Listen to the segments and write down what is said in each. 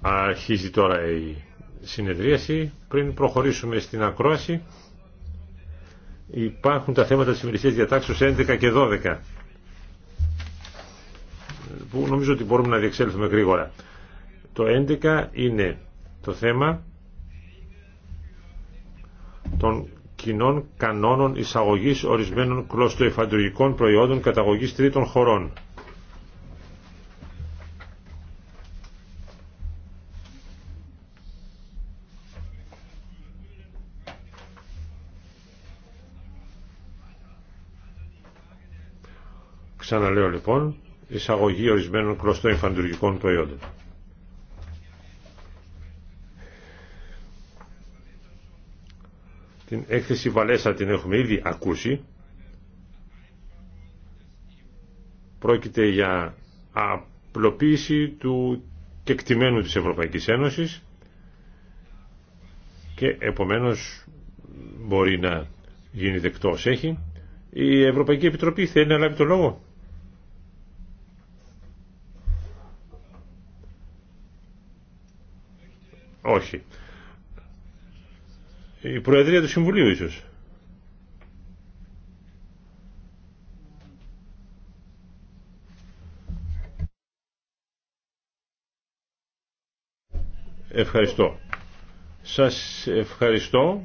Αρχίζει τώρα η συνεδρίαση. Πριν προχωρήσουμε στην ακρόαση, υπάρχουν τα θέματα της ημερησίας διατάξεως 11 και 12 που νομίζω ότι μπορούμε να διεξέλθουμε γρήγορα. Το 11 είναι το θέμα των κοινών κανόνων εισαγωγής ορισμένων κλωστοεφαντουργικών προϊόντων καταγωγής τρίτων χωρών. Ξαναλέω λοιπόν, εισαγωγή ορισμένων κλωστών εμφαντουργικών προϊόντων. Την έκθεση Βαλέσα την έχουμε ήδη ακούσει. Πρόκειται για απλοποίηση του κεκτημένου της Ευρωπαϊκής Ένωσης και επομένως μπορεί να γίνει δεκτός έχει. Η Ευρωπαϊκή Επιτροπή θέλει να λάβει το λόγο. Όχι. Η Προεδρία του Συμβουλίου ίσως. Ευχαριστώ. Σας ευχαριστώ.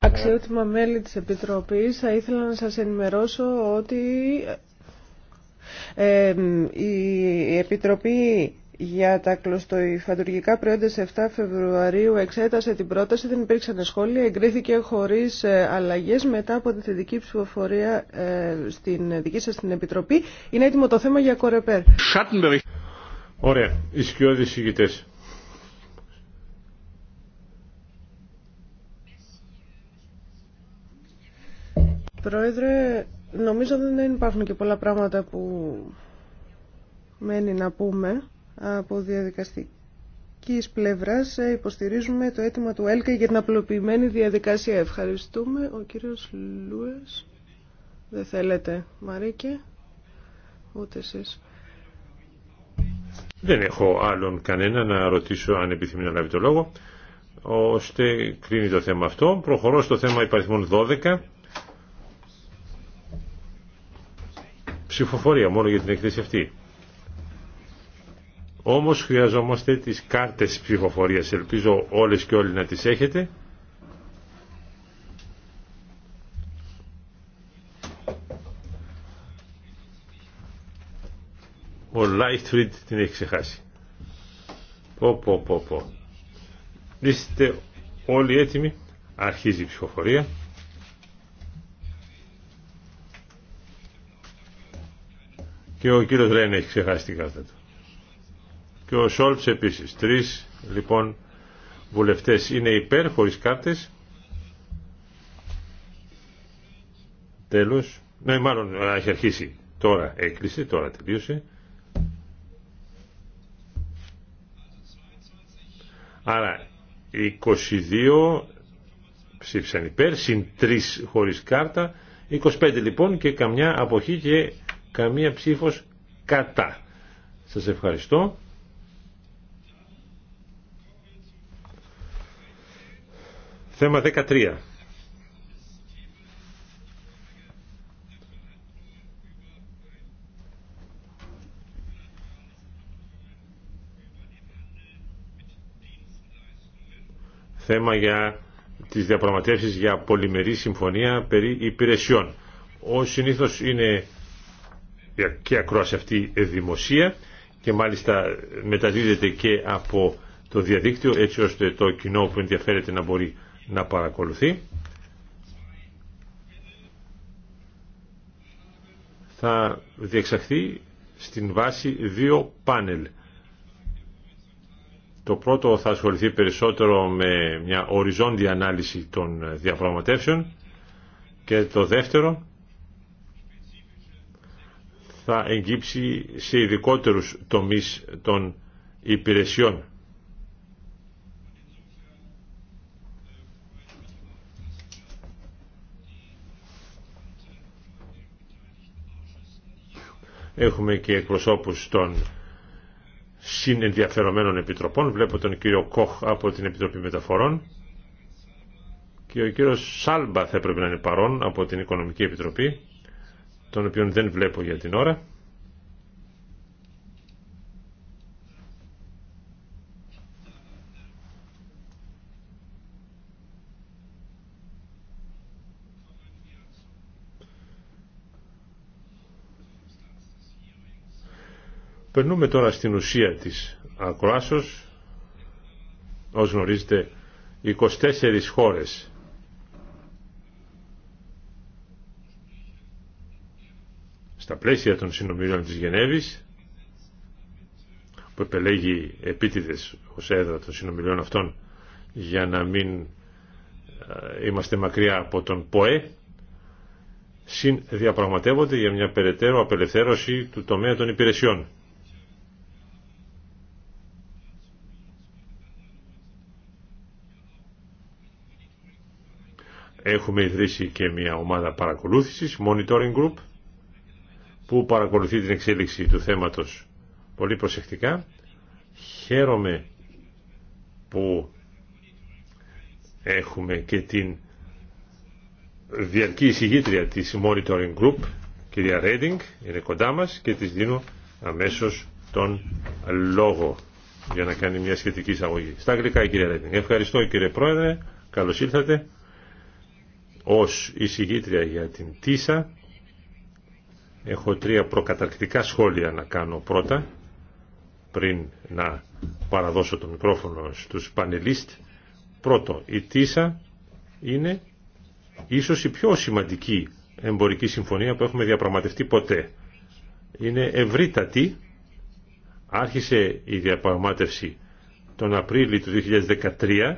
Αξιότιμα μέλη της Επιτροπής, θα ήθελα να σας ενημερώσω ότι ε, ε, η Επιτροπή για τα κλωστοϊφαντουργικά προϊόντα σε 7 Φεβρουαρίου εξέτασε την πρόταση, δεν υπήρξαν σχόλια, εγκρίθηκε χωρίς ε, αλλαγές μετά από τη θετική ψηφοφορία ε, στην δική σας την Επιτροπή. Είναι έτοιμο το θέμα για κορεπέρ. Ωραία, οι σκιώδεις Πρόεδρε, νομίζω δεν υπάρχουν και πολλά πράγματα που μένει να πούμε. Από διαδικαστικής πλευράς ε, υποστηρίζουμε το αίτημα του ΕΛΚΑ για την απλοποιημένη διαδικασία. Ευχαριστούμε. Ο κύριος Λούες. Δεν θέλετε, Μαρίκε. Ούτε Δεν έχω άλλον κανένα να ρωτήσω αν επιθυμεί να λάβει το λόγο. Ώστε κλείνει το θέμα αυτό. Προχωρώ στο θέμα υπαριθμών 12. Ψηφοφορία μόνο για την εκθέση αυτή. Όμως χρειαζόμαστε τις κάρτες ψηφοφορίας. Ελπίζω όλες και όλοι να τις έχετε. Ο Lightfried την έχει ξεχάσει. Πω πω πω πω. Είστε όλοι έτοιμοι. Αρχίζει η ψηφοφορία. Και ο κύριος Ρέν έχει ξεχάσει την κάρτα του και ο Σόλτς επίσης. Τρεις λοιπόν βουλευτές είναι υπέρ χωρίς κάρτες. Τέλος. Ναι, μάλλον έχει αρχίσει τώρα. Έκλεισε, τώρα τελείωσε. Άρα 22 ψήφισαν υπέρ, συν 3 χωρίς κάρτα, 25 λοιπόν και καμιά αποχή και καμία ψήφος κατά. Σας ευχαριστώ. Θέμα 13. θέμα για τις διαπραγματεύσεις για πολυμερή συμφωνία περί υπηρεσιών. Ο συνήθως είναι και ακρόαση αυτή δημοσία και μάλιστα μεταδίδεται και από το διαδίκτυο έτσι ώστε το κοινό που ενδιαφέρεται να μπορεί να παρακολουθεί. Θα διεξαχθεί στην βάση δύο πάνελ. Το πρώτο θα ασχοληθεί περισσότερο με μια οριζόντια ανάλυση των διαπραγματεύσεων και το δεύτερο θα εγκύψει σε ειδικότερους τομείς των υπηρεσιών Έχουμε και εκπροσώπους των συνενδιαφερομένων επιτροπών. Βλέπω τον κύριο Κοχ από την Επιτροπή Μεταφορών και ο κύριος Σάλμπα θα έπρεπε να είναι παρόν από την Οικονομική Επιτροπή, τον οποίον δεν βλέπω για την ώρα. Περνούμε τώρα στην ουσία της ακροάσεως. Ως γνωρίζετε, 24 χώρες στα πλαίσια των συνομιλίων της Γενέβης που επελέγει επίτηδες ως έδρα των συνομιλίων αυτών για να μην ε, είμαστε μακριά από τον ΠΟΕ συνδιαπραγματεύονται για μια περαιτέρω απελευθέρωση του τομέα των υπηρεσιών. Έχουμε ιδρύσει και μια ομάδα παρακολούθησης, monitoring group, που παρακολουθεί την εξέλιξη του θέματος πολύ προσεκτικά. Χαίρομαι που έχουμε και την διαρκή εισηγήτρια της Monitoring Group, κυρία Ρέντινγκ, είναι κοντά μας και της δίνω αμέσως τον λόγο για να κάνει μια σχετική εισαγωγή. Στα αγγλικά, κύριε Ρέντινγκ. Ευχαριστώ, κύριε Πρόεδρε. Καλώς ήρθατε ως εισηγήτρια για την ΤΙΣΑ. Έχω τρία προκαταρκτικά σχόλια να κάνω πρώτα, πριν να παραδώσω το μικρόφωνο στους πανελίστ. Πρώτο, η ΤΙΣΑ είναι ίσως η πιο σημαντική εμπορική συμφωνία που έχουμε διαπραγματευτεί ποτέ. Είναι ευρύτατη, άρχισε η διαπραγμάτευση τον Απρίλιο του 2013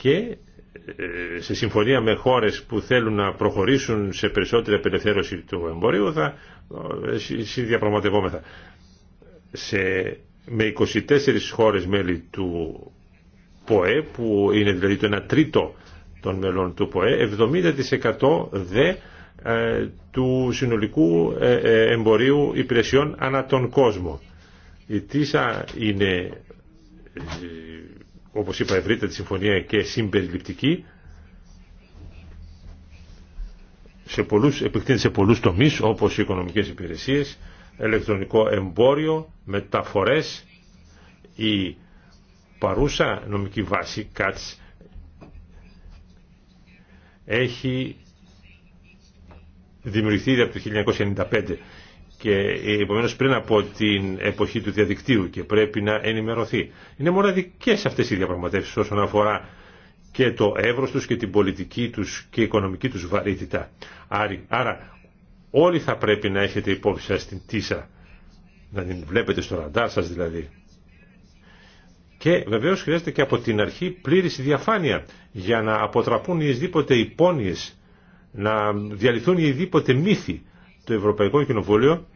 και ε, σε συμφωνία με χώρες που θέλουν να προχωρήσουν σε περισσότερη απελευθέρωση του εμπορίου θα ε, συνδιαπραγματευόμεθα. Σε, με 24 χώρες μέλη του ΠΟΕ που είναι δηλαδή το 1 τρίτο των μελών του ΠΟΕ 70% δε ε, του συνολικού εμπορίου υπηρεσιών ανά τον κόσμο. Η ΤΙΣΑ είναι όπως είπα τη συμφωνία και συμπεριληπτική σε πολλούς, επεκτείνεται σε πολλούς τομείς όπως οι οικονομικές υπηρεσίες, ηλεκτρονικό εμπόριο, μεταφορές, η παρούσα νομική βάση ΚΑΤΣ έχει δημιουργηθεί από το 1995 και ε, επομένω πριν από την εποχή του διαδικτύου και πρέπει να ενημερωθεί. Είναι μοναδικέ αυτέ οι διαπραγματεύσει όσον αφορά και το εύρο του και την πολιτική του και η οικονομική του βαρύτητα. Άρα όλοι θα πρέπει να έχετε υπόψη σα την τίσα, να την βλέπετε στο ραντάρ σα δηλαδή. Και βεβαίω χρειάζεται και από την αρχή πλήρη διαφάνεια για να αποτραπούν οι εισδήποτε υπόνοιε, να διαλυθούν οι εισδήποτε μύθοι το Ευρωπαϊκό Κοινοβούλιο,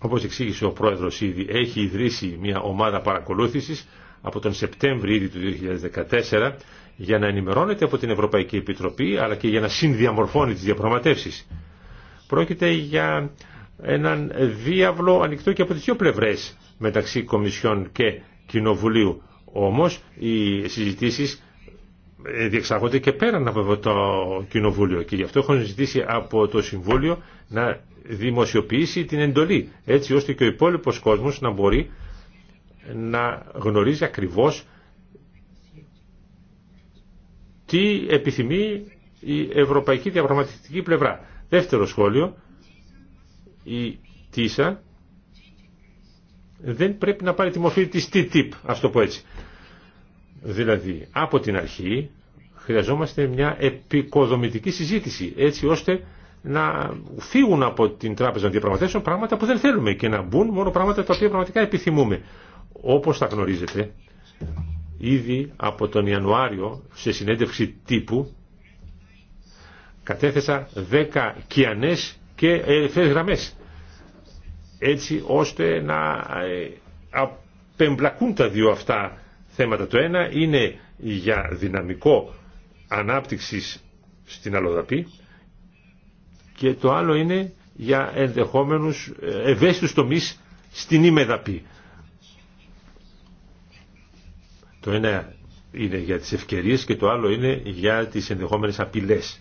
όπως εξήγησε ο πρόεδρος ήδη, έχει ιδρύσει μια ομάδα παρακολούθησης από τον Σεπτέμβριο ήδη του 2014 για να ενημερώνεται από την Ευρωπαϊκή Επιτροπή αλλά και για να συνδιαμορφώνει τις διαπραγματεύσεις. Πρόκειται για έναν διάβλο ανοιχτό και από τις δύο πλευρές μεταξύ Κομισιόν και Κοινοβουλίου. Όμως οι συζητήσεις ε, διεξάγονται και πέραν από το Κοινοβούλιο και γι' αυτό έχουν ζητήσει από το Συμβούλιο να δημοσιοποιήσει την εντολή έτσι ώστε και ο υπόλοιπο κόσμος να μπορεί να γνωρίζει ακριβώς τι επιθυμεί η ευρωπαϊκή διαπραγματευτική πλευρά. Δεύτερο σχόλιο, η ΤΙΣΑ δεν πρέπει να πάρει τη μορφή της TTIP, ας το έτσι. Δηλαδή, από την αρχή χρειαζόμαστε μια επικοδομητική συζήτηση, έτσι ώστε να φύγουν από την τράπεζα διαπραγματεύσεων πράγματα που δεν θέλουμε και να μπουν μόνο πράγματα τα οποία πραγματικά επιθυμούμε. Όπως τα γνωρίζετε, ήδη από τον Ιανουάριο σε συνέντευξη τύπου κατέθεσα 10 κιανές και ελευθερές γραμμές έτσι ώστε να ε, απεμπλακούν τα δύο αυτά θέματα. Το ένα είναι για δυναμικό ανάπτυξης στην Αλοδαπή και το άλλο είναι για ενδεχόμενους ε, ευαίσθητους τομείς στην ημεδαπή. Το ένα είναι για τις ευκαιρίες και το άλλο είναι για τις ενδεχόμενες απειλές.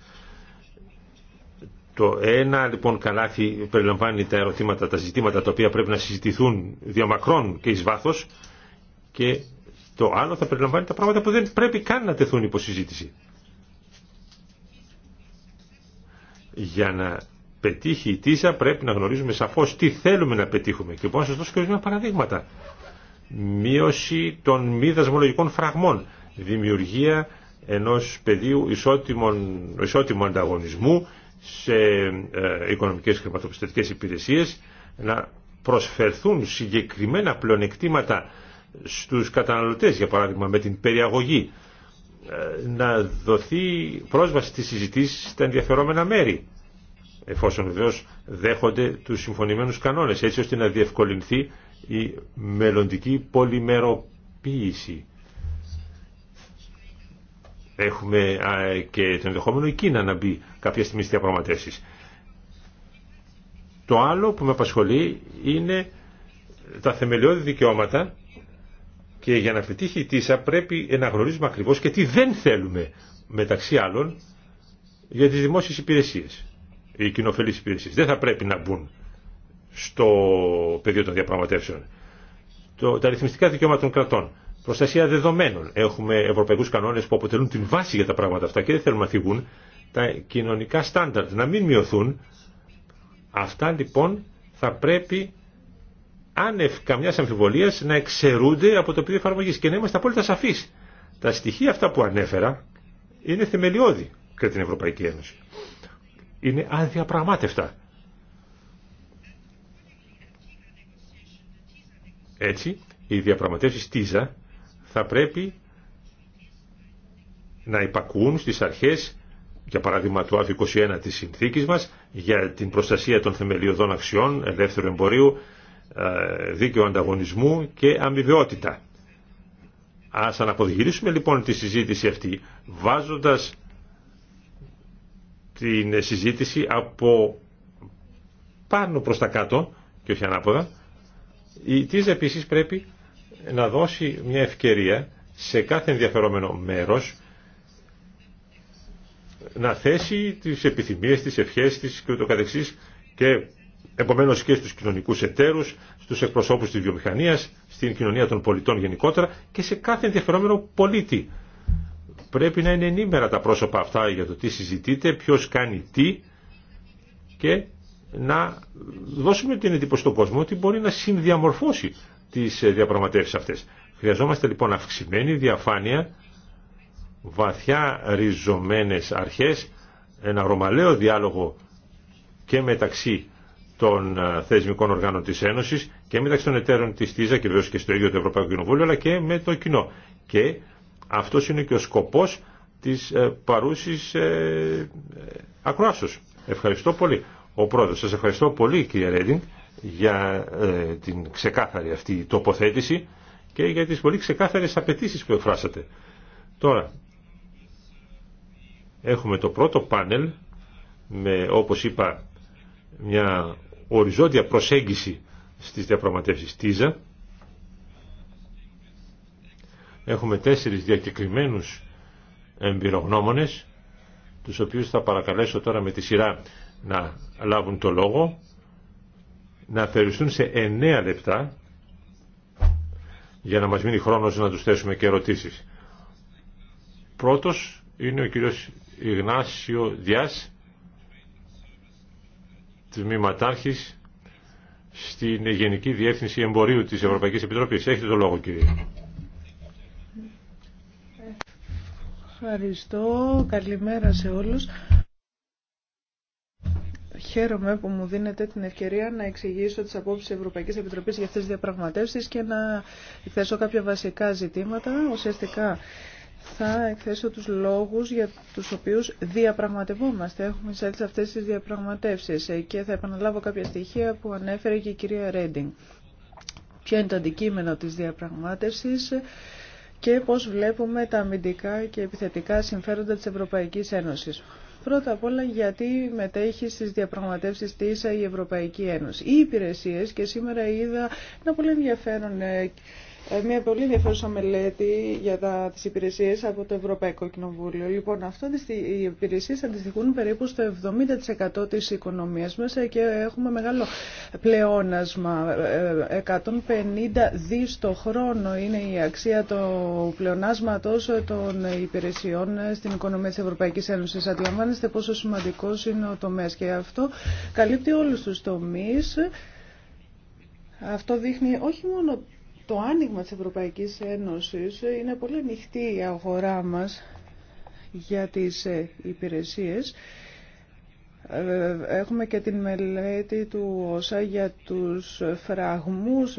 Το ένα λοιπόν καλάθι περιλαμβάνει τα ερωτήματα, τα ζητήματα τα οποία πρέπει να συζητηθούν διαμακρών και εις βάθος και το άλλο θα περιλαμβάνει τα πράγματα που δεν πρέπει καν να τεθούν υπό συζήτηση. Για να πετύχει η ΤΙΣΑ πρέπει να γνωρίζουμε σαφώς τι θέλουμε να πετύχουμε. Και μπορώ να σας δώσω και ορισμένα παραδείγματα. Μείωση των μη δασμολογικών φραγμών. Δημιουργία ενός πεδίου ισότιμου ανταγωνισμού σε ε, οικονομικές χρηματοπιστωτικές υπηρεσίες να προσφερθούν συγκεκριμένα πλεονεκτήματα στους καταναλωτές, για παράδειγμα, με την περιαγωγή, ε, να δοθεί πρόσβαση στις συζητήσεις στα ενδιαφερόμενα μέρη, εφόσον βεβαίω δέχονται τους συμφωνημένους κανόνες, έτσι ώστε να διευκολυνθεί η μελλοντική πολυμεροποίηση. Έχουμε και το ενδεχόμενο η Κίνα να μπει κάποια στιγμή στις διαπραγματεύσεις. Το άλλο που με απασχολεί είναι τα θεμελιώδη δικαιώματα και για να πετύχει η ΤΙΣΑ πρέπει να γνωρίζουμε ακριβώς και τι δεν θέλουμε μεταξύ άλλων για τις δημόσιες υπηρεσίες, οι κοινοφελείς υπηρεσίες. Δεν θα πρέπει να μπουν στο πεδίο των διαπραγματεύσεων. Το, τα ρυθμιστικά δικαιώματα των κρατών, προστασία δεδομένων. Έχουμε ευρωπαϊκούς κανόνες που αποτελούν την βάση για τα πράγματα αυτά και δεν θέλουμε να θυγούν τα κοινωνικά στάνταρτ, να μην μειωθούν. Αυτά λοιπόν θα πρέπει άνευ καμιά αμφιβολία να εξαιρούνται από το πεδίο εφαρμογή και να είμαστε απόλυτα σαφεί. Τα στοιχεία αυτά που ανέφερα είναι θεμελιώδη κατά την Ευρωπαϊκή Ένωση. Είναι αδιαπραγμάτευτα. Έτσι, οι διαπραγματεύσεις ΤΙΖΑ θα πρέπει να υπακούν στις αρχές, για παράδειγμα του ΑΒ21 της συνθήκης μας, για την προστασία των θεμελιωδών αξιών, ελεύθερου εμπορίου, ε, δίκαιο ανταγωνισμού και αμοιβαιότητα. Ας αναποδηγυρίσουμε λοιπόν τη συζήτηση αυτή βάζοντας την συζήτηση από πάνω προς τα κάτω και όχι ανάποδα. Η ΤΙΖΑ επίσης πρέπει να δώσει μια ευκαιρία σε κάθε ενδιαφερόμενο μέρος να θέσει τις επιθυμίες, τις ευχές της και ούτω και επομένως και στους κοινωνικούς εταίρους, στους εκπροσώπους της βιομηχανίας, στην κοινωνία των πολιτών γενικότερα και σε κάθε ενδιαφερόμενο πολίτη. Πρέπει να είναι ενήμερα τα πρόσωπα αυτά για το τι συζητείτε, ποιος κάνει τι και να δώσουμε την εντύπωση στον κόσμο ότι μπορεί να συνδιαμορφώσει τις διαπραγματεύσεις αυτές. Χρειαζόμαστε λοιπόν αυξημένη διαφάνεια, βαθιά ριζωμένες αρχές, ένα ρωμαλαίο διάλογο και μεταξύ των ε, θεσμικών οργάνων της Ένωσης και μεταξύ των εταίρων της ΤΙΖΑ και βεβαίως και στο ίδιο το Ευρωπαϊκό Κοινοβούλιο αλλά και με το κοινό. Και αυτός είναι και ο σκοπός της ε, παρούσης ε, ε, ακροάσεως. Ευχαριστώ πολύ. Ο πρόεδρος, σας ευχαριστώ πολύ κύριε Ρέντινγκ για την ξεκάθαρη αυτή τοποθέτηση και για τις πολύ ξεκάθαρες απαιτήσει που εφράσατε. Τώρα, έχουμε το πρώτο πάνελ με όπως είπα μια οριζόντια προσέγγιση στις διαπραγματεύσεις ΤΙΖΑ. Έχουμε τέσσερις διακεκριμένους εμπειρογνώμονες, τους οποίους θα παρακαλέσω τώρα με τη σειρά να λάβουν το λόγο, να αφαιριστούν σε εννέα λεπτά, για να μας μείνει χρόνος να τους θέσουμε και ερωτήσεις. Πρώτος είναι ο κύριος Ιγνάσιο Διάς, τμήματάρχης στην Γενική Διεύθυνση Εμπορίου της Ευρωπαϊκής Επιτροπής. Έχετε το λόγο κύριε. Ευχαριστώ. Καλημέρα σε όλους. Χαίρομαι που μου δίνετε την ευκαιρία να εξηγήσω τις απόψεις της Ευρωπαϊκής Επιτροπής για αυτές τις διαπραγματεύσεις και να εκθέσω κάποια βασικά ζητήματα. Ουσιαστικά θα εκθέσω τους λόγους για τους οποίους διαπραγματευόμαστε. Έχουμε εισέλθει αυτές τις διαπραγματεύσεις ε, και θα επαναλάβω κάποια στοιχεία που ανέφερε και η κυρία Ρέντινγκ. Ποιο είναι το αντικείμενο της διαπραγμάτευσης και πώς βλέπουμε τα αμυντικά και επιθετικά συμφέροντα της Ευρωπαϊκής Ένωσης. Πρώτα απ' όλα γιατί μετέχει στις διαπραγματεύσεις της η Ευρωπαϊκή Ένωση. Οι υπηρεσίες και σήμερα είδα ένα πολύ ενδιαφέρον ε, ε, μια πολύ ενδιαφέρουσα μελέτη για τα, τις υπηρεσίες από το Ευρωπαϊκό Κοινοβούλιο. Λοιπόν, αυτό οι υπηρεσίες αντιστοιχούν περίπου στο 70% της οικονομίας μας ε, και έχουμε μεγάλο πλεόνασμα. 150 ε, δις το χρόνο είναι η αξία του πλεονάσματος των υπηρεσιών στην οικονομία της Ευρωπαϊκής Ένωσης. Αντιλαμβάνεστε πόσο σημαντικός είναι ο τομέας και αυτό καλύπτει όλους τους τομείς. Αυτό δείχνει όχι μόνο το άνοιγμα της Ευρωπαϊκής Ένωσης είναι πολύ ανοιχτή η αγορά μας για τις ε, υπηρεσίες. Ε, έχουμε και την μελέτη του ΩΣΑ για τους φραγμούς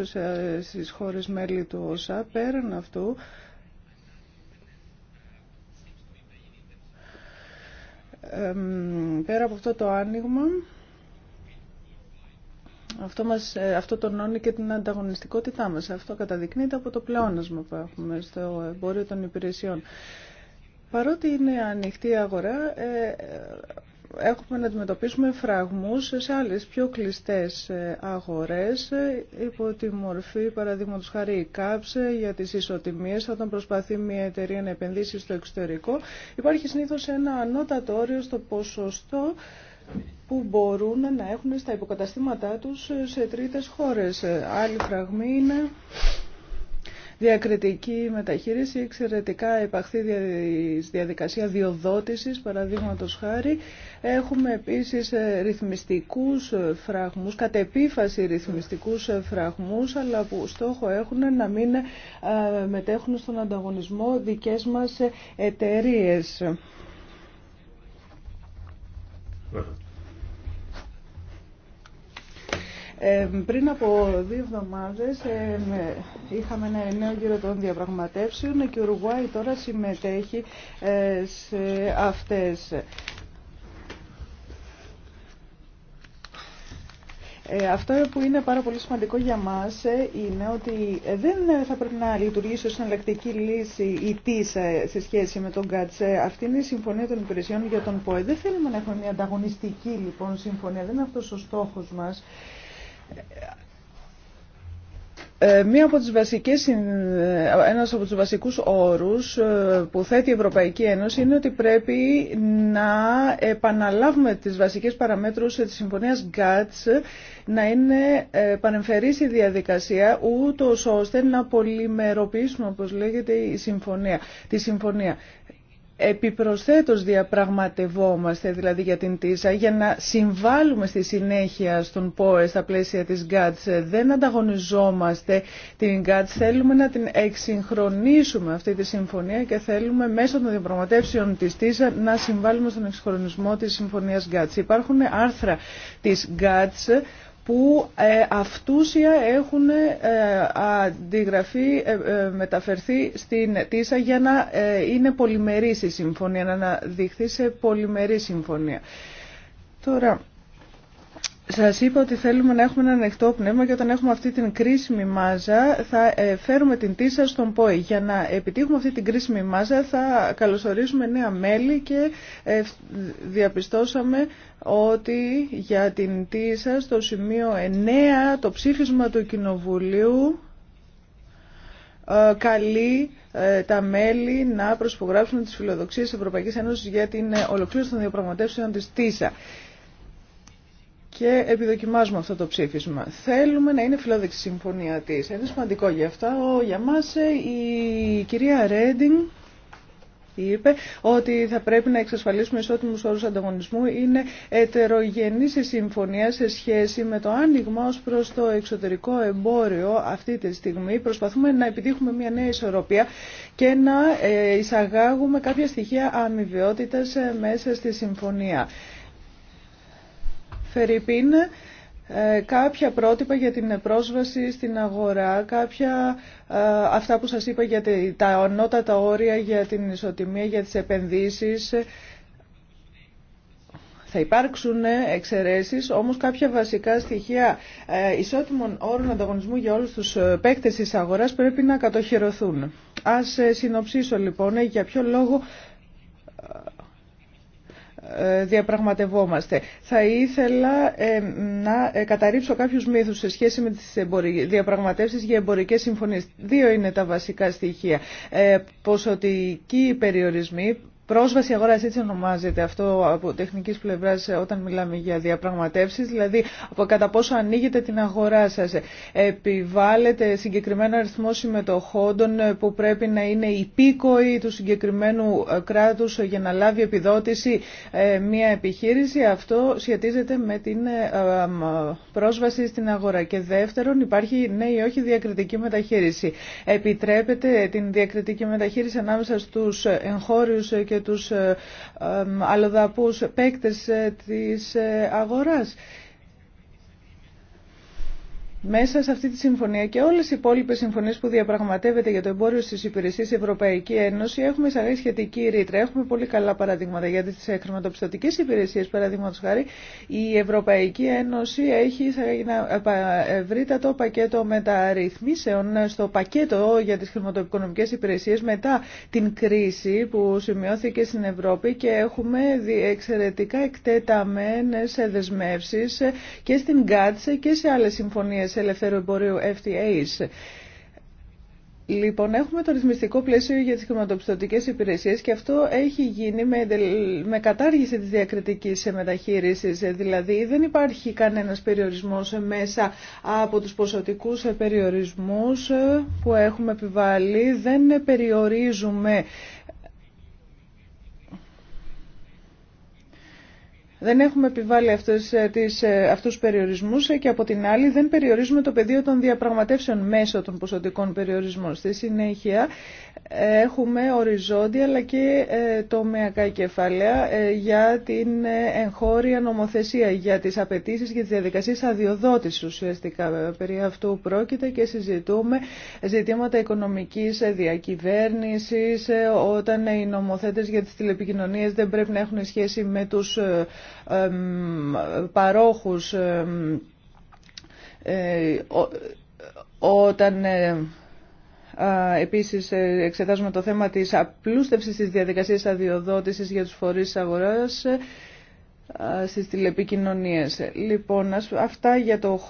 στις χώρες μέλη του ΩΣΑ. Πέραν αυτού, πέρα από αυτό το άνοιγμα, αυτό, μας, ε, αυτό τονώνει και την ανταγωνιστικότητά μας. Αυτό καταδεικνύεται από το πλεόνασμα που έχουμε στο εμπόριο των υπηρεσιών. Παρότι είναι ανοιχτή η αγορά, ε, έχουμε να αντιμετωπίσουμε φραγμούς σε άλλες πιο κλειστές ε, αγορές υπό τη μορφή παραδείγματος χάρη η για τις ισοτιμίες όταν προσπαθεί μια εταιρεία να επενδύσει στο εξωτερικό υπάρχει συνήθως ένα ανώτατο όριο στο ποσοστό που μπορούν να έχουν στα υποκαταστήματά τους σε τρίτες χώρες. Άλλη φραγμή είναι διακριτική μεταχείριση, εξαιρετικά επαχθή διαδικασία διοδότησης, παραδείγματος χάρη. Έχουμε επίσης ε, ρυθμιστικούς ε, φραγμούς, κατ' επίφαση ρυθμιστικούς ε, φραγμούς, αλλά που στόχο έχουν να μην μετέχουν στον ανταγωνισμό δικές μας εταιρείες. Ε, πριν από δύο εβδομάδες ε, είχαμε ένα νέο γύρο των διαπραγματεύσεων και ο τώρα συμμετέχει ε, σε αυτές. Ε, αυτό που είναι πάρα πολύ σημαντικό για μας ε, είναι ότι ε, δεν θα πρέπει να λειτουργήσει ως εναλλακτική λύση η ΤΙΣΑ σε σχέση με τον ΚΑΤΣ. Αυτή είναι η Συμφωνία των Υπηρεσιών για τον ΠΟΕ. Δεν θέλουμε να έχουμε μια ανταγωνιστική λοιπόν συμφωνία. Δεν είναι αυτός ο στόχος μας. Ε, μία από τις βασικές, ε, ένας από τους βασικούς όρους ε, που θέτει η Ευρωπαϊκή Ένωση είναι ότι πρέπει να επαναλάβουμε τις βασικές παραμέτρους της Συμφωνίας GATS να είναι πανεμφερής η διαδικασία ούτω ώστε να πολυμεροποιήσουμε όπως λέγεται η συμφωνία, τη συμφωνία επιπροσθέτως διαπραγματευόμαστε δηλαδή για την ΤΙΣΑ για να συμβάλλουμε στη συνέχεια στον ΠΟΕ στα πλαίσια της ΓΚΑΤΣ. Δεν ανταγωνιζόμαστε την ΓΚΑΤΣ, θέλουμε να την εξυγχρονίσουμε αυτή τη συμφωνία και θέλουμε μέσω των διαπραγματεύσεων της ΤΙΣΑ να συμβάλλουμε στον εξυγχρονισμό της συμφωνίας ΓΚΑΤΣ. Υπάρχουν άρθρα της ΓΚΑΤΣ που ε, αυτούσια έχουν ε, αντιγραφεί, ε, μεταφερθεί στην ΤΙΣΑ για να είναι πολυμερή η συμφωνία, να αναδειχθεί σε πολυμερή συμφωνία. Τώρα, σας είπα ότι θέλουμε να έχουμε ένα ανοιχτό πνεύμα και όταν έχουμε αυτή την κρίσιμη μάζα θα ε, φέρουμε την τίσα στον ΠΟΗ. Για να επιτύχουμε αυτή την κρίσιμη μάζα θα καλωσορίσουμε νέα μέλη και ε, διαπιστώσαμε ότι για την τίσα στο σημείο 9 το ψήφισμα του Κοινοβουλίου ε, καλεί τα μέλη να προσπογράψουν τις φιλοδοξίες της Ευρωπαϊκής Ένωσης για την ολοκλήρωση των διαπραγματεύσεων της ΤΙΣΑ και επιδοκιμάζουμε αυτό το ψήφισμα. Θέλουμε να είναι φιλόδεξη συμφωνία τη. Είναι σημαντικό γι' αυτό. Ο, για ε, η κυρία Ρέντινγκ είπε ότι θα πρέπει να εξασφαλίσουμε ισότιμους όρους ανταγωνισμού είναι ετερογενή η συμφωνία σε σχέση με το άνοιγμα ως προς το εξωτερικό εμπόριο αυτή τη στιγμή. Προσπαθούμε να επιτύχουμε μια νέα ισορροπία και να ε, εισαγάγουμε κάποια στοιχεία αμοιβαιότητας ε, μέσα στη συμφωνία. Φερρυπίν, ε, κάποια πρότυπα για την πρόσβαση στην αγορά, κάποια ε, αυτά που σας είπα για τα ανώτατα όρια για την ισοτιμία, για τις επενδύσεις. Θα υπάρξουν ε, εξαιρέσει, όμω κάποια βασικά στοιχεία ισότιμων όρων ανταγωνισμού για όλου του παίκτε τη αγορά πρέπει να κατοχυρωθούν. Α συνοψίσω λοιπόν για ποιο λόγο ε, διαπραγματευόμαστε. Θα ήθελα ε, να ε, καταρρύψω κάποιους μύθους σε σχέση με τις διαπραγματεύσεις για εμπορικές συμφωνίες. Δύο είναι τα βασικά στοιχεία. Ποσοτικοί περιορισμοί Πρόσβαση αγορά έτσι ονομάζεται αυτό από τεχνικής πλευράς όταν μιλάμε για διαπραγματεύσεις, δηλαδή από κατά πόσο ανοίγετε την αγορά σας. Επιβάλλεται συγκεκριμένο αριθμό συμμετοχόντων που πρέπει να είναι υπήκοοι του συγκεκριμένου ε, κράτου για να λάβει επιδότηση ε, μια επιχείρηση. Αυτό σχετίζεται με την ε, πρόσβαση στην αγορά. Και δεύτερον υπάρχει ναι ή όχι διακριτική μεταχείριση. Επιτρέπεται την διακριτική μεταχείριση ανάμεσα στου και και τους ε, ε, αλλοδαπούς παίκτες ε, της αγοράς. Μέσα σε αυτή τη συμφωνία και όλες οι υπόλοιπες συμφωνίες που διαπραγματεύεται για το εμπόριο στις υπηρεσίες Ευρωπαϊκή Ένωση έχουμε σαν σχετική ρήτρα. Έχουμε πολύ καλά παραδείγματα γιατί στις χρηματοπιστωτικές υπηρεσίες, παραδείγματος χάρη, η Ευρωπαϊκή Ένωση έχει ένα ευρύτατο πακέτο μεταρρυθμίσεων στο πακέτο για τις χρηματοοικονομικές υπηρεσίες μετά την κρίση που σημειώθηκε στην Ευρώπη και έχουμε εξαιρετικά εκτεταμένες δεσμεύσεις και στην ΚΑΤΣΕ e και σε άλλες συμφωνίες σε Ελευθέρου Εμπορίου FTAs. Λοιπόν, έχουμε το ρυθμιστικό πλαίσιο για τις χρηματοπιστωτικές υπηρεσίες και αυτό έχει γίνει με, κατάργηση της διακριτικής μεταχείρισης. Δηλαδή, δεν υπάρχει κανένας περιορισμός μέσα από τους ποσοτικούς περιορισμούς που έχουμε επιβάλει. Δεν περιορίζουμε Δεν έχουμε επιβάλει αυτούς, ε, τις, ε, αυτούς περιορισμούς ε, και από την άλλη δεν περιορίζουμε το πεδίο των διαπραγματεύσεων μέσω των ποσοτικών περιορισμών. Στη συνέχεια έχουμε οριζόντια αλλά και τομεακά κεφάλαια για την εγχώρια νομοθεσία, για τις απαιτήσεις και τις διαδικασίες αδειοδότησης ουσιαστικά. Περί αυτού πρόκειται και συζητούμε ζητήματα οικονομικής διακυβέρνησης όταν οι νομοθέτες για τις τηλεπικοινωνίες δεν πρέπει να έχουν σχέση με τους παρόχους ε, όταν ε, επίσης ε, εξετάζουμε το θέμα της απλούστευσης της διαδικασίας αδειοδότησης για τους φορείς αγοράς στις τηλεπικοινωνίες. Λοιπόν, αυτά για το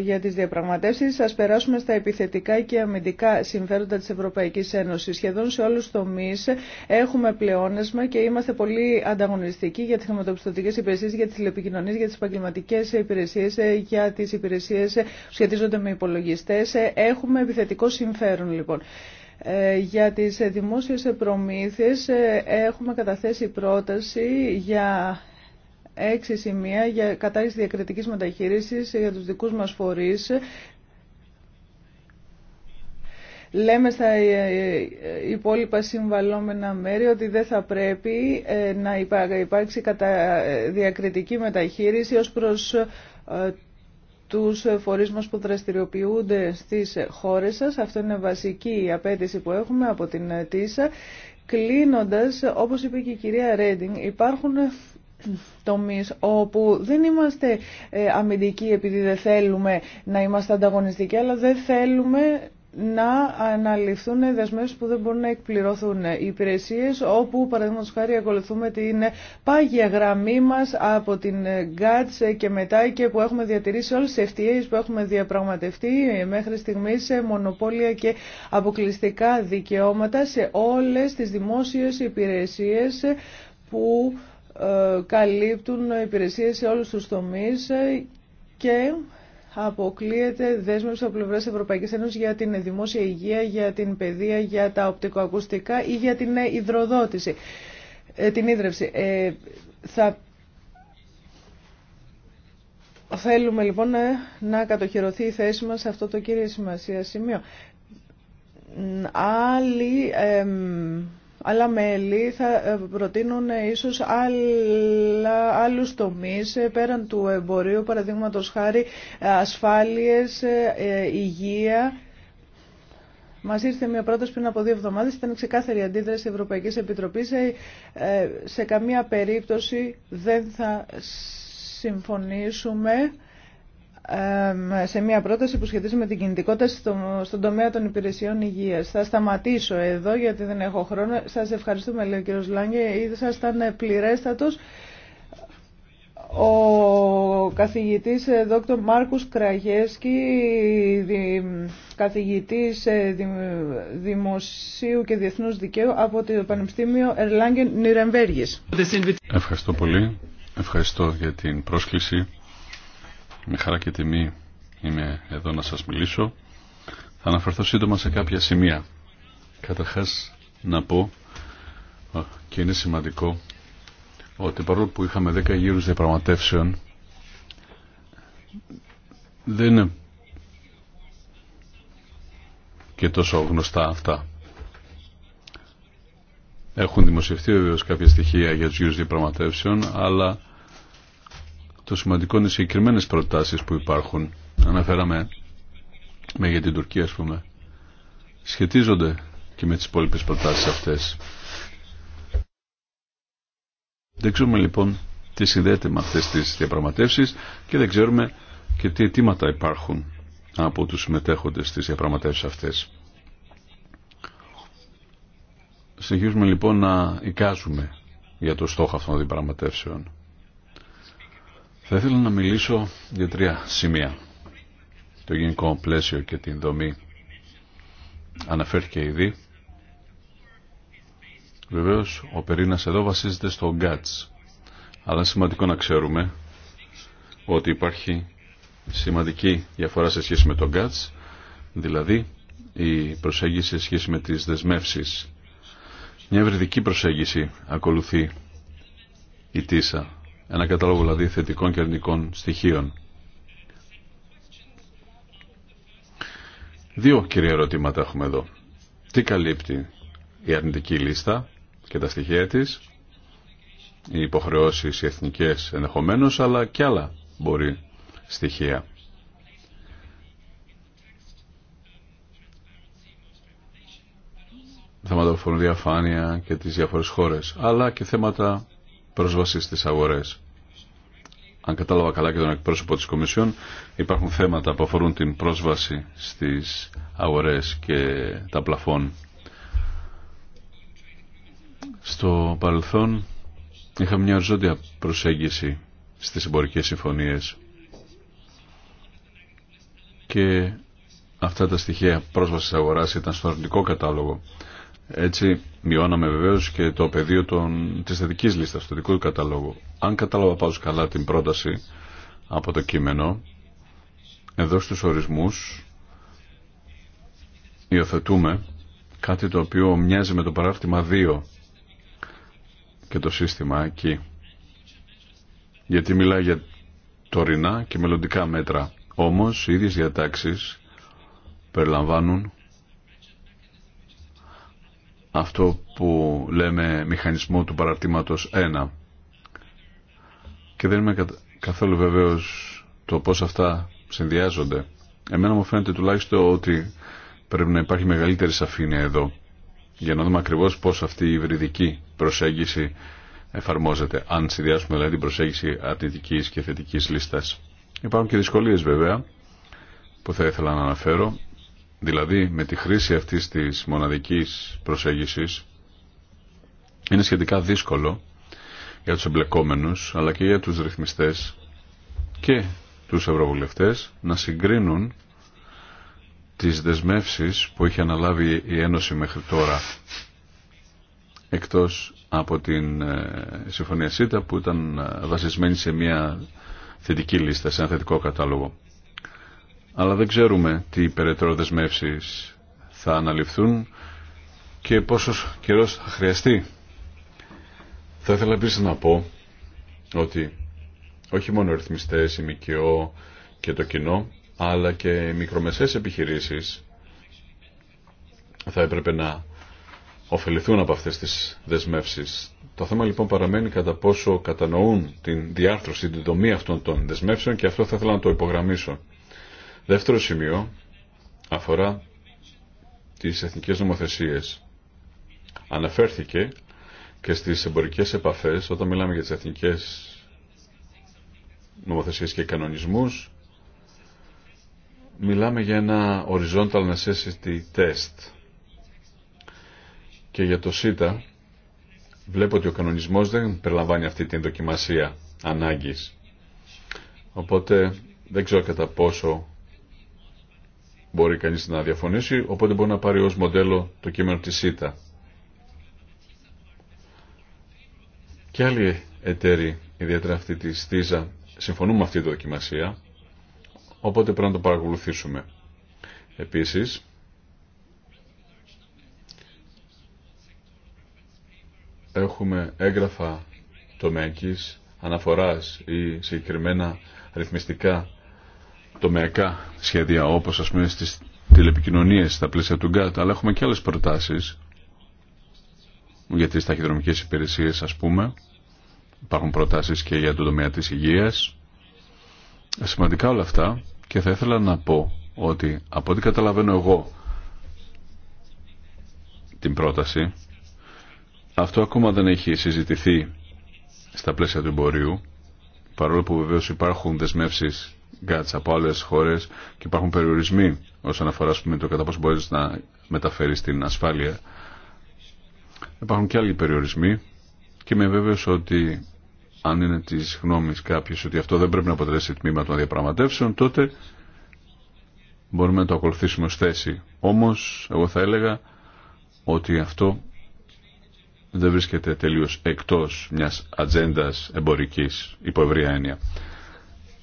για τις διαπραγματεύσεις ας περάσουμε στα επιθετικά και αμυντικά συμφέροντα της Ευρωπαϊκής Ένωσης. Σχεδόν σε όλους τους τομείς έχουμε πλεόνασμα και είμαστε πολύ ανταγωνιστικοί για τις χρηματοπιστωτικές υπηρεσίες, για τις τηλεπικοινωνίες, για τις επαγγελματικέ υπηρεσίες, για τις υπηρεσίες που σχετίζονται με υπολογιστές. Έχουμε επιθετικό συμφέρον λοιπόν. Ε, για τις δημόσιες προμήθειες ε, έχουμε καταθέσει πρόταση για έξι σημεία για κατάρριξη διακριτικής μεταχείρισης για τους δικούς μας φορείς. Λέμε στα ε, ε, υπόλοιπα συμβαλόμενα μέρη ότι δεν θα πρέπει ε, να υπάρξει κατα... διακριτική μεταχείριση ως προς τους φορείς μας που δραστηριοποιούνται στις χώρες σας. Αυτό είναι βασική απέτηση που έχουμε από την ΤΙΣΑ. Κλείνοντας, όπως είπε και η κυρία Ρέντινγκ, υπάρχουν τομείς όπου δεν είμαστε ε, αμυντικοί επειδή δεν θέλουμε να είμαστε ανταγωνιστικοί, αλλά δεν θέλουμε να αναλυθούν δεσμεύσει που δεν μπορούν να εκπληρωθούν. Οι υπηρεσίε όπου, παραδείγματο χάρη, ακολουθούμε την πάγια γραμμή μα από την ΓΚΑΤΣ και μετά και που έχουμε διατηρήσει όλε τι FTA που έχουμε διαπραγματευτεί ε, μέχρι στιγμή σε μονοπόλια και αποκλειστικά δικαιώματα σε όλε τι δημόσιε υπηρεσίε που ε, καλύπτουν υπηρεσίες σε όλους τους τομείς ε, και αποκλείεται δέσμευση από πλευρά Ευρωπαϊκή Ένωση για την δημόσια υγεία, για την παιδεία, για τα οπτικοακουστικά ή για την ε, υδροδότηση, την ίδρυυση. Ε, θα θέλουμε λοιπόν να κατοχυρωθεί η θέση μας σε αυτό το κύριο σημασία σημείο. Άλλη, άλλα μέλη θα ε, προτείνουν ε, ίσως άλλα, άλλους τομείς ε, πέραν του εμπορίου, παραδείγματος χάρη ασφάλειες, υγεία. Μα ήρθε μια πρόταση πριν από δύο εβδομάδε. Ήταν ξεκάθαρη αντίδραση τη Ευρωπαϊκή Επιτροπή. Σε, σε καμία περίπτωση δεν θα συμφωνήσουμε σε μια πρόταση που σχετίζεται με την κινητικότητα στον τομέα των υπηρεσιών υγείας. Θα σταματήσω εδώ γιατί δεν έχω χρόνο. Σας ευχαριστούμε λέει ο κύριος Λάγκε. Ήδη σας ήταν πληρέστατος. Ο καθηγητής ε, Δ. Μάρκους Κραγέσκη, καθηγητής ε, Δημοσίου και Διεθνούς Δικαίου από το Πανεπιστήμιο Ερλάνγκεν Νιρεμβέργης. Ευχαριστώ πολύ. Ευχαριστώ για την πρόσκληση με χαρά και τιμή είμαι εδώ να σας μιλήσω. Θα αναφερθώ σύντομα σε κάποια σημεία. Καταρχάς να πω και είναι σημαντικό ότι παρόλο που είχαμε 10 γύρους διαπραγματεύσεων δεν είναι και τόσο γνωστά αυτά. Έχουν δημοσιευτεί βεβαίω κάποια στοιχεία για τους γύρους διαπραγματεύσεων αλλά το σημαντικό είναι οι συγκεκριμένε προτάσεις που υπάρχουν. Αναφέραμε με για την Τουρκία, ας πούμε. Σχετίζονται και με τις υπόλοιπες προτάσεις αυτές. Δεν ξέρουμε λοιπόν τι συνδέεται με αυτές τις διαπραγματεύσεις και δεν ξέρουμε και τι αιτήματα υπάρχουν από τους συμμετέχοντες στις διαπραγματεύσεις αυτές. Συνεχίζουμε λοιπόν να εικάζουμε για το στόχο αυτών των διαπραγματεύσεων. Θα ήθελα να μιλήσω για τρία σημεία. Το γενικό πλαίσιο και την δομή αναφέρθηκε ήδη. Βεβαίως ο περίνας εδώ βασίζεται στο GATS. Αλλά είναι σημαντικό να ξέρουμε ότι υπάρχει σημαντική διαφορά σε σχέση με το GATS, δηλαδή η προσέγγιση σε σχέση με τις δεσμεύσεις. Μια ευρυδική προσέγγιση ακολουθεί η ΤΙΣΑ ένα κατάλογο δηλαδή θετικών και αρνητικών στοιχείων. Δύο κυρία ερωτήματα έχουμε εδώ. Τι καλύπτει η αρνητική λίστα και τα στοιχεία της, οι υποχρεώσεις οι εθνικές ενδεχομένως, αλλά και άλλα μπορεί στοιχεία. Θέματα που αφορούν διαφάνεια και τις διαφορές χώρες, αλλά και θέματα πρόσβαση στις αγορές. Αν κατάλαβα καλά και τον εκπρόσωπο της Κομισιόν, υπάρχουν θέματα που αφορούν την πρόσβαση στις αγορές και τα πλαφόν. Στο παρελθόν είχαμε μια οριζόντια προσέγγιση στις εμπορικές συμφωνίες και αυτά τα στοιχεία πρόσβασης αγοράς ήταν στο αρνητικό κατάλογο. Έτσι Μειώναμε βεβαίω και το πεδίο των... τη θετική λίστα, του δικού καταλόγου. Αν κατάλαβα πάντω καλά την πρόταση από το κείμενο, εδώ στους ορισμούς υιοθετούμε κάτι το οποίο μοιάζει με το παράρτημα 2 και το σύστημα εκεί. Γιατί μιλάει για τωρινά και μελλοντικά μέτρα. Όμως οι ίδιες διατάξεις περιλαμβάνουν αυτό που λέμε μηχανισμό του παραρτήματος 1. Και δεν είμαι καθόλου βεβαίως το πώς αυτά συνδυάζονται. Εμένα μου φαίνεται τουλάχιστον ότι πρέπει να υπάρχει μεγαλύτερη σαφήνεια εδώ για να δούμε ακριβώς πώς αυτή η υβριδική προσέγγιση εφαρμόζεται, αν συνδυάσουμε δηλαδή την προσέγγιση αρνητικής και θετικής λίστας. Υπάρχουν και δυσκολίες βέβαια που θα ήθελα να αναφέρω Δηλαδή με τη χρήση αυτής της μοναδικής προσέγγισης είναι σχετικά δύσκολο για τους εμπλεκόμενους αλλά και για τους ρυθμιστές και τους ευρωβουλευτές να συγκρίνουν τις δεσμεύσεις που είχε αναλάβει η Ένωση μέχρι τώρα εκτός από την ε, Συμφωνία ΣΥΤΑ που ήταν ε, βασισμένη σε μια θετική λίστα, σε ένα θετικό κατάλογο αλλά δεν ξέρουμε τι περαιτέρω δεσμεύσει θα αναλυφθούν και πόσος καιρός θα χρειαστεί. Θα ήθελα επίσης να πω ότι όχι μόνο οι ρυθμιστές, η ΜΚΟ και το κοινό, αλλά και οι μικρομεσαίες επιχειρήσεις θα έπρεπε να ωφεληθούν από αυτές τις δεσμεύσεις. Το θέμα λοιπόν παραμένει κατά πόσο κατανοούν την διάρθρωση, την δομή αυτών των δεσμεύσεων και αυτό θα ήθελα να το υπογραμμίσω. Δεύτερο σημείο αφορά τις εθνικές νομοθεσίες. Αναφέρθηκε και στις εμπορικές επαφές όταν μιλάμε για τις εθνικές νομοθεσίες και κανονισμούς μιλάμε για ένα horizontal necessity test και για το ΣΥΤΑ βλέπω ότι ο κανονισμός δεν περιλαμβάνει αυτή την δοκιμασία ανάγκης οπότε δεν ξέρω κατά πόσο μπορεί κανείς να διαφωνήσει, οπότε μπορεί να πάρει ως μοντέλο το κείμενο της ΣΥΤΑ. Και άλλοι εταίροι, ιδιαίτερα αυτή τη ΣΤΙΖΑ, συμφωνούν με αυτή τη δοκιμασία, οπότε πρέπει να το παρακολουθήσουμε. Επίσης, έχουμε έγγραφα τομέκης, αναφοράς ή συγκεκριμένα ρυθμιστικά τομεακά σχέδια όπως ας πούμε στις τηλεπικοινωνίες στα πλαίσια του ΓΚΑΤ αλλά έχουμε και άλλες προτάσεις για τις ταχυδρομικές υπηρεσίες ας πούμε υπάρχουν προτάσεις και για το τομέα της υγείας σημαντικά όλα αυτά και θα ήθελα να πω ότι από ό,τι καταλαβαίνω εγώ την πρόταση αυτό ακόμα δεν έχει συζητηθεί στα πλαίσια του εμπορίου παρόλο που βεβαίως υπάρχουν δεσμεύσεις γκάτς από άλλε χώρες και υπάρχουν περιορισμοί όσον αφορά το κατά πόσο μπορείς να μεταφέρεις την ασφάλεια. Υπάρχουν και άλλοι περιορισμοί και είμαι βέβαιος ότι αν είναι τη γνώμη κάποιο ότι αυτό δεν πρέπει να αποτελέσει τμήμα των διαπραγματεύσεων, τότε μπορούμε να το ακολουθήσουμε ω θέση. Όμως, εγώ θα έλεγα ότι αυτό δεν βρίσκεται τελείως εκτός μιας ατζέντα εμπορικής υπό ευρία έννοια.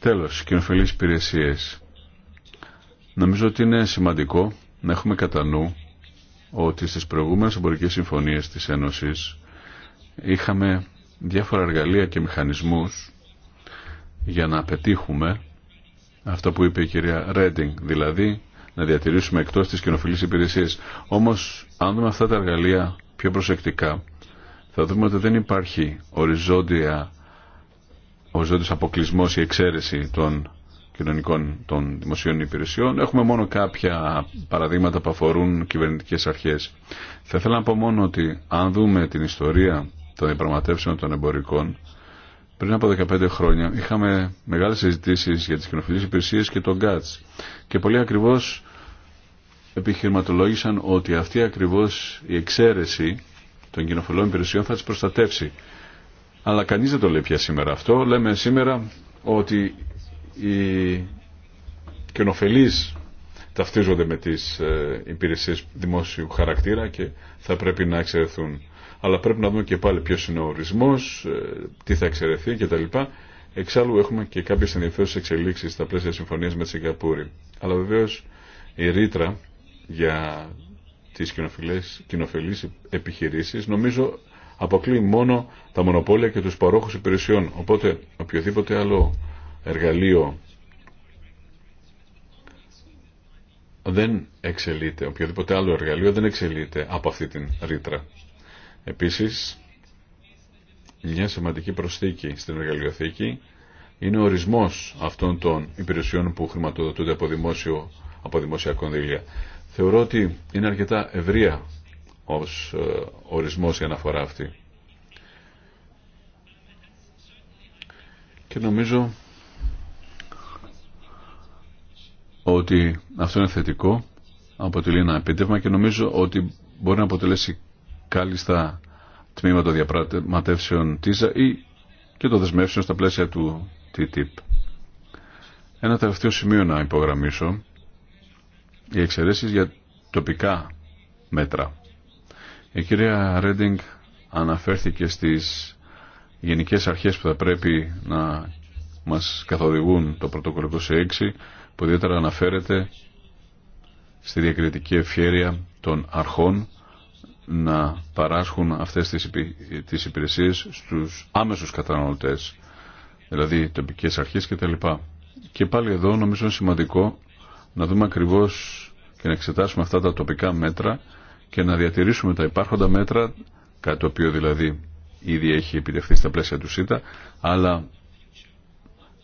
Τέλος, κοινοφελείς υπηρεσίε. Νομίζω ότι είναι σημαντικό να έχουμε κατά νου ότι στις προηγούμενες εμπορικές συμφωνίες της Ένωσης είχαμε διάφορα εργαλεία και μηχανισμούς για να πετύχουμε αυτό που είπε η κυρία Ρέντινγκ, δηλαδή να διατηρήσουμε εκτός της κοινοφιλής υπηρεσίες. Όμως, αν δούμε αυτά τα εργαλεία πιο προσεκτικά, θα δούμε ότι δεν υπάρχει οριζόντια οριζόντιος αποκλεισμό ή εξαίρεση των κοινωνικών των δημοσίων υπηρεσιών. Έχουμε μόνο κάποια παραδείγματα που αφορούν κυβερνητικές αρχές. Θα ήθελα να πω μόνο ότι αν δούμε την ιστορία των διαπραγματεύσεων των εμπορικών, πριν από 15 χρόνια είχαμε μεγάλες συζητήσεις για τις κοινοφιλείς υπηρεσίες και τον ΚΑΤΣ και πολύ ακριβώς επιχειρηματολόγησαν ότι αυτή ακριβώς η εξαίρεση των κοινοφιλών υπηρεσιών θα τις προστατεύσει αλλά κανείς δεν το λέει πια σήμερα αυτό. Λέμε σήμερα ότι οι κοινοφελείς ταυτίζονται με τις ε, υπηρεσίες δημόσιου χαρακτήρα και θα πρέπει να εξαιρεθούν. Αλλά πρέπει να δούμε και πάλι ποιος είναι ο ορισμός, ε, τι θα εξαιρεθεί κτλ. Εξάλλου έχουμε και κάποιες ενδιαφέρουσες εξελίξεις στα πλαίσια συμφωνίας με τη Σιγκαπούρη. Αλλά βεβαίως η ρήτρα για τις κοινοφελείς επιχειρήσεις νομίζω αποκλεί μόνο τα μονοπόλια και τους παρόχους υπηρεσιών. Οπότε οποιοδήποτε άλλο εργαλείο δεν εξελείται, οποιοδήποτε άλλο εργαλείο δεν εξελείται από αυτή την ρήτρα. Επίσης, μια σημαντική προσθήκη στην εργαλειοθήκη είναι ο ορισμός αυτών των υπηρεσιών που χρηματοδοτούνται από, δημόσιο, από δημόσια κονδύλια. Θεωρώ ότι είναι αρκετά ευρεία ως ε, ορισμός η αναφορά αυτή. Και νομίζω ότι αυτό είναι θετικό, αποτελεί ένα επίτευγμα και νομίζω ότι μπορεί να αποτελέσει κάλλιστα τμήμα των διαπραγματεύσεων ΤΙΖΑ ή και το δεσμεύσεων στα πλαίσια του TTIP. Ένα τελευταίο σημείο να υπογραμμίσω, οι εξαιρέσεις για τοπικά μέτρα. Η κυρία Ρέντινγκ αναφέρθηκε στις γενικές αρχές που θα πρέπει να μας καθοδηγούν το πρωτόκολλο 26 που ιδιαίτερα αναφέρεται στη διακριτική ευχέρεια των αρχών να παράσχουν αυτές τις υπηρεσίες στους άμεσους καταναλωτές, δηλαδή τοπικές αρχές κτλ. Και πάλι εδώ νομίζω είναι σημαντικό να δούμε ακριβώς και να εξετάσουμε αυτά τα τοπικά μέτρα και να διατηρήσουμε τα υπάρχοντα μέτρα, κάτι το οποίο δηλαδή ήδη έχει επιτευχθεί στα πλαίσια του ΣΥΤΑ, αλλά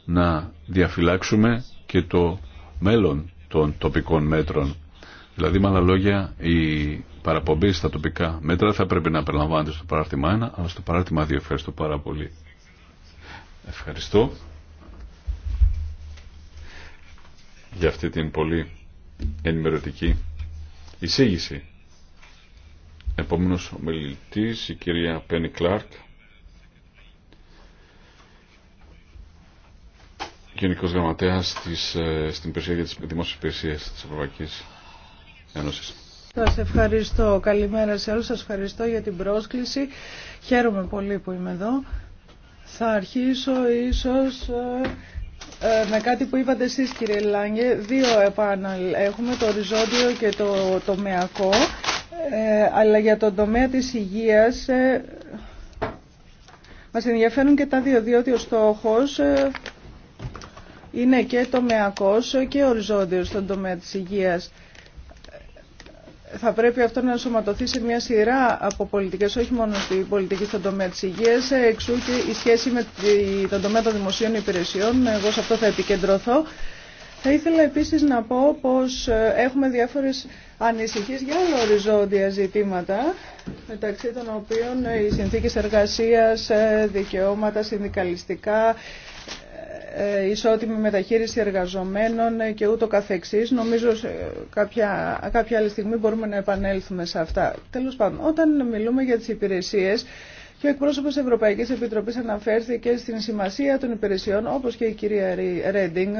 να διαφυλάξουμε και το μέλλον των τοπικών μέτρων. Δηλαδή, με άλλα λόγια, η παραπομπή στα τοπικά μέτρα θα πρέπει να περιλαμβάνεται στο παράρτημα 1, αλλά στο παράρτημα 2. Ευχαριστώ πάρα πολύ. Ευχαριστώ για αυτή την πολύ ενημερωτική εισήγηση Επόμενος ομιλητής, η κυρία Πένι Κλάρκ, Γενικός Γραμματέας της, ε, στην υπηρεσία για τις δημόσιες υπηρεσίες της Ευρωπαϊκής Ένωσης. Σας ευχαριστώ. Καλημέρα σε όλους. Σας ευχαριστώ για την πρόσκληση. Χαίρομαι πολύ που είμαι εδώ. Θα αρχίσω ίσως ε, ε, με κάτι που είπατε εσείς κύριε Λάγκε. Δύο επάναλ έχουμε, το οριζόντιο και το τομεακό. Ε, αλλά για τον τομέα της υγείας ε, μας ενδιαφέρουν και τα δύο, διότι ο στόχος ε, είναι και τομεακός και οριζόντιος στον τομέα της υγείας. Θα πρέπει αυτό να ενσωματωθεί σε μια σειρά από πολιτικές, όχι μόνο στη πολιτική στον τομέα της υγείας, εξού και η σχέση με τον τομέα των δημοσίων υπηρεσιών. Εγώ σε αυτό θα επικεντρωθώ. Θα ήθελα επίσης να πω πως έχουμε διάφορες ανησυχείς για άλλα οριζόντια ζητήματα, μεταξύ των οποίων οι συνθήκες εργασίας, ε, δικαιώματα, συνδικαλιστικά, ε, ε, ισότιμη μεταχείριση εργαζομένων και ούτω καθεξής. Νομίζω κάποια, κάποια άλλη στιγμή μπορούμε να επανέλθουμε σε αυτά. Τέλος πάντων, όταν μιλούμε για τις υπηρεσίες, και ο εκπρόσωπος της Ευρωπαϊκής Επιτροπής αναφέρθηκε στην σημασία των υπηρεσιών, όπως και η κυρία Ρέντινγκ,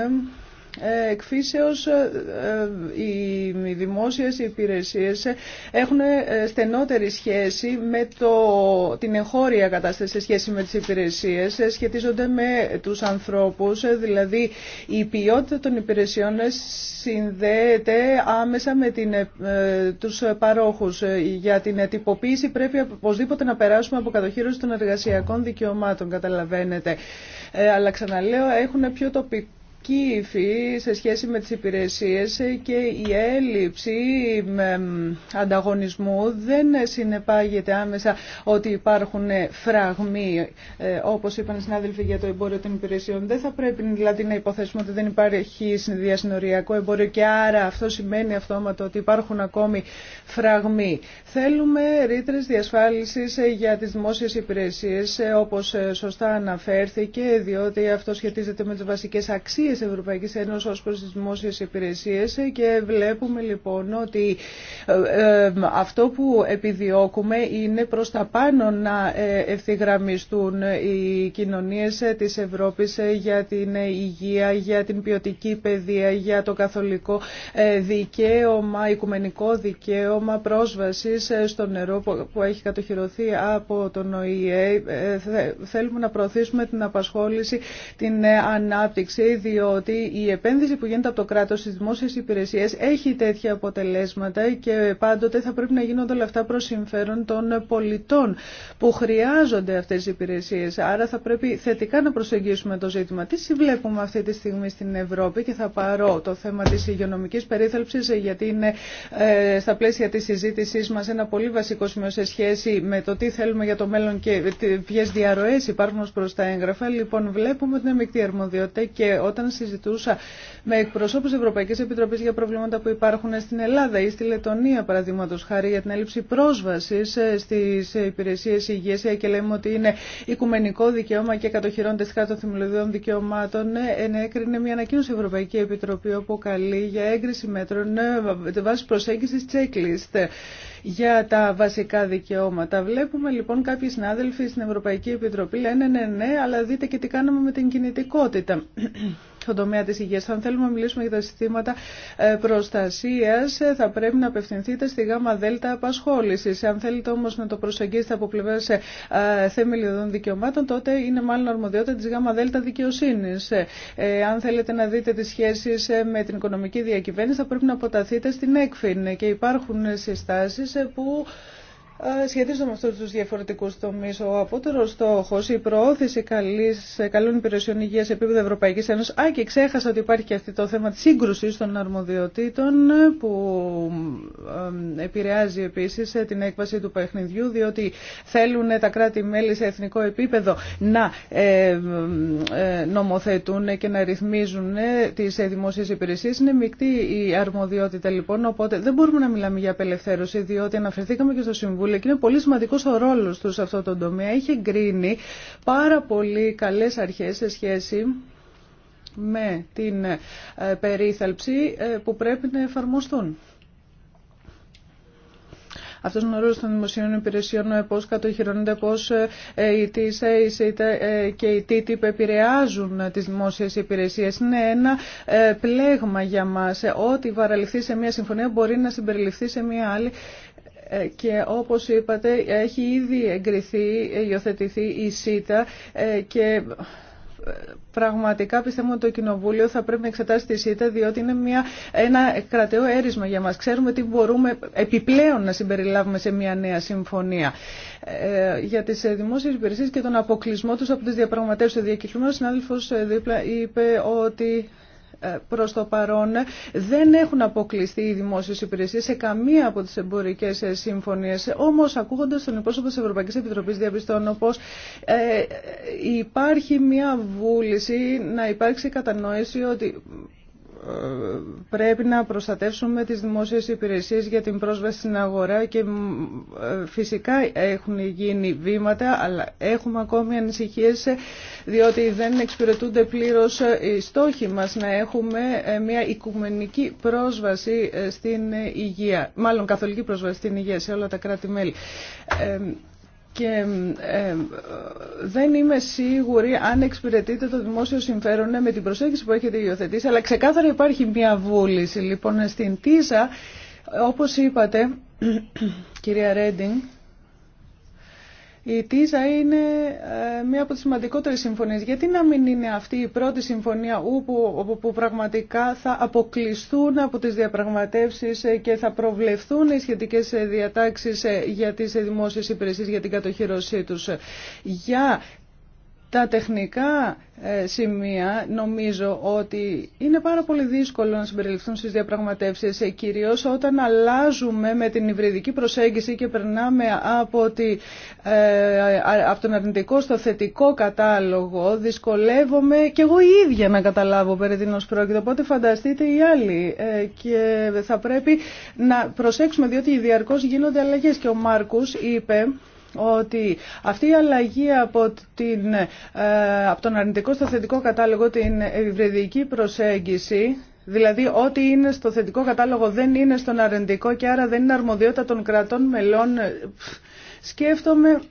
ε, εκφύσεως ε, ε, οι δημόσιες υπηρεσίες έχουν στενότερη σχέση με το, την εγχώρια κατάσταση σε σχέση με τις υπηρεσίες, σχετίζονται με τους ανθρώπους, δηλαδή η ποιότητα των υπηρεσιών συνδέεται άμεσα με την, τους παρόχους. Για την ετυποποίηση πρέπει οπωσδήποτε να περάσουμε από κατοχήρωση των εργασιακών δικαιωμάτων, καταλαβαίνετε. αλλά ξαναλέω, έχουν πιο τοπικό υφή σε σχέση με τις υπηρεσίες και η έλλειψη ανταγωνισμού δεν συνεπάγεται άμεσα ότι υπάρχουν φραγμοί, ε, όπως είπαν οι συνάδελφοι για το εμπόριο των υπηρεσιών. Δεν θα πρέπει δηλαδή να υποθέσουμε ότι δεν υπάρχει διασυνοριακό εμπόριο και άρα αυτό σημαίνει αυτόματο ότι υπάρχουν ακόμη φραγμοί. Θέλουμε ρήτρες διασφάλισης για τις δημόσιες υπηρεσίες, όπως σωστά αναφέρθηκε, διότι αυτό σχετίζεται με τις βασικές αξίες της Ευρωπαϊκής Ένωσης ως προς τις δημόσιες υπηρεσίες και βλέπουμε λοιπόν ότι ε, ε, αυτό που επιδιώκουμε είναι προς τα πάνω να ε, ευθυγραμμιστούν οι κοινωνίες της Ευρώπης για την υγεία, για την ποιοτική παιδεία, για το καθολικό δικαίωμα, οικουμενικό δικαίωμα πρόσβασης στο νερό που έχει κατοχυρωθεί από τον ΟΗΕ. Θέλουμε να προωθήσουμε την απασχόληση, την ανάπτυξη, διότι η επένδυση που γίνεται από το κράτο στι δημόσιε υπηρεσίες έχει τέτοια αποτελέσματα και πάντοτε θα πρέπει να γίνονται όλα αυτά προς συμφέρον των πολιτών που χρειάζονται αυτέ τι υπηρεσίε. Άρα θα πρέπει θετικά να προσεγγίσουμε το ζήτημα. Τι συμβλέπουμε αυτή τη στιγμή στην Ευρώπη και θα πάρω το θέμα τη υγειονομική περίθαλψης γιατί είναι ε, στα πλαίσια τη συζήτησή μα ένα πολύ βασικό σημείο σε σχέση με το τι θέλουμε για το μέλλον και ποιε διαρροέ υπάρχουν προ τα έγγραφα. Λοιπόν, βλέπουμε την αρμοδιότητα και όταν συζητούσα με εκπροσώπους Ευρωπαϊκής Επιτροπής για προβλήματα που υπάρχουν στην Ελλάδα ή στη Λετωνία παραδείγματο χάρη για την έλλειψη πρόσβασης ε, στις υπηρεσίες υγείας ε, και λέμε ότι είναι οικουμενικό δικαίωμα και κατοχυρώνεται τη κάτω θυμολογιών δικαιωμάτων ε, ενέκρινε μια ανακοίνωση Ευρωπαϊκή Επιτροπή όπου καλεί για έγκριση μέτρων βάσει προσέγγιση checklist για τα βασικά δικαιώματα. Βλέπουμε λοιπόν κάποιοι συνάδελφοι στην Ευρωπαϊκή Επιτροπή λένε ναι, ναι, ναι, αλλά δείτε και τι κάναμε με την κινητικότητα στον τομέα της υγείας. Αν θέλουμε να μιλήσουμε για τα συστήματα ε, προστασίας, ε, θα πρέπει να απευθυνθείτε στη γάμα δέλτα απασχόλησης. Αν θέλετε όμως να το προσεγγίσετε από πλευράς ε, θεμελιωδών δικαιωμάτων, τότε είναι μάλλον αρμοδιότητα της γάμα δέλτα δικαιοσύνης. Αν θέλετε να δείτε τις σχέσεις με την οικονομική διακυβέρνηση, θα πρέπει να αποταθείτε στην έκφυνη. και υπάρχουν συστάσεις που ε, σχετίζονται με αυτού του διαφορετικού τομεί, Ο απότερο στόχο, η προώθηση καλής, ε, καλών υπηρεσιών υγεία σε επίπεδο Ευρωπαϊκή Ένωση, Α, και ξέχασα ότι υπάρχει και αυτό το θέμα τη σύγκρουση των αρμοδιοτήτων ε, που επηρεάζει επίσης την έκβαση του παιχνιδιού, διότι θέλουν τα κράτη-μέλη σε εθνικό επίπεδο να νομοθετούν και να ρυθμίζουν τις δημόσιε υπηρεσίε. Είναι μεικτή η αρμοδιότητα λοιπόν, οπότε δεν μπορούμε να μιλάμε για απελευθέρωση, διότι αναφερθήκαμε και στο Συμβούλιο και είναι πολύ σημαντικό ο ρόλο του σε αυτό το τομέα. Έχει εγκρίνει πάρα πολύ καλέ αρχέ σε σχέση με την ε, περίθαλψη ε, που πρέπει να εφαρμοστούν. Αυτός είναι ο ρόλος των δημοσίων υπηρεσιών, πώς κατοχυρώνεται, ε, πώς η TSA και η TTIP επηρεάζουν τις δημόσιες υπηρεσίες. Είναι ένα πλέγμα για μας. Ό,τι βαραληφθεί σε μια συμφωνία μπορεί να συμπεριληφθεί σε μια άλλη ε, και όπως είπατε έχει ήδη εγκριθεί, υιοθετηθεί η ΣΥΤΑ ε, και ε, πραγματικά πιστεύουμε ότι το Κοινοβούλιο θα πρέπει να εξετάσει τη ΣΥΤΑ διότι είναι μια, ένα κρατέο έρισμα για μας. Ξέρουμε τι μπορούμε επιπλέον να συμπεριλάβουμε σε μια νέα συμφωνία. για τις δημόσιες υπηρεσίες και τον αποκλεισμό τους από τις διαπραγματεύσεις. Ο συνάδελφος δίπλα είπε ότι ε, προς το παρόν δεν έχουν αποκλειστεί οι δημόσιες υπηρεσίες σε καμία από τις εμπορικές ε, συμφωνίες. Όμως ακούγοντας τον υπόσωπο της Ευρωπαϊκής Επιτροπής διαπιστώνω πως ε, υπάρχει μια βούληση να υπάρξει κατανόηση ότι πρέπει να προστατεύσουμε τις δημόσιες υπηρεσίες για την πρόσβαση στην αγορά και ε, φυσικά έχουν γίνει βήματα, αλλά έχουμε ακόμη ανησυχίες ε, διότι δεν εξυπηρετούνται πλήρως ε, οι στόχοι μας να έχουμε μια οικουμενική πρόσβαση στην υγεία, μάλλον καθολική πρόσβαση στην υγεία σε όλα τα κράτη-μέλη και δεν είμαι σίγουρη αν εξυπηρετείτε το δημόσιο συμφέρον ναι, με την προσέγγιση που έχετε υιοθετήσει, αλλά ξεκάθαρα υπάρχει μια βούληση. Λοιπόν, στην ΤΙΖΑ, όπως είπατε, κυρία Ρέντινγκ, η ΤΙΖΑ είναι ε, μία από τις σημαντικότερες συμφωνίες. Γιατί να μην είναι αυτή η πρώτη συμφωνία όπου, πραγματικά θα αποκλειστούν από τις διαπραγματεύσεις ε, και θα προβλεφθούν οι σχετικές ε, διατάξεις για τις δημόσιες υπηρεσίες για την κατοχυρωσή τους. Για τα τεχνικά ε, σημεία νομίζω ότι είναι πάρα πολύ δύσκολο να συμπεριληφθούν στις διαπραγματεύσεις ε, όταν αλλάζουμε με την υβριδική προσέγγιση και περνάμε ε, από, τον αρνητικό στο θετικό κατάλογο δυσκολεύομαι και εγώ η ίδια να καταλάβω περί ως πρόκειται οπότε φανταστείτε οι άλλοι ε, και θα πρέπει να προσέξουμε διότι διαρκώς γίνονται αλλαγές και ο Μάρκους είπε ότι αυτή η αλλαγή από, την, ε, τον αρνητικό στο θετικό κατάλογο, την ευρυδική προσέγγιση, Δηλαδή ό,τι είναι στο θετικό κατάλογο δεν είναι στον αρνητικό και άρα δεν είναι αρμοδιότητα των κρατών μελών. Ε, σκέφτομαι,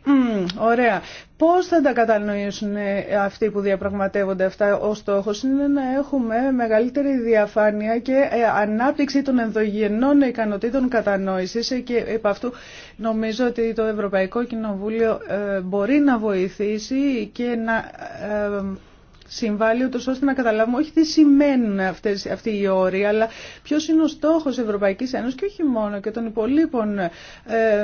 ωραία, πώς θα τα κατανοήσουν ε, αυτοί που διαπραγματεύονται αυτά. Ο στόχος είναι να έχουμε μεγαλύτερη διαφάνεια και ε, ανάπτυξη των ενδογενών ικανοτήτων κατανόησης ε, και επ' αυτού νομίζω ότι το Ευρωπαϊκό Κοινοβούλιο μπορεί να βοηθήσει και να συμβάλλει ούτως ώστε να καταλάβουμε όχι τι σημαίνουν αυτές, αυτοί οι όροι, αλλά ποιος είναι ο στόχος Ευρωπαϊκής Ένωσης και όχι μόνο και των υπολείπων ε,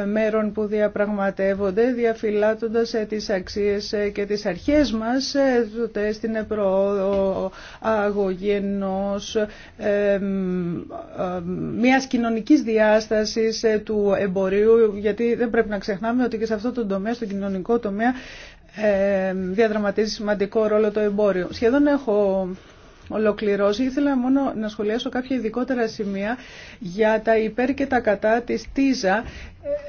μέρων που διαπραγματεύονται, διαφυλάττοντας ε, τις αξίες ε, και τις αρχές μας, ε, στην προόδο αγωγή ενός, ε, ε, μιας κοινωνικής διάστασης του εμπορίου, γιατί δεν πρέπει να ξεχνάμε ότι και σε αυτό το τομέα, στο κοινωνικό τομέα, ε, διαδραματίζει σημαντικό ρόλο το εμπόριο. Σχεδόν έχω ολοκληρώσει. Ήθελα μόνο να σχολιάσω κάποια ειδικότερα σημεία για τα υπέρ και τα κατά της ΤΙΖΑ.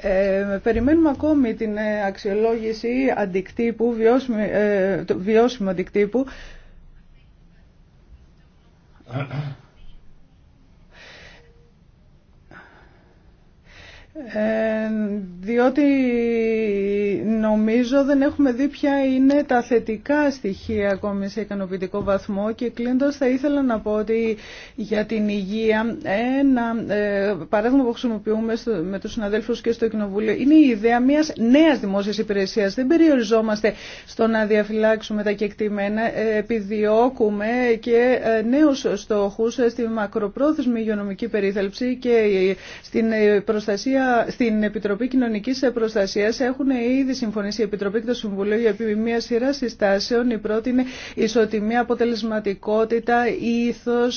Ε, ε, περιμένουμε ακόμη την ε, αξιολόγηση αντικτύπου, βιώσιμο ε, βιώσιμου αντικτύπου. Ε, διότι νομίζω δεν έχουμε δει ποια είναι τα θετικά στοιχεία ακόμη σε ικανοποιητικό βαθμό και κλείνοντας θα ήθελα να πω ότι για την υγεία ένα ε, παράδειγμα που χρησιμοποιούμε με τους συναδέλφους και στο Κοινοβούλιο είναι η ιδέα μιας νέας δημόσιας υπηρεσίας. Δεν περιοριζόμαστε στο να διαφυλάξουμε τα κεκτημένα, ε, επιδιώκουμε και νέους στόχους στη μακροπρόθεσμη υγειονομική περίθαλψη και στην προστασία στην Επιτροπή Κοινωνική Προστασία έχουν ήδη συμφωνήσει η Επιτροπή και το Συμβουλίο για μια σειρά συστάσεων. Η πρώτη είναι ισοτιμία, αποτελεσματικότητα, ήθο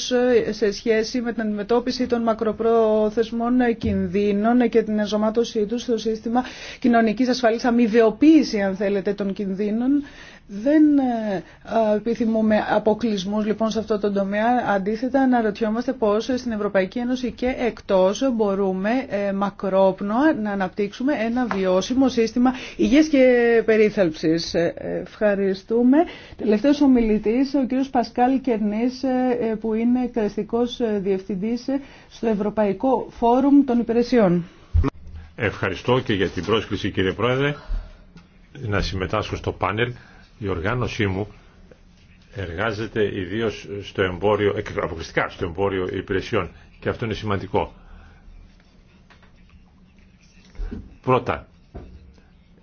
σε σχέση με την αντιμετώπιση των μακροπρόθεσμων κινδύνων και την ενσωμάτωσή του στο σύστημα κοινωνική ασφαλή, αμοιβαιοποίηση, αν θέλετε, των κινδύνων. Δεν ε, ε, επιθυμούμε αποκλεισμού λοιπόν σε αυτό το τομέα. Αντίθετα, αναρωτιόμαστε πω στην Ευρωπαϊκή Ένωση και εκτός μπορούμε ε, μακρόπνοα να αναπτύξουμε ένα βιώσιμο σύστημα υγεία και περίθαλψης. Ευχαριστούμε. τελευταίο ομιλητής, ο κύριος Πασκάλ κερνή, που είναι εκτελεστικός διευθυντής στο Ευρωπαϊκό Φόρουμ των Υπηρεσιών. Ευχαριστώ και για την πρόσκληση κύριε Πρόεδρε να συμμετάσχω στο πάνελ. Η οργάνωσή μου εργάζεται ιδίω στο εμπόριο, αποκλειστικά στο εμπόριο υπηρεσιών και αυτό είναι σημαντικό. Πρώτα,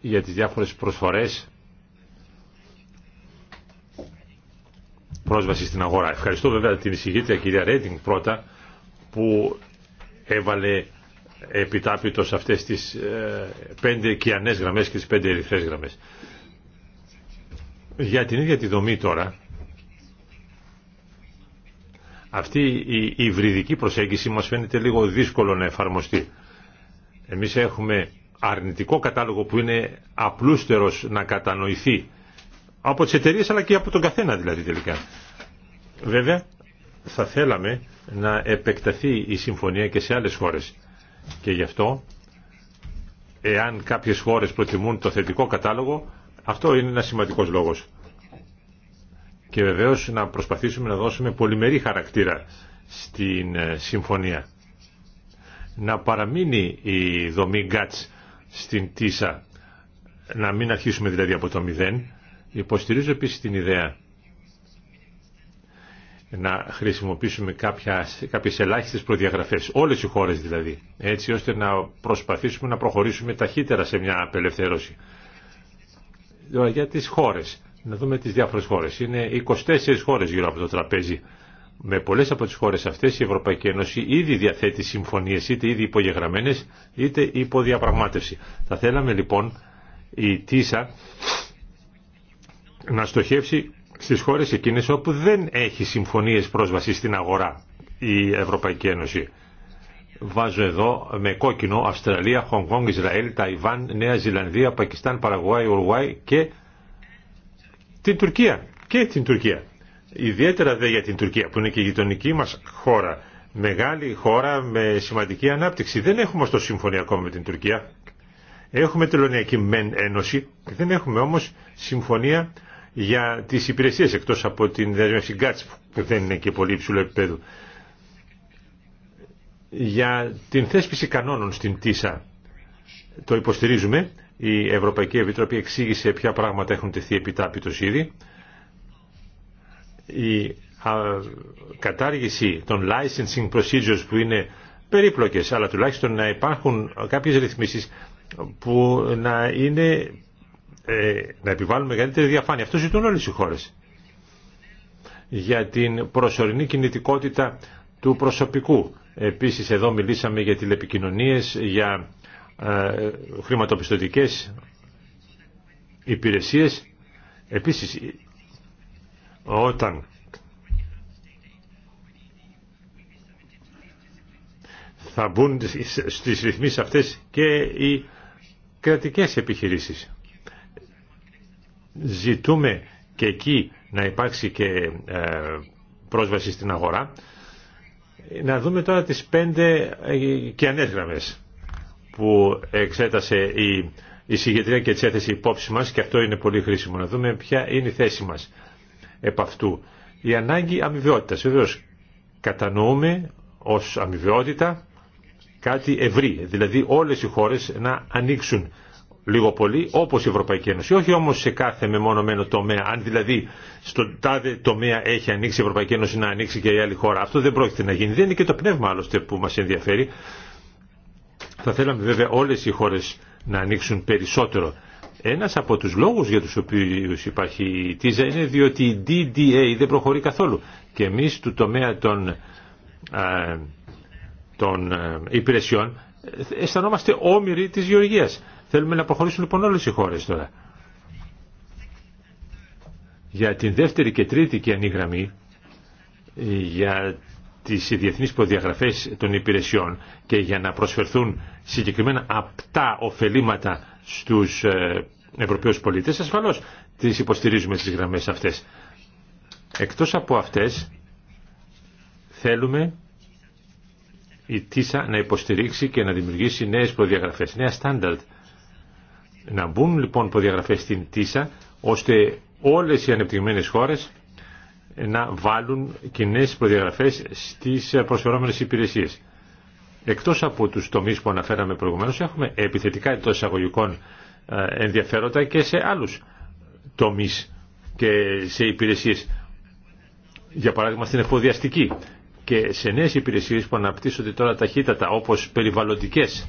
για τις διάφορες προσφορές πρόσβαση στην αγορά. Ευχαριστώ βέβαια την εισηγήτρια κυρία Ρέντινγκ πρώτα που έβαλε σε αυτές τις ε, πέντε κιανές γραμμές και τις πέντε ερυθρές γραμμές. Για την ίδια τη δομή τώρα, αυτή η υβριδική προσέγγιση μας φαίνεται λίγο δύσκολο να εφαρμοστεί. Εμείς έχουμε αρνητικό κατάλογο που είναι απλούστερος να κατανοηθεί από τις εταιρείε αλλά και από τον καθένα δηλαδή τελικά. Βέβαια θα θέλαμε να επεκταθεί η συμφωνία και σε άλλες χώρες και γι' αυτό εάν κάποιες χώρες προτιμούν το θετικό κατάλογο αυτό είναι ένα σημαντικός λόγος. Και βεβαίω να προσπαθήσουμε να δώσουμε πολυμερή χαρακτήρα στην ε, συμφωνία. Να παραμείνει η δομή GATS στην ΤΙΣΑ, να μην αρχίσουμε δηλαδή από το μηδέν. Υποστηρίζω επίσης την ιδέα να χρησιμοποιήσουμε κάποια, κάποιες ελάχιστες προδιαγραφές, όλες οι χώρες δηλαδή, έτσι ώστε να προσπαθήσουμε να προχωρήσουμε ταχύτερα σε μια απελευθέρωση για τις χώρες. Να δούμε τις διάφορες χώρες. Είναι 24 χώρες γύρω από το τραπέζι. Με πολλές από τις χώρες αυτές η Ευρωπαϊκή Ένωση ήδη διαθέτει συμφωνίες είτε ήδη υπογεγραμμένες είτε υποδιαπραγμάτευση. Θα θέλαμε λοιπόν η ΤΙΣΑ να στοχεύσει στις χώρες εκείνες όπου δεν έχει συμφωνίες πρόσβαση στην αγορά η Ευρωπαϊκή Ένωση βάζω εδώ με κόκκινο Αυστραλία, Χονγκ Ισραήλ, Ταϊβάν, Νέα Ζηλανδία, Πακιστάν, Παραγουάη, Ουρουάη και την Τουρκία. Και την Τουρκία. Ιδιαίτερα δε για την Τουρκία που είναι και η γειτονική μας χώρα. Μεγάλη χώρα με σημαντική ανάπτυξη. Δεν έχουμε στο σύμφωνο ακόμα με την Τουρκία. Έχουμε τελωνιακή μεν ένωση, δεν έχουμε όμως συμφωνία για τις υπηρεσίες εκτός από την δέσμευση Γκάτς που δεν είναι και πολύ υψηλό επίπεδο για την θέσπιση κανόνων στην ΤΙΣΑ. Το υποστηρίζουμε. Η Ευρωπαϊκή Επιτροπή εξήγησε ποια πράγματα έχουν τεθεί επιτάπητος ήδη. Η κατάργηση των licensing procedures που είναι περίπλοκες, αλλά τουλάχιστον να υπάρχουν κάποιες ρυθμίσεις που να είναι ε, να επιβάλλουν μεγαλύτερη διαφάνεια. Αυτό ζητούν όλες οι χώρες για την προσωρινή κινητικότητα του προσωπικού. Επίσης εδώ μιλήσαμε για τηλεπικοινωνίες, για ε, χρηματοπιστωτικές υπηρεσίες. Επίσης, όταν θα μπουν στις ρυθμίσεις αυτές και οι κρατικές επιχειρήσεις. Ζητούμε και εκεί να υπάρξει και ε, πρόσβαση στην αγορά. Να δούμε τώρα τις πέντε ε, και γραμμές που εξέτασε η συγκεκριμένη και τις έθεσε υπόψη μας και αυτό είναι πολύ χρήσιμο. Να δούμε ποια είναι η θέση μας επ' αυτού. Η ανάγκη αμοιβαιότητας. Βεβαίως κατανοούμε ως αμοιβαιότητα κάτι ευρύ, δηλαδή όλες οι χώρες να ανοίξουν λίγο πολύ, όπως η Ευρωπαϊκή Ένωση. Όχι όμως σε κάθε μεμονωμένο τομέα. Αν δηλαδή στον τάδε τομέα έχει ανοίξει η Ευρωπαϊκή Ένωση να ανοίξει και η άλλη χώρα. Αυτό δεν πρόκειται να γίνει. Δεν είναι και το πνεύμα άλλωστε που μας ενδιαφέρει. Θα θέλαμε βέβαια όλες οι χώρες να ανοίξουν περισσότερο. Ένας από τους λόγους για τους οποίους υπάρχει η ΤΙΖΑ είναι διότι η DDA δεν προχωρεί καθόλου. Και εμείς του τομέα των, ε, των ε, υπηρεσιών ε, αισθανόμαστε όμοιροι της γεωργίας. Θέλουμε να προχωρήσουν λοιπόν όλες οι χώρες τώρα. Για την δεύτερη και τρίτη και ανή γραμμή, ε, για τις διεθνείς προδιαγραφές των υπηρεσιών και για να προσφερθούν συγκεκριμένα απτά ωφελήματα στους ε, Ευρωπαίους πολίτες, ασφαλώς τις υποστηρίζουμε τις γραμμές αυτές. Εκτός από αυτές, θέλουμε η ΤΙΣΑ να υποστηρίξει και να δημιουργήσει νέες προδιαγραφές, νέα στάνταρτ να μπουν λοιπόν προδιαγραφές στην ΤΙΣΑ ώστε όλες οι ανεπτυγμένες χώρες να βάλουν κοινέ προδιαγραφές στις προσφερόμενες υπηρεσίες. Εκτός από τους τομείς που αναφέραμε προηγουμένως έχουμε επιθετικά εντό εισαγωγικών ε, ενδιαφέροντα και σε άλλους τομείς και σε υπηρεσίες. Για παράδειγμα στην εφοδιαστική και σε νέες υπηρεσίες που αναπτύσσονται τώρα ταχύτατα όπως περιβαλλοντικές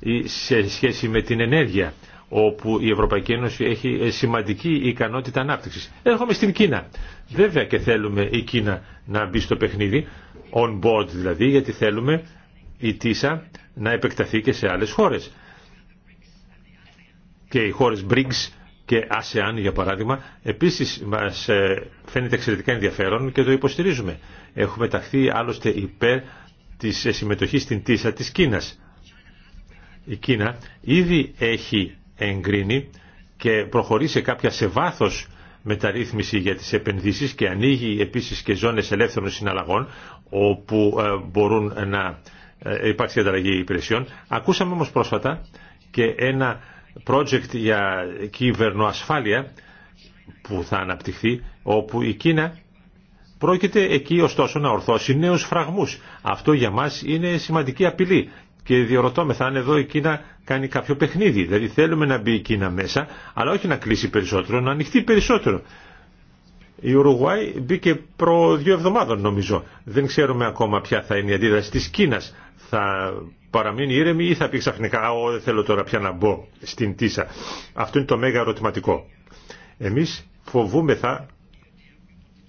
ή σε σχέση με την ενέργεια όπου η Ευρωπαϊκή Ένωση έχει ε, σημαντική ικανότητα ανάπτυξης. Έρχομαι στην Κίνα. Βέβαια και θέλουμε η Κίνα να μπει στο παιχνίδι, on board δηλαδή, γιατί θέλουμε η ΤΙΣΑ να επεκταθεί και σε άλλες χώρες. Και οι χώρες BRICS και ASEAN για παράδειγμα επίσης μας ε, φαίνεται εξαιρετικά ενδιαφέρον και το υποστηρίζουμε. Έχουμε ταχθεί άλλωστε υπέρ της συμμετοχής στην ΤΙΣΑ της Κίνας. Η Κίνα ήδη έχει εγκρίνει και προχωρεί σε κάποια σε βάθος μεταρρύθμιση για τις επενδύσεις και ανοίγει επίσης και ζώνες ελεύθερων συναλλαγών όπου ε, μπορούν να ε, υπάρξει ανταλλαγή υπηρεσιών. Ακούσαμε όμως πρόσφατα και ένα project για κυβερνοασφάλεια που θα αναπτυχθεί όπου η Κίνα πρόκειται εκεί ωστόσο να ορθώσει νέους φραγμούς. Αυτό για μας είναι σημαντική απειλή και διορωτώμεθα αν εδώ η Κίνα κάνει κάποιο παιχνίδι. Δηλαδή θέλουμε να μπει η Κίνα μέσα, αλλά όχι να κλείσει περισσότερο, να ανοιχτεί περισσότερο. Η Ουρουγουάη μπήκε προ δύο εβδομάδων νομίζω. Δεν ξέρουμε ακόμα ποια θα είναι η αντίδραση της Κίνας. Θα παραμείνει ήρεμη ή θα πει ξαφνικά «Α, δεν θέλω τώρα πια να μπω στην Τίσα». Αυτό είναι το μέγα ερωτηματικό. Εμείς φοβούμεθα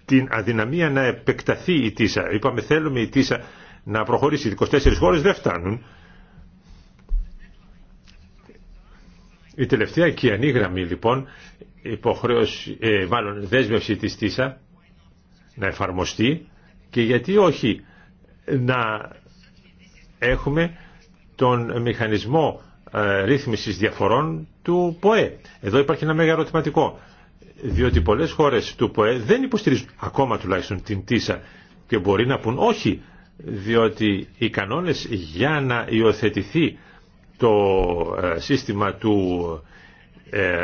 την αδυναμία να επεκταθεί η Τίσα. Είπαμε θέλουμε η Τίσα να προχωρήσει. 24 χώρε δεν φτάνουν. Η τελευταία η γραμμή λοιπόν, υποχρέωση, ε, μάλλον δέσμευση της ΤΙΣΑ να εφαρμοστεί και γιατί όχι να έχουμε τον μηχανισμό ε, ρύθμισης διαφορών του ΠΟΕ. Εδώ υπάρχει ένα μεγάλο ερωτηματικό, διότι πολλές χώρες του ΠΟΕ δεν υποστηρίζουν ακόμα τουλάχιστον την ΤΙΣΑ και μπορεί να πούν όχι, διότι οι κανόνες για να υιοθετηθεί το ε, σύστημα του ε,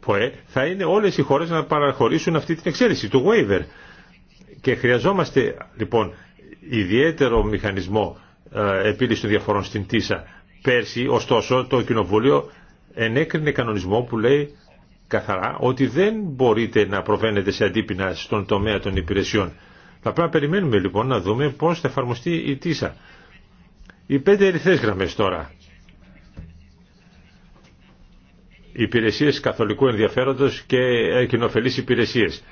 ΠΟΕ θα είναι όλες οι χώρες να παραχωρήσουν αυτή την εξαίρεση του waiver. Και χρειαζόμαστε λοιπόν ιδιαίτερο μηχανισμό ε, επίλυση των διαφορών στην ΤΙΣΑ. Πέρσι, ωστόσο, το Κοινοβούλιο ενέκρινε κανονισμό που λέει καθαρά ότι δεν μπορείτε να προβαίνετε σε αντίπεινα στον τομέα των υπηρεσιών. Θα πρέπει να περιμένουμε λοιπόν να δούμε πώς θα εφαρμοστεί η ΤΙΣΑ. Οι πέντε ερυθές γραμμές τώρα υπηρεσίες καθολικού ενδιαφέροντος και ε, κοινοφελείς υπηρεσίες.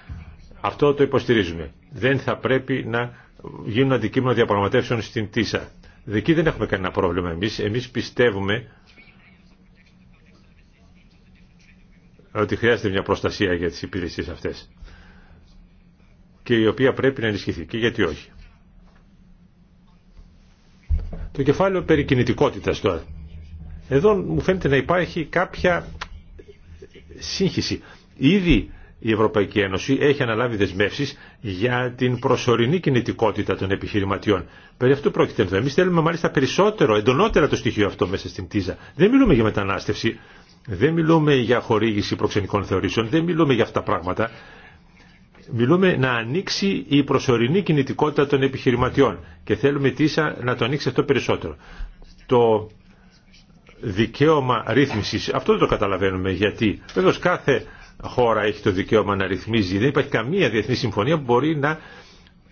Αυτό το υποστηρίζουμε. Δεν θα πρέπει να γίνουν αντικείμενο διαπραγματεύσεων στην ΤΙΣΑ. Εκεί δεν έχουμε κανένα πρόβλημα εμείς. Εμείς πιστεύουμε ότι χρειάζεται μια προστασία για τις υπηρεσίες αυτές και η οποία πρέπει να ενισχυθεί και γιατί όχι. Το κεφάλαιο περί κινητικότητας τώρα. Εδώ μου φαίνεται να υπάρχει κάποια σύγχυση. Ήδη η Ευρωπαϊκή Ένωση έχει αναλάβει δεσμεύσει για την προσωρινή κινητικότητα των επιχειρηματιών. Περί αυτού πρόκειται εδώ. Εμεί θέλουμε μάλιστα περισσότερο, εντονότερα το στοιχείο αυτό μέσα στην ΤΙΖΑ. Δεν μιλούμε για μετανάστευση, δεν μιλούμε για χορήγηση προξενικών θεωρήσεων, δεν μιλούμε για αυτά τα πράγματα. Μιλούμε να ανοίξει η προσωρινή κινητικότητα των επιχειρηματιών και θέλουμε ΤΙΖΑ να το ανοίξει αυτό περισσότερο. Το δικαίωμα ρύθμισης. Αυτό δεν το καταλαβαίνουμε γιατί. Βέβαια κάθε χώρα έχει το δικαίωμα να ρυθμίζει. Δεν υπάρχει καμία διεθνή συμφωνία που μπορεί να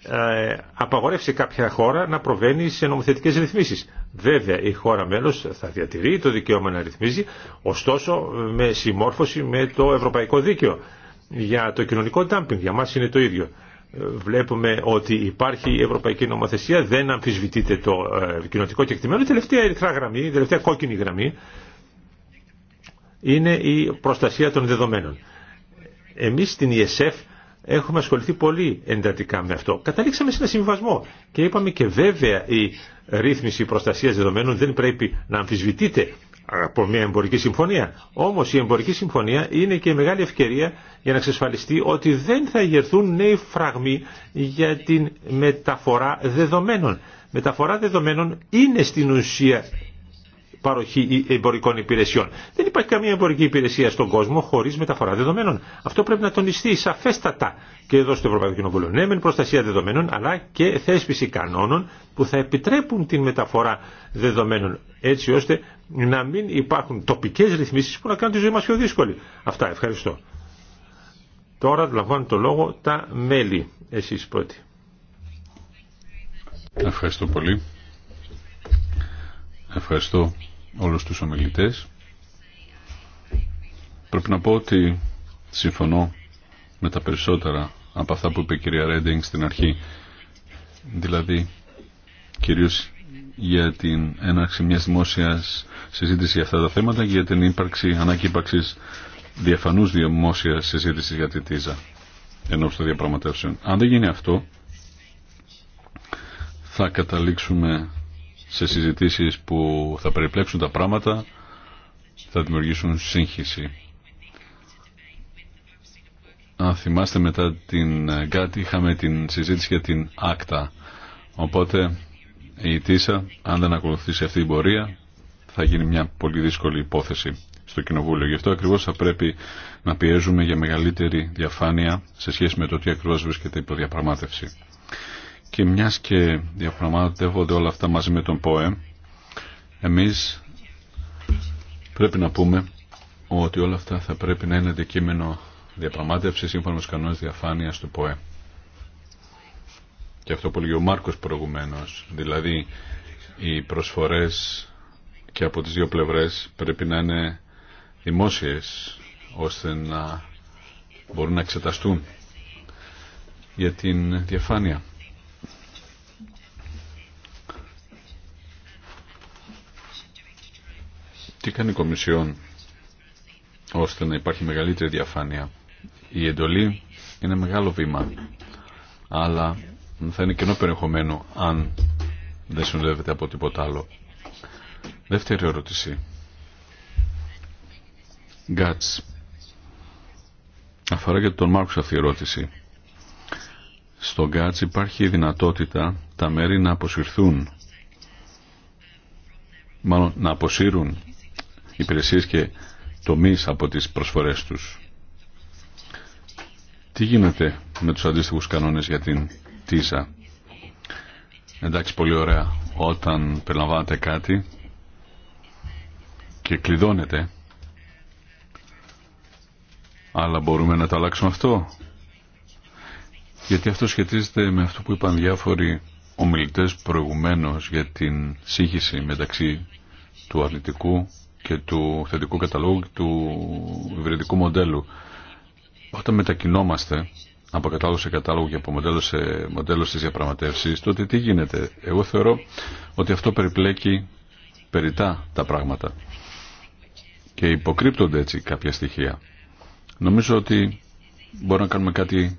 ε, απαγορεύσει κάποια χώρα να προβαίνει σε νομοθετικές ρυθμίσεις. Βέβαια η χώρα μέλος θα διατηρεί το δικαίωμα να ρυθμίζει, ωστόσο με συμμόρφωση με το ευρωπαϊκό δίκαιο. Για το κοινωνικό ντάμπινγκ για μας είναι το ίδιο βλέπουμε ότι υπάρχει η ευρωπαϊκή νομοθεσία, δεν αμφισβητείται το ε, κοινοτικό κεκτημένο. Η τελευταία ερυθρά γραμμή, η τελευταία κόκκινη γραμμή είναι η προστασία των δεδομένων. Εμείς στην ESF έχουμε ασχοληθεί πολύ εντατικά με αυτό. Καταλήξαμε σε ένα συμβασμό και είπαμε και βέβαια η ρύθμιση προστασίας δεδομένων δεν πρέπει να αμφισβητείται από μια εμπορική συμφωνία. Όμω η εμπορική συμφωνία είναι και μεγάλη ευκαιρία για να εξασφαλιστεί ότι δεν θα ηγερθούν νέοι φραγμοί για την μεταφορά δεδομένων. Μεταφορά δεδομένων είναι στην ουσία παροχή εμπορικών υπηρεσιών. Δεν υπάρχει καμία εμπορική υπηρεσία στον κόσμο χωρί μεταφορά δεδομένων. Αυτό πρέπει να τονιστεί σαφέστατα και εδώ στο Ευρωπαϊκό Κοινοβούλιο. Ναι, μεν προστασία δεδομένων, αλλά και θέσπιση κανόνων που θα επιτρέπουν την μεταφορά δεδομένων, έτσι ώστε να μην υπάρχουν τοπικέ ρυθμίσει που να κάνουν τη ζωή μα πιο δύσκολη. Αυτά, ευχαριστώ. Τώρα λαμβάνουν το λόγο τα μέλη, Εσεί πρώτοι. Ευχαριστώ πολύ. Ευχαριστώ όλους τους ομιλητές. Πρέπει να πω ότι συμφωνώ με τα περισσότερα από αυτά που είπε η κυρία Ρέντινγκ στην αρχή. Δηλαδή, κυρίως για την έναρξη μιας δημόσιας συζήτησης για αυτά τα θέματα και για την ύπαρξη, ανάγκη ύπαρξης διαφανούς δημόσιας συζήτησης για τη ΤΙΖΑ ενώ των διαπραγματεύσεων. Αν δεν γίνει αυτό, θα καταλήξουμε σε συζητήσεις που θα περιπλέξουν τα πράγματα, θα δημιουργήσουν σύγχυση. Αν θυμάστε μετά την ΓΚΑΤ είχαμε την συζήτηση για την ΑΚΤΑ. Οπότε η ΤΙΣΑ αν δεν ακολουθήσει αυτή η πορεία θα γίνει μια πολύ δύσκολη υπόθεση στο Κοινοβούλιο. Γι' αυτό ακριβώς θα πρέπει να πιέζουμε για μεγαλύτερη διαφάνεια σε σχέση με το τι ακριβώς βρίσκεται υπό διαπραγμάτευση. Και μιας και διαπραγματεύονται όλα αυτά μαζί με τον ΠΟΕ, εμείς πρέπει να πούμε ότι όλα αυτά θα πρέπει να είναι αντικείμενο διαπραγμάτευση σύμφωνα με τους κανόνες διαφάνειας του ΠΟΕ. Και αυτό που προγουμένος, ο Μάρκος προηγουμένως, δηλαδή οι προσφορές και από τις δύο πλευρές πρέπει να είναι δημόσιες ώστε να μπορούν να εξεταστούν για την διαφάνεια. Τι κάνει η Κομισιόν ώστε να υπάρχει μεγαλύτερη διαφάνεια. Η εντολή είναι μεγάλο βήμα, αλλά θα είναι κενό περιεχομένο αν δεν συνοδεύεται από τίποτα άλλο. Δεύτερη ερώτηση. Γκάτς. Αφορά και τον Μάρκος αυτή η ερώτηση. Στο Γκάτς υπάρχει η δυνατότητα τα μέρη να αποσυρθούν, μάλλον να αποσύρουν υπηρεσίες και τομείς από τις προσφορές τους. Τι γίνεται με τους αντίστοιχους κανόνες για την ΤΙΖΑ. Εντάξει, πολύ ωραία. Όταν περιλαμβάνεται κάτι και κλειδώνεται. αλλά μπορούμε να το αλλάξουμε αυτό. Γιατί αυτό σχετίζεται με αυτό που είπαν διάφοροι ομιλητές προηγουμένως για την σύγχυση μεταξύ του αρνητικού και του θετικού καταλόγου και του υβριδικού μοντέλου. Όταν μετακινόμαστε από κατάλογο σε κατάλογο και από μοντέλο σε μοντέλο στις διαπραγματεύσεις, τότε τι γίνεται. Εγώ θεωρώ ότι αυτό περιπλέκει περιτά τα πράγματα και υποκρύπτονται έτσι κάποια στοιχεία. Νομίζω ότι μπορούμε να κάνουμε κάτι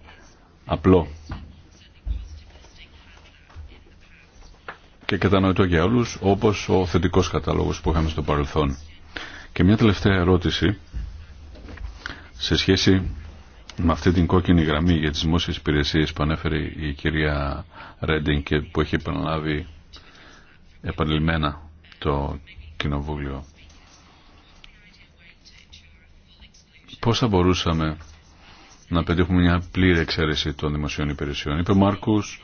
απλό και κατανοητό για όλους όπως ο θετικός κατάλογος που είχαμε στο παρελθόν. Και μια τελευταία ερώτηση σε σχέση με αυτή την κόκκινη γραμμή για τις δημόσιες υπηρεσίες που ανέφερε η κυρία Ρέντιν και που έχει επαναλάβει επανειλημμένα το Κοινοβούλιο. Πώς θα μπορούσαμε να πετύχουμε μια πλήρη εξαίρεση των δημοσίων υπηρεσιών. Είπε ο Μάρκους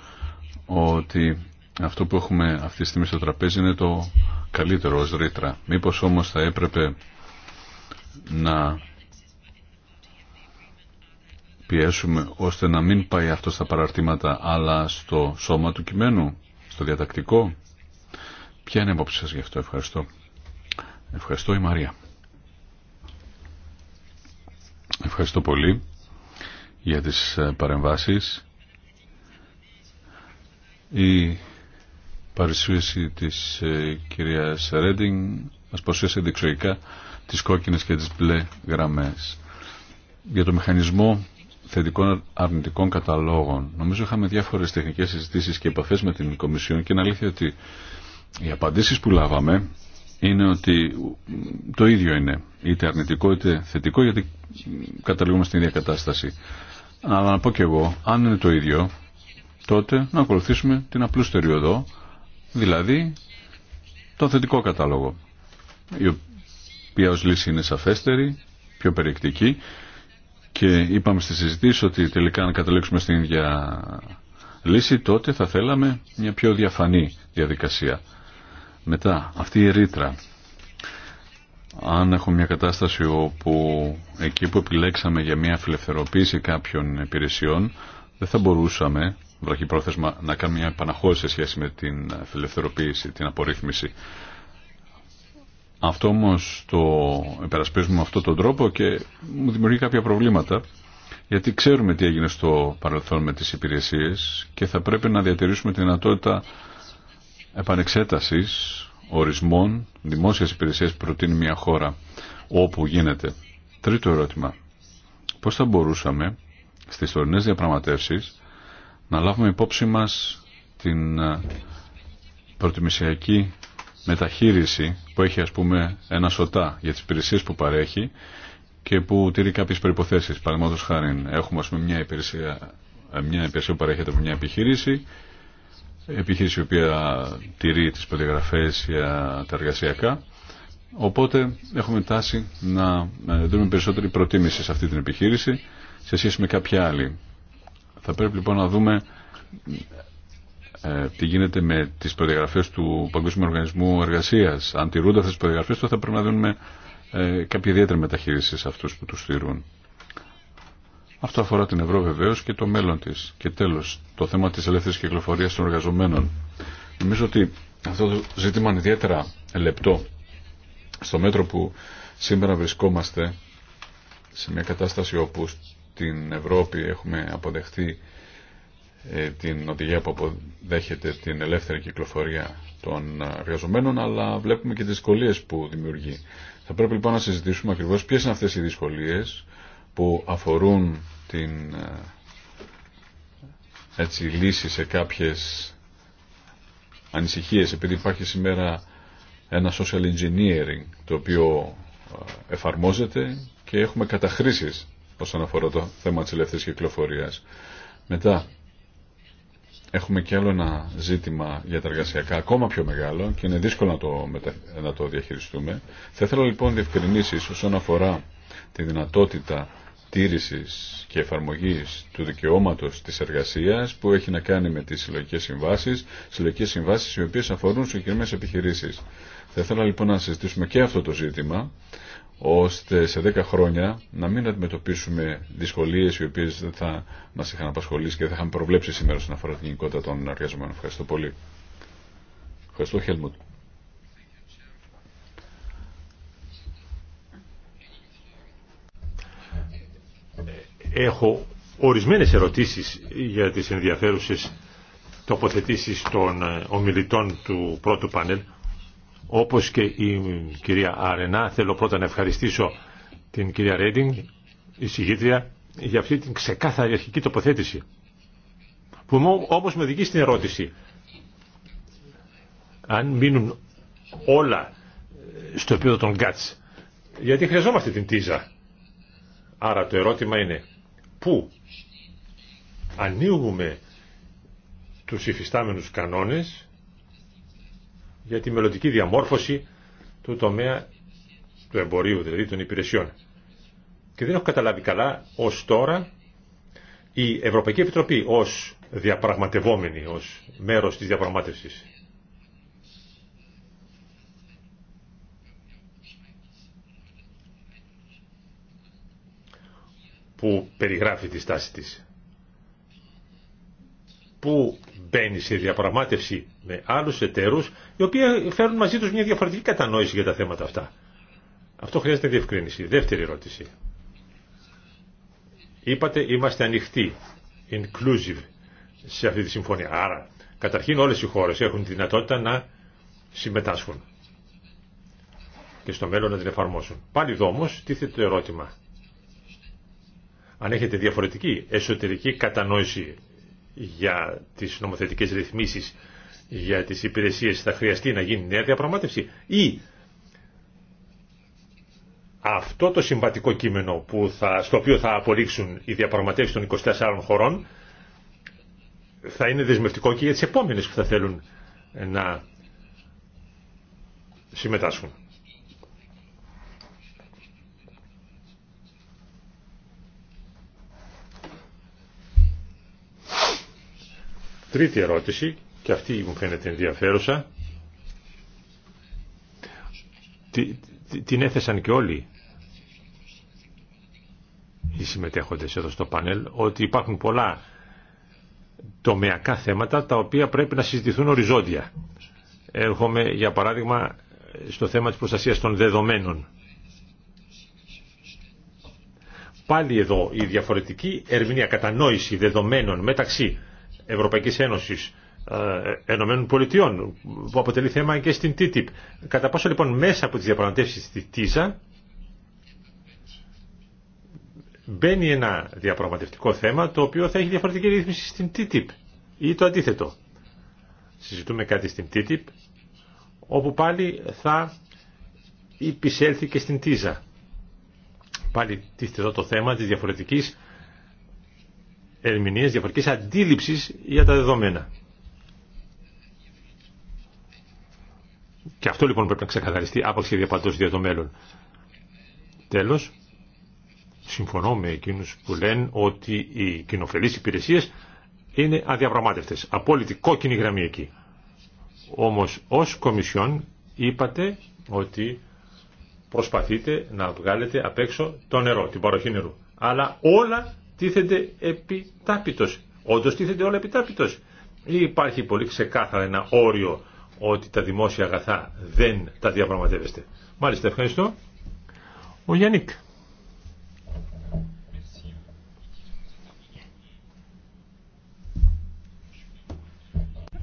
ότι αυτό που έχουμε αυτή τη στιγμή στο τραπέζι είναι το καλύτερο ως ρήτρα. Μήπως όμως θα έπρεπε να πιέσουμε ώστε να μην πάει αυτό στα παραρτήματα αλλά στο σώμα του κειμένου, στο διατακτικό. Ποια είναι η απόψη σας γι' αυτό. Ευχαριστώ. Ευχαριστώ η Μαρία. Ευχαριστώ πολύ για τις ε, παρεμβάσεις. Η παρουσίαση της ε, κυρίας Ρέντινγκ μας παρουσίασε δεξοϊκά τις κόκκινες και τις μπλε γραμμές. Για το μηχανισμό θετικών αρνητικών καταλόγων. Νομίζω είχαμε διάφορε τεχνικές συζητήσεις και επαφέ με την Κομισιόν και είναι αλήθεια ότι οι απαντήσει που λάβαμε είναι ότι το ίδιο είναι είτε αρνητικό είτε θετικό γιατί καταλήγουμε στην ίδια κατάσταση. Αλλά να πω και εγώ, αν είναι το ίδιο, τότε να ακολουθήσουμε την απλούστερη οδό δηλαδή τον θετικό κατάλογο η οποία ως λύση είναι σαφέστερη, πιο περιεκτική και είπαμε στη συζητήση ότι τελικά να καταλήξουμε στην ίδια λύση τότε θα θέλαμε μια πιο διαφανή διαδικασία. Μετά αυτή η ρήτρα αν έχουμε μια κατάσταση όπου εκεί που επιλέξαμε για μια φιλευθεροποίηση κάποιων υπηρεσιών δεν θα μπορούσαμε πρόθεσμα να κάνουμε μια επαναχώρηση σε σχέση με την φιλευθερωποίηση, την απορρίθμιση. Αυτό όμως το επερασπίζουμε με αυτόν τον τρόπο και μου δημιουργεί κάποια προβλήματα γιατί ξέρουμε τι έγινε στο παρελθόν με τις υπηρεσίες και θα πρέπει να διατηρήσουμε τη δυνατότητα επανεξέτασης ορισμών δημόσιας υπηρεσίας που προτείνει μια χώρα όπου γίνεται. Τρίτο ερώτημα. Πώς θα μπορούσαμε στις τωρινές διαπραγματεύσεις να λάβουμε υπόψη μας την ε, προτιμησιακή μεταχείριση που έχει ας πούμε ένα σωτά για τις υπηρεσίε που παρέχει και που τηρεί κάποιες προϋποθέσεις. Παραδείγματος χάρη έχουμε μια υπηρεσία, ε, μια υπηρεσία που παρέχεται από μια επιχείρηση επιχείρηση η οποία τηρεί τις προδιαγραφές για τα εργασιακά οπότε έχουμε τάση να ε, δούμε περισσότερη προτίμηση σε αυτή την επιχείρηση σε σχέση με κάποια άλλη θα πρέπει λοιπόν να δούμε ε, τι γίνεται με τις προδιαγραφές του Παγκόσμιου Οργανισμού Εργασίας. Αν τηρούνται αυτές τις προδιαγραφές, τότε θα πρέπει να δίνουμε ε, κάποια ιδιαίτερη μεταχείριση σε αυτούς που τους τηρούν. Αυτό αφορά την Ευρώπη βεβαίω και το μέλλον τη. Και τέλο, το θέμα τη ελεύθερη κυκλοφορία των εργαζομένων. Νομίζω ότι αυτό το ζήτημα είναι ιδιαίτερα λεπτό. Στο μέτρο που σήμερα βρισκόμαστε σε μια κατάσταση όπου στην Ευρώπη έχουμε αποδεχτεί ε, την οδηγία που αποδέχεται την ελεύθερη κυκλοφορία των ε, εργαζομένων, αλλά βλέπουμε και τις δυσκολίες που δημιουργεί. Θα πρέπει λοιπόν να συζητήσουμε ακριβώς ποιες είναι αυτές οι δυσκολίες που αφορούν την ε, έτσι, λύση σε κάποιες ανησυχίες, επειδή υπάρχει σήμερα ένα social engineering το οποίο εφαρμόζεται και έχουμε καταχρήσεις όσον αφορά το θέμα της ελεύθερης κυκλοφορίας. Μετά, έχουμε και άλλο ένα ζήτημα για τα εργασιακά ακόμα πιο μεγάλο και είναι δύσκολο να το, να το διαχειριστούμε. Θα ήθελα λοιπόν διευκρινήσεις όσον αφορά τη δυνατότητα τήρησης και εφαρμογής του δικαιώματος της εργασίας που έχει να κάνει με τις συλλογικέ συμβάσεις, συλλογικέ συμβάσεις οι οποίες αφορούν συγκεκριμένε επιχειρήσεις. Θα ήθελα λοιπόν να συζητήσουμε και αυτό το ζήτημα ώστε σε 10 χρόνια να μην αντιμετωπίσουμε δυσκολίε, οι οποίες δεν θα μα είχαν απασχολήσει και δεν θα είχαμε προβλέψει σήμερα στον αφορά την γενικότητα των εργαζομένων. Ευχαριστώ πολύ. Ευχαριστώ, Χέλμουτ. Έχω ορισμένες ερωτήσεις για τις ενδιαφέρουσες τοποθετήσεις των ε, ομιλητών του πρώτου πάνελ. Όπως και η κυρία Αρενά, θέλω πρώτα να ευχαριστήσω την κυρία Ρέντινγκ, η συγγήτρια, για αυτή την ξεκάθαρη αρχική τοποθέτηση. Που όμως με δική στην ερώτηση. Αν μείνουν όλα ε, στο επίπεδο των γκάτς, γιατί χρειαζόμαστε την τίζα. Άρα το ερώτημα είναι, πού ανοίγουμε τους υφιστάμενους κανόνες για τη μελλοντική διαμόρφωση του τομέα του εμπορίου, δηλαδή των υπηρεσιών. Και δεν έχω καταλάβει καλά ως τώρα η Ευρωπαϊκή Επιτροπή ως διαπραγματευόμενη, ως μέρος της διαπραγμάτευσης. που περιγράφει τη στάση της. Που μπαίνει σε διαπραγμάτευση με άλλους εταίρους οι οποίοι φέρουν μαζί τους μια διαφορετική κατανόηση για τα θέματα αυτά. Αυτό χρειάζεται διευκρίνηση. Δεύτερη ερώτηση. Είπατε είμαστε ανοιχτοί, inclusive, σε αυτή τη συμφωνία. Άρα, καταρχήν όλες οι χώρες έχουν τη δυνατότητα να συμμετάσχουν και στο μέλλον να την εφαρμόσουν. Πάλι εδώ όμως τίθεται το ερώτημα. Αν έχετε διαφορετική εσωτερική κατανόηση για τις νομοθετικές ρυθμίσεις για τις υπηρεσίες θα χρειαστεί να γίνει νέα διαπραγμάτευση ή αυτό το συμβατικό κείμενο που θα, στο οποίο θα απορρίξουν οι διαπραγματεύσεις των 24 χωρών θα είναι δεσμευτικό και για τις επόμενες που θα θέλουν να συμμετάσχουν. Τρίτη ερώτηση, και αυτή μου φαίνεται ενδιαφέρουσα. Την έθεσαν και όλοι οι συμμετέχοντες εδώ στο πάνελ, ότι υπάρχουν πολλά τομεακά θέματα τα οποία πρέπει να συζητηθούν οριζόντια. Έρχομαι για παράδειγμα στο θέμα της προστασίας των δεδομένων. Πάλι εδώ η διαφορετική ερμηνεία κατανόηση δεδομένων μεταξύ Ευρωπαϊκής Ένωσης ε, Ενωμένων Πολιτειών που αποτελεί θέμα και στην TTIP. Κατά πόσο λοιπόν μέσα από τις διαπραγματεύσεις στη TISA μπαίνει ένα διαπραγματευτικό θέμα το οποίο θα έχει διαφορετική ρύθμιση στην TTIP ή το αντίθετο. Συζητούμε κάτι στην TTIP όπου πάλι θα υπησέλθει και στην TISA. Πάλι τίθεται εδώ το θέμα της διαφορετικής ερμηνείες, διαφορετική αντίληψη για τα δεδομένα. Και αυτό λοιπόν πρέπει να ξεκαθαριστεί από και διαπαντός για το μέλλον. Τέλος, συμφωνώ με εκείνους που λένε ότι οι κοινοφελείς υπηρεσίες είναι αδιαπραγματεύτε, Απόλυτη κόκκινη γραμμή εκεί. Όμως ως Κομισιόν είπατε ότι προσπαθείτε να βγάλετε απ' έξω το νερό, την παροχή νερού. Αλλά όλα τίθενται επιτάπητος. Όντω τίθενται όλα επιτάπητος. Ή υπάρχει πολύ ξεκάθαρα ένα όριο ότι τα δημόσια αγαθά δεν τα διαπραγματεύεστε. Μάλιστα, ευχαριστώ. Ο Γιάννικ.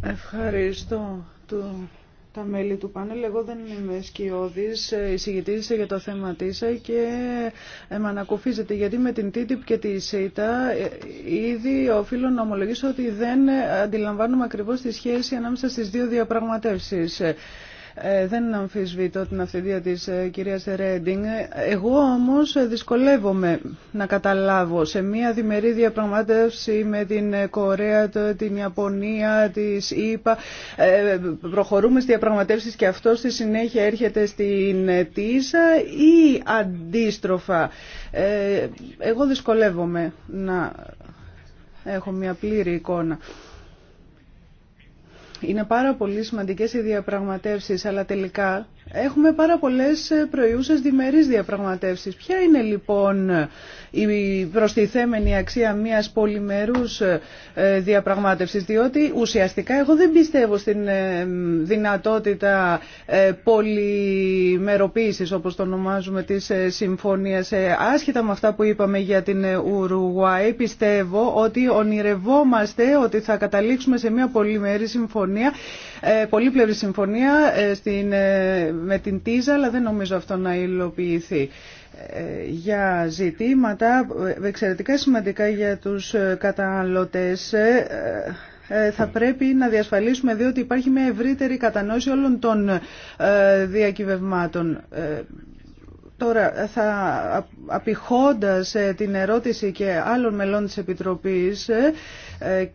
Ευχαριστώ του τα μέλη του πάνελ. Εγώ δεν είμαι σκιώδη, ε, εισηγητής για το θέμα της ε, και με ανακουφίζεται γιατί με την TTIP και τη σειτά ήδη οφείλω να ομολογήσω ότι δεν ε, αντιλαμβάνομαι ακριβώ τη σχέση ανάμεσα στι δύο διαπραγματεύσεις. Ε, δεν αμφισβητώ την αυθεντία της ε, κυρίας Ρέντινγκ. Εγώ όμως δυσκολεύομαι να καταλάβω σε μια διμερή διαπραγμάτευση με την Κορέα, την Ιαπωνία, της ΗΠΑ. Ε, προχωρούμε στις διαπραγματεύσεις και αυτό στη συνέχεια έρχεται στην ΤΙΣΑ ή αντίστροφα. Εγώ δυσκολεύομαι να έχω μια πλήρη εικόνα. Είναι πάρα πολύ σημαντικές οι διαπραγματεύσεις, αλλά τελικά Έχουμε πάρα πολλές ε, προϊούσες διμερείς διαπραγματεύσεις. Ποια είναι λοιπόν η προστιθέμενη αξία μιας πολυμερούς ε, ε, διαπραγμάτευσης, διότι ουσιαστικά εγώ δεν πιστεύω στην δυνατότητα πολυμεροποίησης, όπως το ονομάζουμε, της συμφωνίας. Άσχετα με αυτά που είπαμε για την Ουρουγουάη, πιστεύω ότι ονειρευόμαστε ότι θα καταλήξουμε σε μια πολυμερή συμφωνία, πολύπλευρη συμφωνία στην με την ΤΙΖΑ, αλλά δεν νομίζω αυτό να υλοποιηθεί. Ε, για ζητήματα εξαιρετικά σημαντικά για τους ε, καταναλωτές ε, θα πρέπει να διασφαλίσουμε διότι υπάρχει μια ευρύτερη κατανόηση όλων των διακυβευμάτων. Τώρα, θα την ερώτηση και άλλων μελών της Επιτροπής, ε,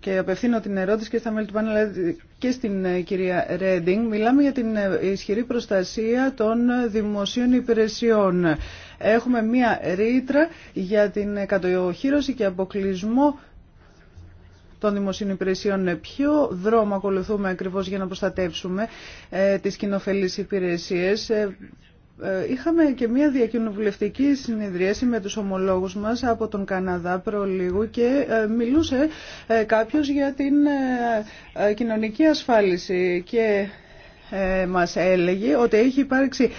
και απευθύνω την ερώτηση και στα μέλη του πάνελ και στην ε, κυρία Ρέντινγκ. Μιλάμε για την ε, ισχυρή προστασία των δημοσίων υπηρεσιών. Έχουμε μία ρήτρα για την κατοχύρωση και αποκλεισμό των δημοσίων υπηρεσιών. Ποιο δρόμο ακολουθούμε ακριβώς για να προστατεύσουμε τις κοινοφελείς υπηρεσίες. Ε, είχαμε και μια διακοινοβουλευτική συνεδρίαση με τους ομολόγους μας από τον Καναδά προλίγου και ε, μιλούσε ε, κάποιος για την κοινωνική ασφάλιση και μας έλεγε ότι έχει υπάρξει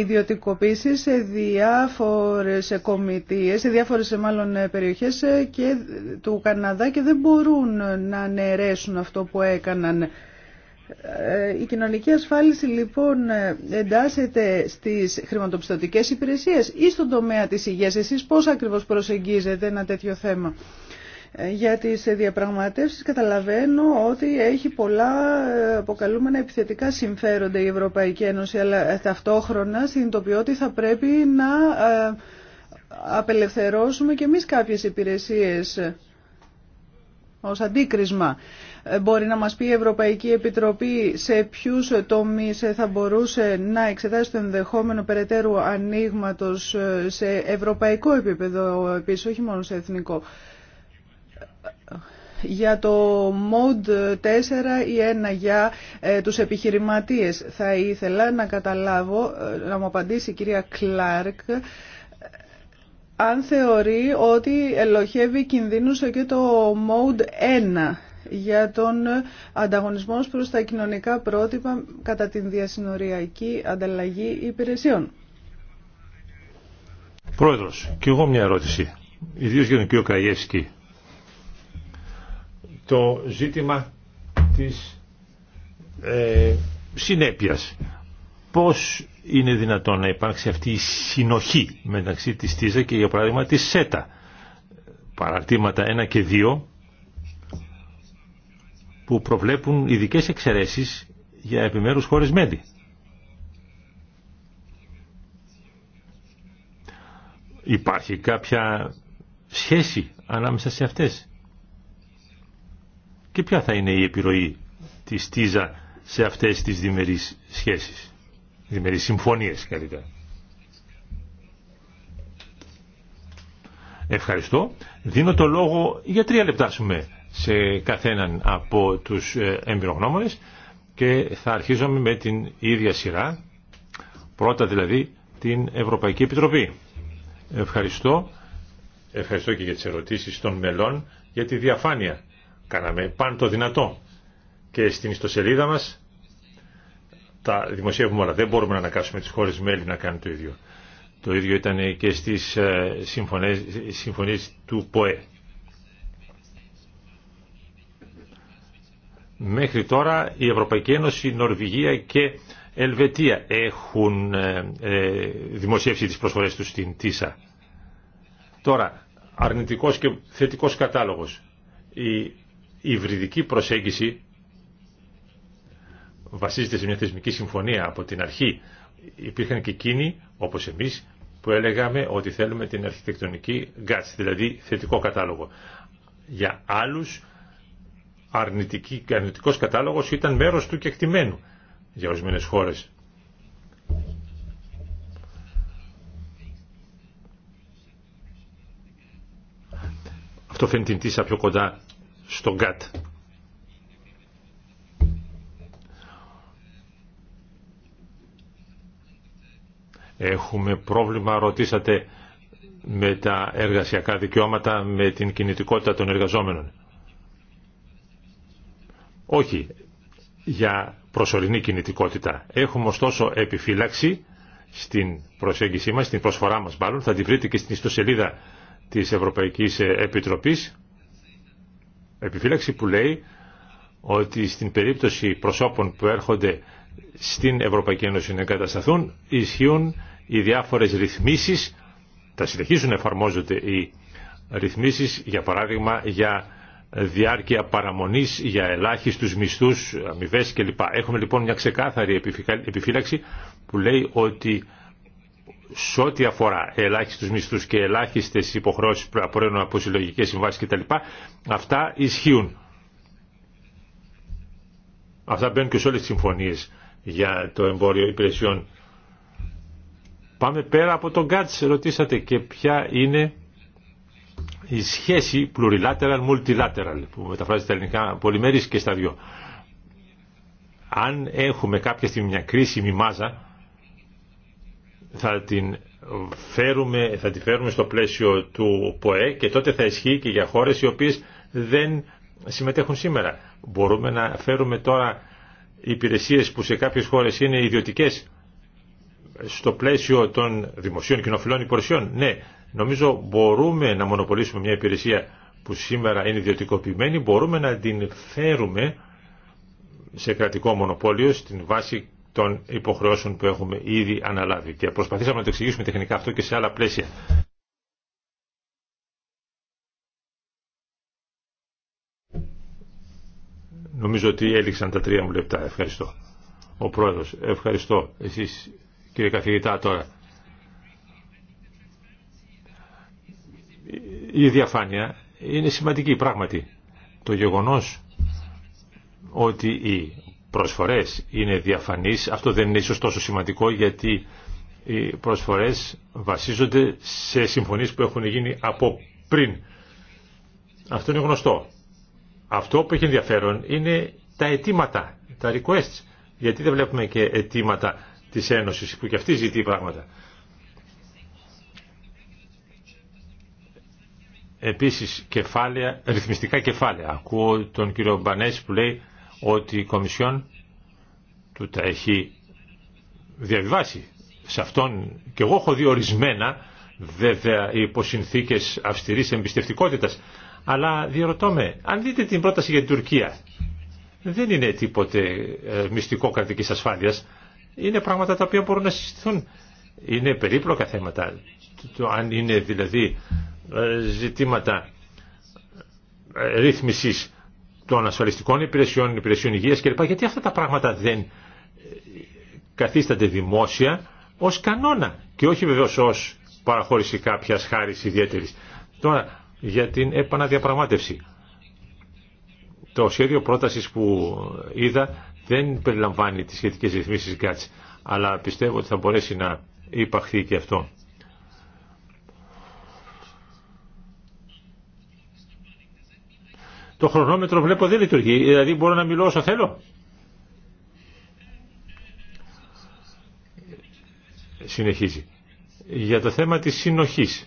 ιδιωτικοποίηση σε διάφορες κομιτείες, σε διάφορες μάλλον περιοχές και του Καναδά και δεν μπορούν να αναιρέσουν αυτό που έκαναν. Ε, η κοινωνική ασφάλιση λοιπόν ε, εντάσσεται στις χρηματοπιστωτικές υπηρεσίες ή στον τομέα της υγείας. Εσείς πώς ακριβώς προσεγγίζετε ένα τέτοιο θέμα. Ε, για σε διαπραγματεύσεις καταλαβαίνω ότι έχει πολλά αποκαλούμενα επιθετικά συμφέροντα η Ευρωπαϊκή Ένωση, αλλά ταυτόχρονα συνειδητοποιώ ότι θα πρέπει να απελευθερώσουμε και εμείς κάποιες υπηρεσίες ως αντίκρισμα. Μπορεί να μας πει η Ευρωπαϊκή Επιτροπή σε ποιους τομείς θα μπορούσε να εξετάσει το ενδεχόμενο περαιτέρω ανοίγματο σε ευρωπαϊκό επίπεδο επίσης, όχι μόνο σε εθνικό. Για το Mode 4 ή ένα για ε, τους επιχειρηματίες θα ήθελα να καταλάβω, ε, να μου απαντήσει η κυρία Κλάρκ, αν θεωρεί ότι ελοχεύει κινδύνους και το Mode 1 για τον ανταγωνισμό προς τα κοινωνικά πρότυπα κατά την διασυνοριακή ανταλλαγή υπηρεσιών. Πρόεδρος, και εγώ μια ερώτηση, ιδίως για τον κύριο Καγιεύσκη. Το ζήτημα της ε, συνέπειας. Πώς είναι δυνατόν να υπάρξει αυτή η συνοχή μεταξύ της ΤΙΖΑ και για παράδειγμα της ΣΕΤΑ. Παραρτήματα 1 και 2 που προβλέπουν ειδικέ εξαιρέσεις για επιμέρους χώρες μέλη. Υπάρχει κάποια σχέση ανάμεσα σε αυτές. Και ποια θα είναι η επιρροή της ΤΙΖΑ σε αυτές τις διμερείς σχέσεις, διμερείς συμφωνίες καλύτερα. Ευχαριστώ. Δίνω το λόγο για τρία λεπτά σου σε καθέναν από τους ε, εμπειρογνώμονες και θα αρχίζουμε με την ίδια σειρά, πρώτα δηλαδή την Ευρωπαϊκή Επιτροπή. Ευχαριστώ, ευχαριστώ και για τις ερωτήσεις των μελών για τη διαφάνεια. Κάναμε πάντο το δυνατό και στην ιστοσελίδα μας τα δημοσιεύουμε όλα. Δεν μπορούμε να ανακάσουμε τις χώρες μέλη να κάνουν το ίδιο. Το ίδιο ήταν και στις ε, συμφωνίες, του ΠΟΕ. Μέχρι τώρα η Ευρωπαϊκή Ένωση, η Νορβηγία και Ελβετία έχουν ε, ε, δημοσιεύσει τις προσφορές τους στην ΤΙΣΑ. Τώρα, αρνητικός και θετικός κατάλογος. Η υβριδική προσέγγιση βασίζεται σε μια θεσμική συμφωνία από την αρχή. Υπήρχαν και εκείνοι, όπως εμείς, που έλεγαμε ότι θέλουμε την αρχιτεκτονική GATS, δηλαδή θετικό κατάλογο. Για άλλους αρνητική, αρνητικός κατάλογος ήταν μέρος του κεκτημένου για ορισμένε χώρες. Αυτό φαίνεται την πιο κοντά στον ΚΑΤ. Έχουμε πρόβλημα, ρωτήσατε, με τα εργασιακά δικαιώματα, με την κινητικότητα των εργαζόμενων όχι για προσωρινή κινητικότητα. Έχουμε ωστόσο επιφύλαξη στην προσέγγιση μας, στην προσφορά μας μάλλον, θα τη βρείτε και στην ιστοσελίδα της Ευρωπαϊκής Επιτροπής, επιφύλαξη που λέει ότι στην περίπτωση προσώπων που έρχονται στην Ευρωπαϊκή Ένωση να εγκατασταθούν, ισχύουν οι διάφορες ρυθμίσεις, θα συνεχίσουν να εφαρμόζονται οι ρυθμίσεις, για παράδειγμα, για διάρκεια παραμονής για ελάχιστους μισθούς, αμοιβέ κλπ. Έχουμε λοιπόν μια ξεκάθαρη επιφύλαξη που λέει ότι σε ό,τι αφορά ελάχιστους μισθούς και ελάχιστες υποχρώσεις που απορρέουν από συλλογικές συμβάσεις κτλ. Αυτά ισχύουν. Αυτά μπαίνουν και σε όλες τις συμφωνίες για το εμπόριο υπηρεσιών. Πάμε πέρα από τον ΚΑΤΣ. ρωτήσατε και ποια είναι η σχέση plurilateral-multilateral που μεταφράζεται ελληνικά πολυμερής και στα δυο. Αν έχουμε κάποια στιγμή μια κρίσιμη μάζα θα την φέρουμε, θα φέρουμε στο πλαίσιο του ΠΟΕ και τότε θα ισχύει και για χώρες οι οποίες δεν συμμετέχουν σήμερα. Μπορούμε να φέρουμε τώρα υπηρεσίες που σε κάποιες χώρες είναι ιδιωτικές στο πλαίσιο των δημοσίων κοινοφιλών υπηρεσιών. Ναι, Νομίζω μπορούμε να μονοπολίσουμε μια υπηρεσία που σήμερα είναι ιδιωτικοποιημένη, μπορούμε να την φέρουμε σε κρατικό μονοπόλιο στην βάση των υποχρεώσεων που έχουμε ήδη αναλάβει. Και προσπαθήσαμε να το εξηγήσουμε τεχνικά αυτό και σε άλλα πλαίσια. Νομίζω ότι έληξαν τα τρία μου λεπτά. Ευχαριστώ. Ο πρόεδρος, ευχαριστώ. Εσείς κύριε καθηγητά τώρα. Η διαφάνεια είναι σημαντική πράγματι. Το γεγονός ότι οι προσφορές είναι διαφανείς, αυτό δεν είναι ίσως τόσο σημαντικό γιατί οι προσφορές βασίζονται σε συμφωνίες που έχουν γίνει από πριν. Αυτό είναι γνωστό. Αυτό που έχει ενδιαφέρον είναι τα αιτήματα, τα requests. Γιατί δεν βλέπουμε και αιτήματα της Ένωσης που και αυτή ζητεί πράγματα. Επίσης κεφάλαια, ρυθμιστικά κεφάλαια. Ακούω τον κύριο Μπανές που λέει ότι η Κομισιόν του τα έχει διαβιβάσει. Σε αυτόν και εγώ έχω δει ορισμένα βέβαια υπό συνθήκε αυστηρής εμπιστευτικότητας. Αλλά διαρωτώ με, αν δείτε την πρόταση για την Τουρκία, δεν είναι τίποτε ε, μυστικό κρατικής ασφάλειας. Είναι πράγματα τα οποία μπορούν να συζητηθούν. Είναι περίπλοκα θέματα. αν είναι δηλαδή ε, ζητήματα ε, ρύθμισης των ασφαλιστικών υπηρεσιών, υπηρεσιών υγείας κλπ. Γιατί αυτά τα πράγματα δεν ε, καθίστανται δημόσια ως κανόνα και όχι βεβαίως ως παραχώρηση κάποιας χάρης ιδιαίτερης. Τώρα, για την επαναδιαπραγμάτευση. Το σχέδιο πρότασης που είδα δεν περιλαμβάνει τις σχετικές ρυθμίσεις GATS, αλλά πιστεύω ότι θα μπορέσει να υπαχθεί και αυτό. Το χρονόμετρο βλέπω δεν λειτουργεί, δηλαδή μπορώ να μιλώ όσο θέλω. Συνεχίζει. Για το θέμα της συνοχής.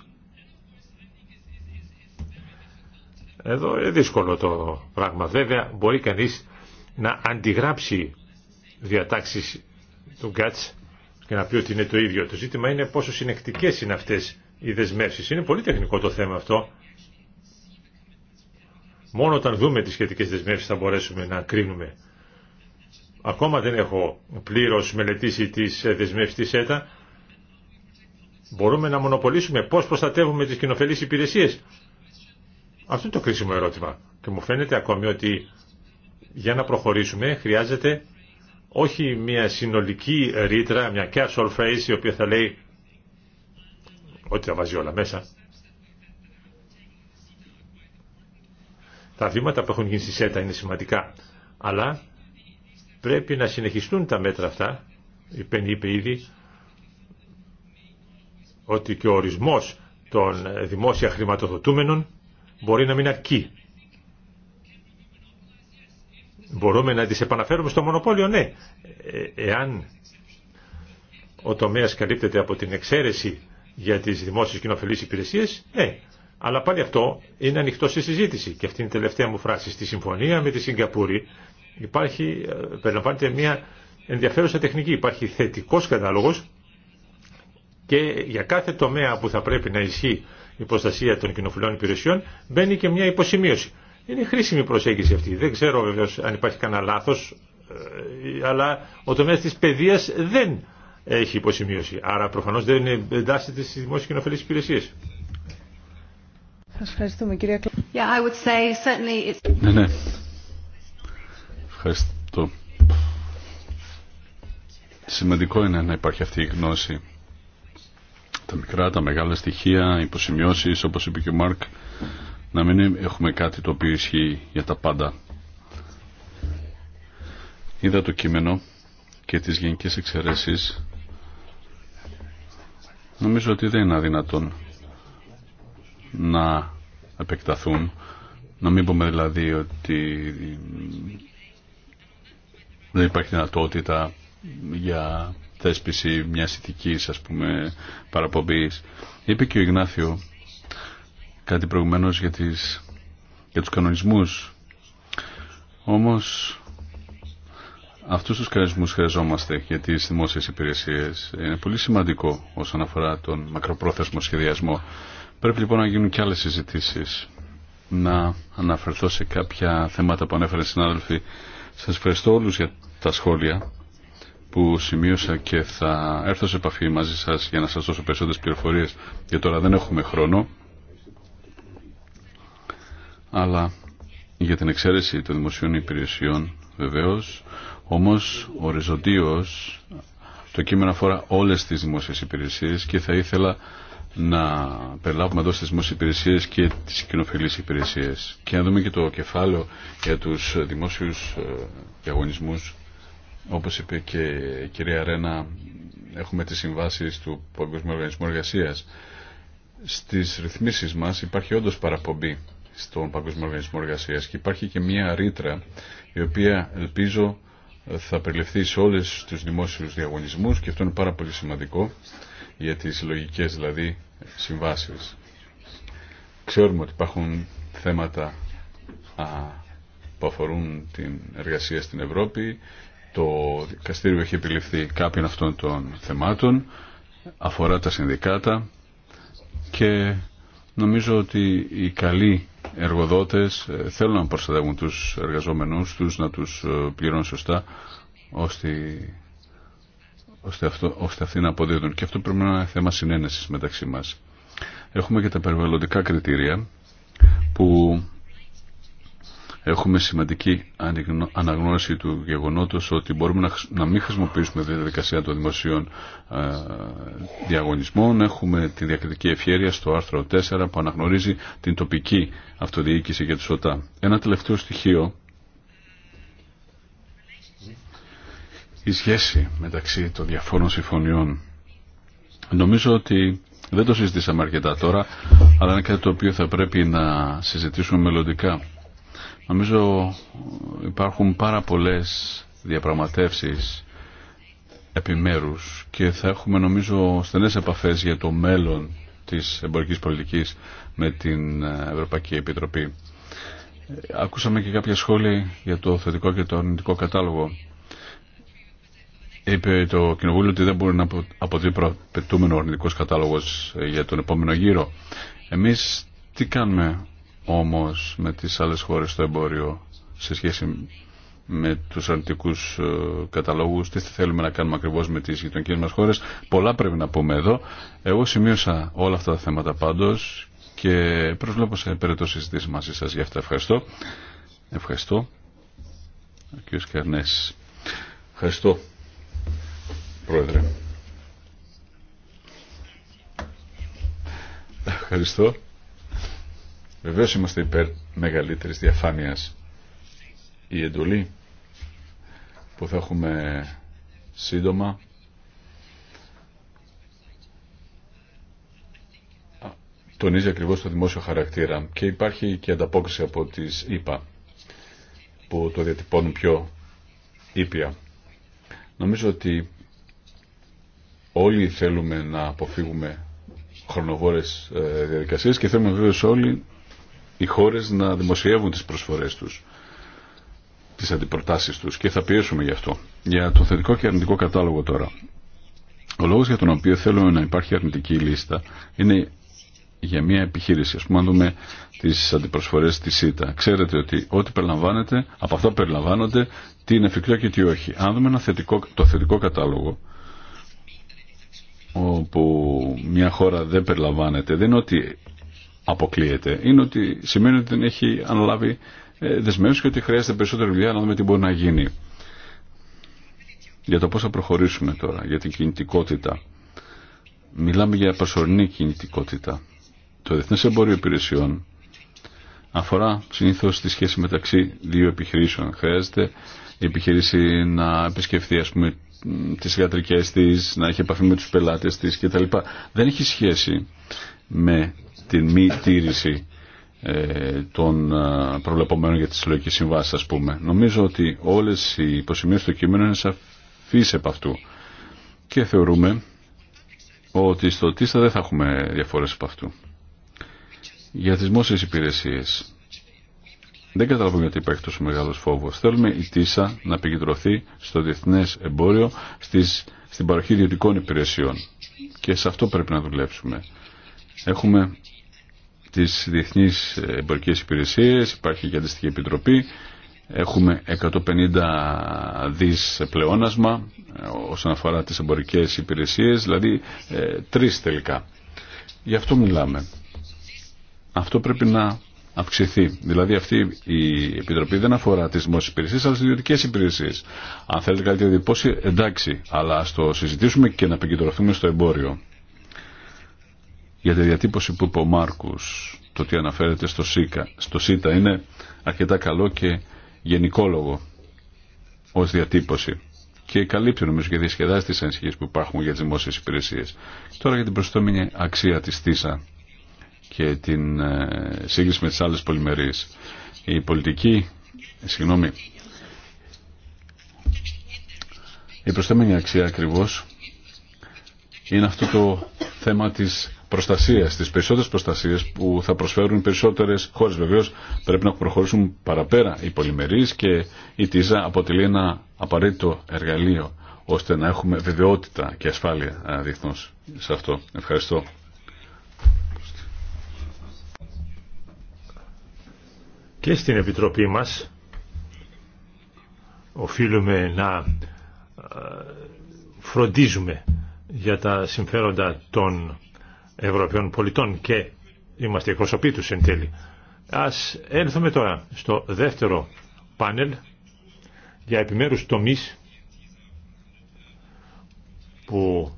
Εδώ είναι δύσκολο το πράγμα. Βέβαια μπορεί κανείς να αντιγράψει διατάξεις του ΓΚΑΤΣ και να πει ότι είναι το ίδιο. Το ζήτημα είναι πόσο συνεκτικές είναι αυτές οι δεσμεύσεις. Είναι πολύ τεχνικό το θέμα αυτό. Μόνο όταν δούμε τις σχετικές δεσμεύσεις θα μπορέσουμε να κρίνουμε. Ακόμα δεν έχω πλήρως μελετήσει τις δεσμεύσεις της ΕΤΑ. Μπορούμε να μονοπολίσουμε πώς προστατεύουμε τις κοινοφελείς υπηρεσίες. Αυτό είναι το κρίσιμο ερώτημα. Και μου φαίνεται ακόμη ότι για να προχωρήσουμε χρειάζεται όχι μια συνολική ρήτρα, μια catch-all phrase η οποία θα λέει ότι τα βάζει όλα μέσα. Τα βήματα που έχουν γίνει στη ΣΕΤΑ είναι σημαντικά, αλλά πρέπει να συνεχιστούν τα μέτρα αυτά. Η ΠΕΝ είπε ήδη ότι και ο ορισμός των δημόσια χρηματοδοτούμενων μπορεί να μην αρκεί. Μπορούμε να τις επαναφέρουμε στο μονοπόλιο, ναι. Ε, εάν ο τομέας καλύπτεται από την εξαίρεση για τις δημόσιες κοινοφελείς υπηρεσίες, ναι. Αλλά πάλι αυτό είναι ανοιχτό σε συζήτηση. Και αυτή είναι η τελευταία μου φράση. Στη συμφωνία με τη Σιγκαπούρη υπάρχει, ε, περιλαμβάνεται μια ενδιαφέρουσα τεχνική. Υπάρχει θετικός κατάλογος και για κάθε τομέα που θα πρέπει να ισχύει η προστασία των κοινοφιλών υπηρεσιών μπαίνει και μια υποσημείωση. Είναι χρήσιμη προσέγγιση αυτή. Δεν ξέρω βεβαίω αν υπάρχει κανένα λάθο, ε, αλλά ο τομέα τη παιδεία δεν έχει υποσημείωση. Άρα προφανώ δεν εντάσσεται στι δημόσιε κοινοφιλές υπηρεσίε. Σας ευχαριστούμε κυρία yeah, I would say certainly it's... Ναι, ναι. Ευχαριστώ. Σημαντικό είναι να υπάρχει αυτή η γνώση. Τα μικρά, τα μεγάλα στοιχεία, υποσημειώσεις, όπως είπε και ο Μάρκ, να μην έχουμε κάτι το οποίο ισχύει για τα πάντα. Είδα το κείμενο και τις γενικές εξαιρέσεις. Νομίζω ότι δεν είναι αδυνατόν να επεκταθούν. Να μην πούμε δηλαδή ότι δεν υπάρχει δυνατότητα για θέσπιση μια ηθικής ας πούμε παραπομπής. Είπε και ο Ιγνάθιο κάτι προηγουμένως για, τις, για τους κανονισμούς. Όμως αυτούς τους κανονισμούς χρειαζόμαστε για τις δημόσιες υπηρεσίες. Είναι πολύ σημαντικό όσον αφορά τον μακροπρόθεσμο σχεδιασμό Πρέπει λοιπόν να γίνουν και άλλες συζητήσεις. Να αναφερθώ σε κάποια θέματα που ανέφερε συνάδελφοι. Σας ευχαριστώ όλους για τα σχόλια που σημείωσα και θα έρθω σε επαφή μαζί σας για να σας δώσω περισσότερες πληροφορίες γιατί τώρα δεν έχουμε χρόνο αλλά για την εξαίρεση των δημοσίων υπηρεσιών βεβαίως όμως οριζοντίως το κείμενο αφορά όλες τις δημόσιες υπηρεσίες και θα ήθελα να περιλάβουμε εδώ στι δημόσιες και τι κοινοφιλεί υπηρεσίε. και να δούμε και το κεφάλαιο για του δημόσιου διαγωνισμού, ε, όπω είπε και η κυρία Ρένα έχουμε τι συμβάσει του Παγκοσμίου Οργανισμού Εργασία. Στι ρυθμίσει μα υπάρχει όντω παραπομπή στον Παγκοσμίο Οργανισμό εργασία και υπάρχει και μια ρήτρα η οποία ελπίζω θα περιληφθεί σε όλες τους δημόσιους διαγωνισμούς και αυτό είναι πάρα πολύ σημαντικό για τις συλλογικέ δηλαδή συμβάσεις. Ξέρουμε ότι υπάρχουν θέματα που αφορούν την εργασία στην Ευρώπη. Το δικαστήριο έχει επιληφθεί κάποιων αυτών των θεμάτων. Αφορά τα συνδικάτα και νομίζω ότι οι καλοί εργοδότες ε, θέλουν να προστατεύουν τους εργαζόμενους τους, να τους ε, πληρώνουν σωστά ώστε ώστε, αυτό, ώστε αυτοί να αποδίδουν. Και αυτό πρέπει να είναι θέμα συνένεση μεταξύ μα. Έχουμε και τα περιβαλλοντικά κριτήρια που έχουμε σημαντική αναγνώριση του γεγονότος ότι μπορούμε να, μην χρησιμοποιήσουμε τη διαδικασία των δημοσίων ε, διαγωνισμών. Έχουμε τη διακριτική ευχέρεια στο άρθρο 4 που αναγνωρίζει την τοπική αυτοδιοίκηση για τη ΟΤΑ. Ένα τελευταίο στοιχείο η σχέση μεταξύ των διαφόρων συμφωνιών. Νομίζω ότι δεν το συζητήσαμε αρκετά τώρα, αλλά είναι κάτι το οποίο θα πρέπει να συζητήσουμε μελλοντικά. Νομίζω υπάρχουν πάρα πολλές διαπραγματεύσεις επιμέρους και θα έχουμε νομίζω στενές επαφές για το μέλλον της εμπορικής πολιτικής με την Ευρωπαϊκή Επιτροπή. Ακούσαμε και κάποια σχόλια για το θετικό και το αρνητικό κατάλογο είπε το Κοινοβούλιο ότι δεν μπορεί να αποτελεί προαπαιτούμενο αρνητικό κατάλογο ε, για τον επόμενο γύρο. Εμεί τι κάνουμε όμω με τι άλλε χώρε στο εμπόριο σε σχέση με του αρνητικού ε, καταλόγους, τι θέλουμε να κάνουμε ακριβώ με τι γειτονικέ μα χώρε, Πολλά πρέπει να πούμε εδώ. Εγώ σημείωσα όλα αυτά τα θέματα πάντω και προσβλέπω σε περαιτέρω συζήτηση μαζί σα γι' αυτό. Ευχαριστώ. Ευχαριστώ. Ο κ. Ευχαριστώ. Πρόεδρε. Ευχαριστώ. Βεβαίως είμαστε υπέρ μεγαλύτερης διαφάνειας. Η εντολή που θα έχουμε σύντομα τονίζει ακριβώς το δημόσιο χαρακτήρα και υπάρχει και ανταπόκριση από τις ΕΠΑ που το διατυπώνουν πιο ήπια. Νομίζω ότι Όλοι θέλουμε να αποφύγουμε χρονοβόρες ε, διαδικασίες και θέλουμε βέβαια όλοι οι χώρες να δημοσιεύουν τις προσφορές τους, τις αντιπροτάσεις τους και θα πιέσουμε γι' αυτό. Για το θετικό και αρνητικό κατάλογο τώρα. Ο λόγος για τον οποίο θέλουμε να υπάρχει αρνητική λίστα είναι για μια επιχείρηση. Ας πούμε, αν δούμε τις αντιπροσφορές της ΣΥΤΑ. Ξέρετε ότι ό,τι περιλαμβάνεται, από αυτά περιλαμβάνονται, τι είναι εφικτό και τι όχι. Αν δούμε ένα το θετικό κατάλογο, όπου μια χώρα δεν περιλαμβάνεται δεν είναι ότι αποκλείεται, είναι ότι σημαίνει ότι δεν έχει αναλάβει ε, δεσμεύσει και ότι χρειάζεται περισσότερη δουλειά να δούμε τι μπορεί να γίνει. Για το πώς θα προχωρήσουμε τώρα, για την κινητικότητα. Μιλάμε για προσωρινή κινητικότητα. Το Διεθνές Εμπόριο Υπηρεσιών αφορά συνήθως τη σχέση μεταξύ δύο επιχειρήσεων. Χρειάζεται η επιχείρηση να επισκεφθεί ας πούμε τις ιατρικές της, να έχει επαφή με τους πελάτες της κτλ. Δεν έχει σχέση με την μη τήρηση ε, των ε, προβλεπωμένων για τις συλλογικές συμβάσεις ας πούμε. Νομίζω ότι όλες οι υποσημείες του κείμενου είναι σαφείς επ' αυτού και θεωρούμε ότι στο τίστα δεν θα έχουμε διαφορές επ' αυτού. Για τις μόσιες υπηρεσίες δεν καταλαβαίνω γιατί υπάρχει τόσο μεγάλο φόβο. Θέλουμε η ΤΙΣΑ να επικεντρωθεί στο διεθνέ εμπόριο, στις, στην παροχή ιδιωτικών υπηρεσιών. Και σε αυτό πρέπει να δουλέψουμε. Έχουμε τι διεθνεί εμπορικέ υπηρεσίε, υπάρχει και αντίστοιχη επιτροπή. Έχουμε 150 δις πλεόνασμα ε, όσον αφορά τις εμπορικές υπηρεσίες, δηλαδή ε, τρει τελικά. Γι' αυτό μιλάμε. Αυτό πρέπει να αυξηθεί. Δηλαδή αυτή η επιτροπή δεν αφορά τι δημόσιε υπηρεσίε, αλλά τι ιδιωτικέ υπηρεσίε. Αν θέλετε καλύτερη διατύπωση εντάξει, αλλά α το συζητήσουμε και να επικεντρωθούμε στο εμπόριο. Για τη διατύπωση που είπε ο Μάρκου το τι αναφέρεται στο, ΣΥΚΑ, στο ΣΥΤΑ είναι αρκετά καλό και γενικόλογο ω διατύπωση και καλύπτει νομίζω και διασκεδάζει τι ανησυχίε που υπάρχουν για τι δημόσιε υπηρεσίε. Τώρα για την προστόμενη αξία τη ΤΙΣΑ και την ε, σύγκριση με τις άλλες πολυμερίες Η πολιτική, συγγνώμη, η προσθέμενη αξία ακριβώς είναι αυτό το θέμα της προστασίας, της περισσότερης προστασίας που θα προσφέρουν περισσότερες χώρες. Βεβαίως πρέπει να προχωρήσουν παραπέρα οι πολυμερίες και η ΤΙΖΑ αποτελεί ένα απαραίτητο εργαλείο ώστε να έχουμε βεβαιότητα και ασφάλεια ε, διεθνώς σε αυτό. Ευχαριστώ. και στην Επιτροπή μας οφείλουμε να φροντίζουμε για τα συμφέροντα των Ευρωπαίων πολιτών και είμαστε εκπροσωποί τους εν τέλει. Ας έλθουμε τώρα στο δεύτερο πάνελ για επιμέρους τομείς που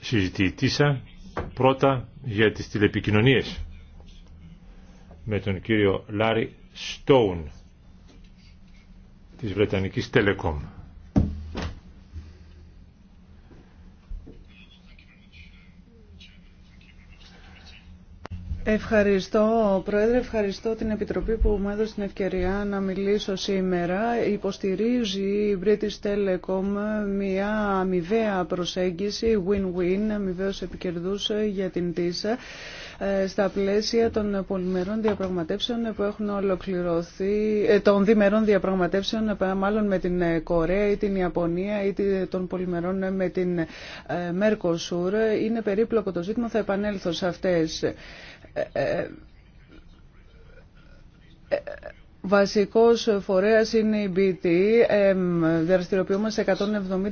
συζητήσα πρώτα για τις τηλεπικοινωνίες με τον κύριο Λάρι Στόουν της Βρετανικής Τελεκόμ. Ευχαριστώ, Πρόεδρε. Ευχαριστώ την Επιτροπή που μου έδωσε την ευκαιρία να μιλήσω σήμερα. Υποστηρίζει η British Telecom μια αμοιβαία προσέγγιση, win-win, αμοιβαίως επικερδούς για την ΤΙΣΑ ε, στα πλαίσια των πολυμερών διαπραγματεύσεων που έχουν ολοκληρωθεί, ε, των διμερών διαπραγματεύσεων ε, μάλλον με την Κορέα ή την Ιαπωνία ή των πολυμερών με την Μέρκοσουρ. Είναι περίπλοκο το ζήτημα, θα επανέλθω σε αυτές. Βασικός φορέας είναι η BT, δραστηριοποιούμαστε σε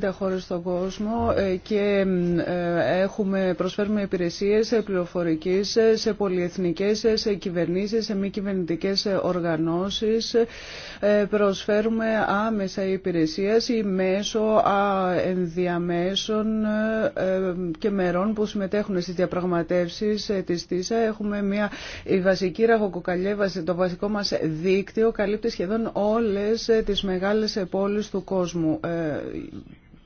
170 χώρες στον κόσμο ε, και ε, έχουμε, προσφέρουμε υπηρεσίες πληροφορική σε πολυεθνικές, σε κυβερνήσεις, σε μη κυβερνητικές οργανώσεις. Ε, προσφέρουμε άμεσα υπηρεσίες ή μέσω ενδιαμέσων και μερών που συμμετέχουν στις διαπραγματεύσεις της ΤΙΣΑ. Έχουμε μια βασική ραχοκοκαλιέβαση, το βασικό μας δίκτυο δίκτυο καλύπτει σχεδόν όλες τις μεγάλες πόλεις του κόσμου. Ε,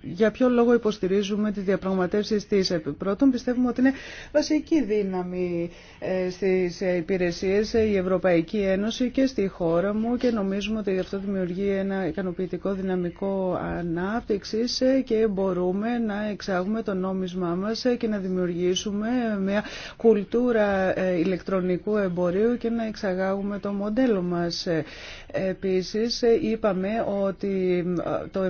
για ποιο λόγο υποστηρίζουμε τις διαπραγματεύσεις της ΕΠΕ. Πρώτον, πιστεύουμε ότι είναι βασική δύναμη ε, στις υπηρεσίες ε, η Ευρωπαϊκή Ένωση και στη χώρα μου και νομίζουμε ότι αυτό δημιουργεί ένα ικανοποιητικό δυναμικό ανάπτυξης ε, και μπορούμε να εξάγουμε το νόμισμά μας και να δημιουργήσουμε μια κουλτούρα ηλεκτρονικού εμπορίου και να εξαγάγουμε το μοντέλο μας. Επίσης, είπαμε ότι το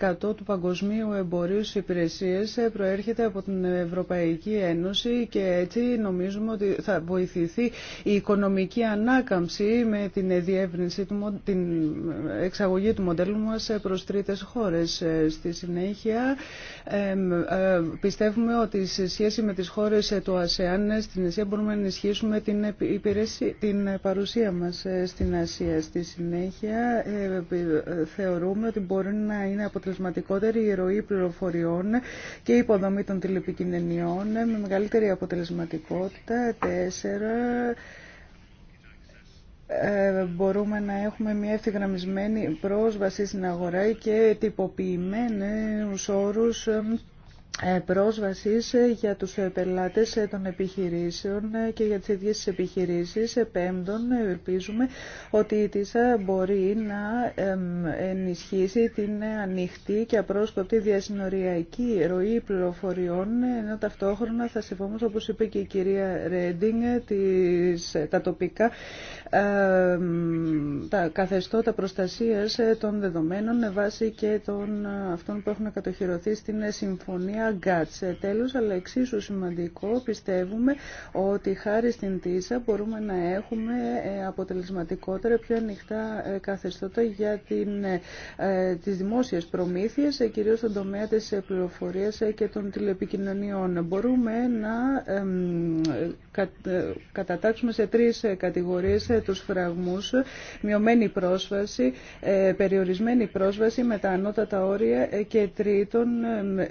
70% του παγκοσμίου παγκοσμίου εμπορίου στις υπηρεσίες προέρχεται από την Ευρωπαϊκή Ένωση και έτσι νομίζουμε ότι θα βοηθηθεί η οικονομική ανάκαμψη με την διεύρυνση, την εξαγωγή του μοντέλου μας προς τρίτες χώρες. Στη συνέχεια ε, πιστεύουμε ότι σε σχέση με τις χώρες του ΑΣΕΑΝ στην Ασία μπορούμε να ενισχύσουμε την, υπηρεσία, την παρουσία μας ε, στην Ασία. Στη συνέχεια ε, θεωρούμε ότι μπορεί να είναι αποτελεσματικότερη η ροή πληροφοριών και υποδομή των τηλεπικοινωνιών με μεγαλύτερη αποτελεσματικότητα. Τέσσερα, ε, μπορούμε να έχουμε μια ευθυγραμμισμένη πρόσβαση στην αγορά και τυποποιημένους όρους ε, ε, πρόσβασης ε, για τους ε, πελάτες των επιχειρήσεων και για τις ίδιες τις επιχειρήσεις. Πέμπτον, ελπίζουμε ότι η ΤΙΣΑ μπορεί να ενισχύσει την ανοιχτή και απρόσκοπτη διασυνοριακή ροή πληροφοριών, ενώ ταυτόχρονα θα συμφωνήσω, όπως είπε και η κυρία Ρέντινγκ, τα τοπικά τα καθεστώτα προστασίας ε, των δεδομένων με βάση και των ε, αυτών που έχουν κατοχυρωθεί στην ε, Συμφωνία GATS. Τέλος, αλλά εξίσου σημαντικό, πιστεύουμε ότι χάρη στην ΤΙΣΑ μπορούμε να έχουμε αποτελεσματικότερα πιο ανοιχτά καθεστώτα για την, τις δημόσιες προμήθειες, κυρίως στον τομέα της πληροφορίας και των τηλεπικοινωνιών. Μπορούμε να κατατάξουμε σε τρεις κατηγορίες τους φραγμούς, μειωμένη πρόσβαση, ε, περιορισμένη πρόσβαση με τα ανώτατα όρια ε, και τρίτον ε,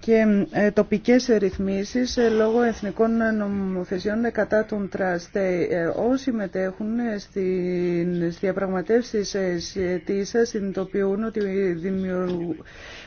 και τοπικές ρυθμίσεις λόγω εθνικών νομοθεσιών κατά των τραστ. Όσοι μετέχουν στις διαπραγματεύσεις της συνειδητοποιούν ότι δημιουργούν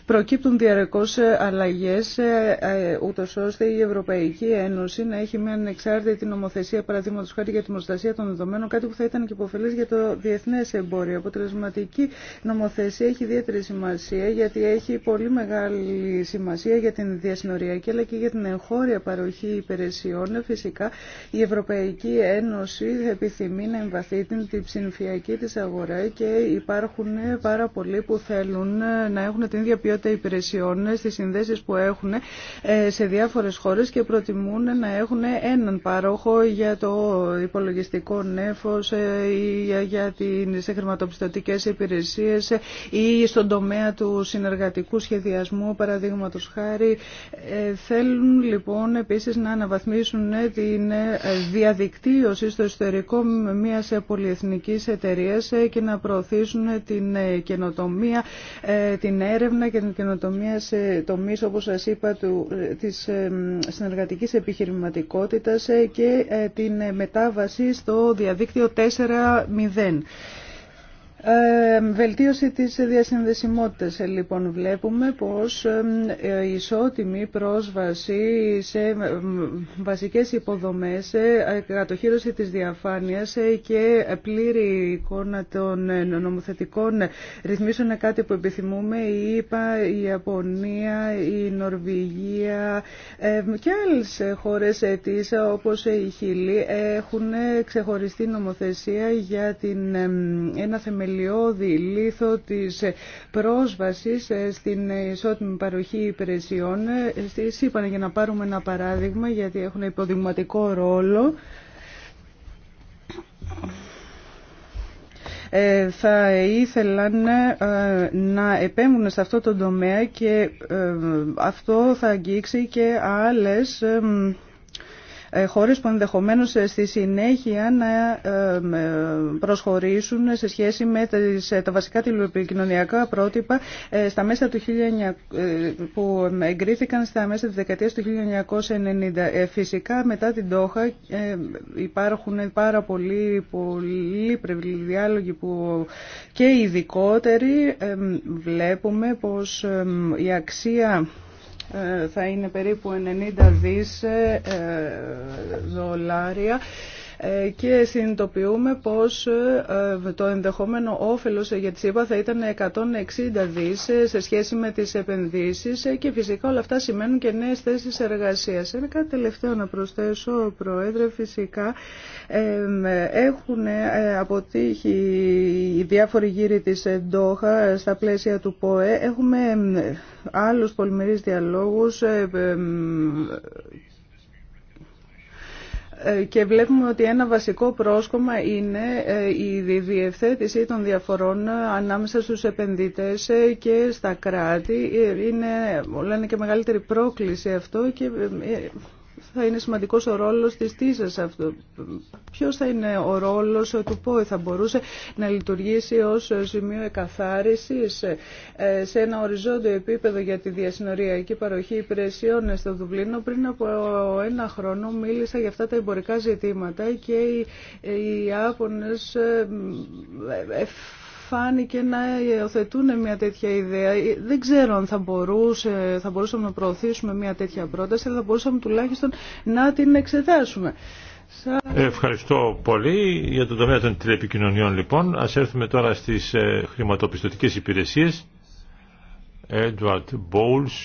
προκύπτουν διαρκώς αλλαγές ε, ε, ούτω ώστε η Ευρωπαϊκή Ένωση να έχει μια ανεξάρτητη νομοθεσία παραδείγματος χάρη για τη προστασία των δεδομένων κάτι που θα ήταν και υποφελής για το διεθνές εμπόριο. Αποτελεσματική νομοθεσία έχει ιδιαίτερη σημασία γιατί έχει πολύ μεγάλη σημασία για την διασυνοριακή αλλά και για την εγχώρια παροχή υπηρεσιών. Φυσικά η Ευρωπαϊκή Ένωση επιθυμεί να εμβαθεί την ψηφιακή της αγορά και υπάρχουν πάρα πολλοί που θέλουν να έχουν την ίδια ποιότητα τα υπηρεσιών στις συνδέσεις που έχουν ε, σε διάφορες χώρες και προτιμούν να έχουν έναν παρόχο για το υπολογιστικό νέφος ε, ή για τις χρηματοπιστωτικές υπηρεσίες ε, ή στον τομέα του συνεργατικού σχεδιασμού παραδείγματος χάρη. Θέλουν λοιπόν επίσης να αναβαθμίσουν την διαδικτύωση στο εσωτερικό μιας πολυεθνικής εταιρείας και να προωθήσουν την καινοτομία, την έρευνα και την καινοτομία σε τομείς, όπως σας είπα, του, ε, της ε, συνεργατικής επιχειρηματικότητας ε, και την μετάβαση στο διαδίκτυο 4.0 βελτίωση της διασυνδεσιμότητας ε, λοιπόν βλέπουμε πως ε, η ισότιμη πρόσβαση σε βασικές υποδομές, ε, κατοχύρωση της διαφάνειας και πλήρη εικόνα των νομοθετικών ρυθμίσεων είναι κάτι που επιθυμούμε η ΕΠΑ, η Ιαπωνία, η Νορβηγία και άλλες χώρες της όπως η Χιλή έχουν ξεχωριστή νομοθεσία για την, ένα θεμελιώδη λίθο της πρόσβασης στην ισότιμη παροχή υπηρεσιών. Στη είπανε για να πάρουμε ένα παράδειγμα γιατί έχουν υποδειγματικό ρόλο. Ε, θα ήθελαν ε, να επέμβουν σε αυτό το τομέα και ε, αυτό θα αγγίξει και άλλες ε, χωρίς που ενδεχομένω ε, στη συνέχεια να ε, προσχωρήσουν σε σχέση με τα βασικά τηλεπικοινωνιακά πρότυπα στα μέσα του 19... που εγκρίθηκαν στα μέσα της δεκαετίας του 1990. Φυσικά μετά την Τόχα υπάρχουν πάρα πολλοί, πολλοί διάλογοι που και ειδικότεροι βλέπουμε πως η αξία ε, θα είναι περίπου 90 δις ε, ε, δολάρια ε, και συνειδητοποιούμε πως ε, το ενδεχόμενο όφελος για τη ΣΥΠΑ θα ήταν 160 δις σε σχέση με τις επενδύσεις και φυσικά όλα αυτά σημαίνουν και νέες θέσεις εργασίας. Ένα κάτι τελευταίο να προσθέσω, Πρόεδρε, φυσικά ε, έχουν αποτύχει οι διάφοροι γύροι της Ντόχα στα πλαίσια του ΠΟΕ. Έχουμε άλλους πολυμερείς διαλόγους ε, και βλέπουμε ότι ένα βασικό πρόσκομα είναι ε, η διευθέτηση των διαφορών ε, ανάμεσα στους επενδυτές και στα κράτη. Είναι, λένε και μεγαλύτερη πρόκληση αυτό και θα είναι σημαντικός ο ρόλος της ΤΙΖΑ αυτό. Ποιος θα είναι ο ρόλος του ΠΟΕ, θα μπορούσε να λειτουργήσει ως σημείο εκαθάρισης ε, σε ένα οριζόντιο επίπεδο για τη διασυνοριακή παροχή υπηρεσιών στο Δουβλίνο. Πριν από ένα χρόνο μίλησα για αυτά τα εμπορικά ζητήματα και οι, οι ε, ε, φάνηκε να υιοθετούν μια τέτοια ιδέα. Δεν ξέρω αν θα, μπορούσε, θα μπορούσαμε να προωθήσουμε μια τέτοια πρόταση, αλλά θα μπορούσαμε τουλάχιστον να την εξετάσουμε. Ευχαριστώ πολύ για τον τομέα των τηλεπικοινωνιών λοιπόν. Ας έρθουμε τώρα στις ε, χρηματοπιστωτικές υπηρεσίες. Edward Bowles,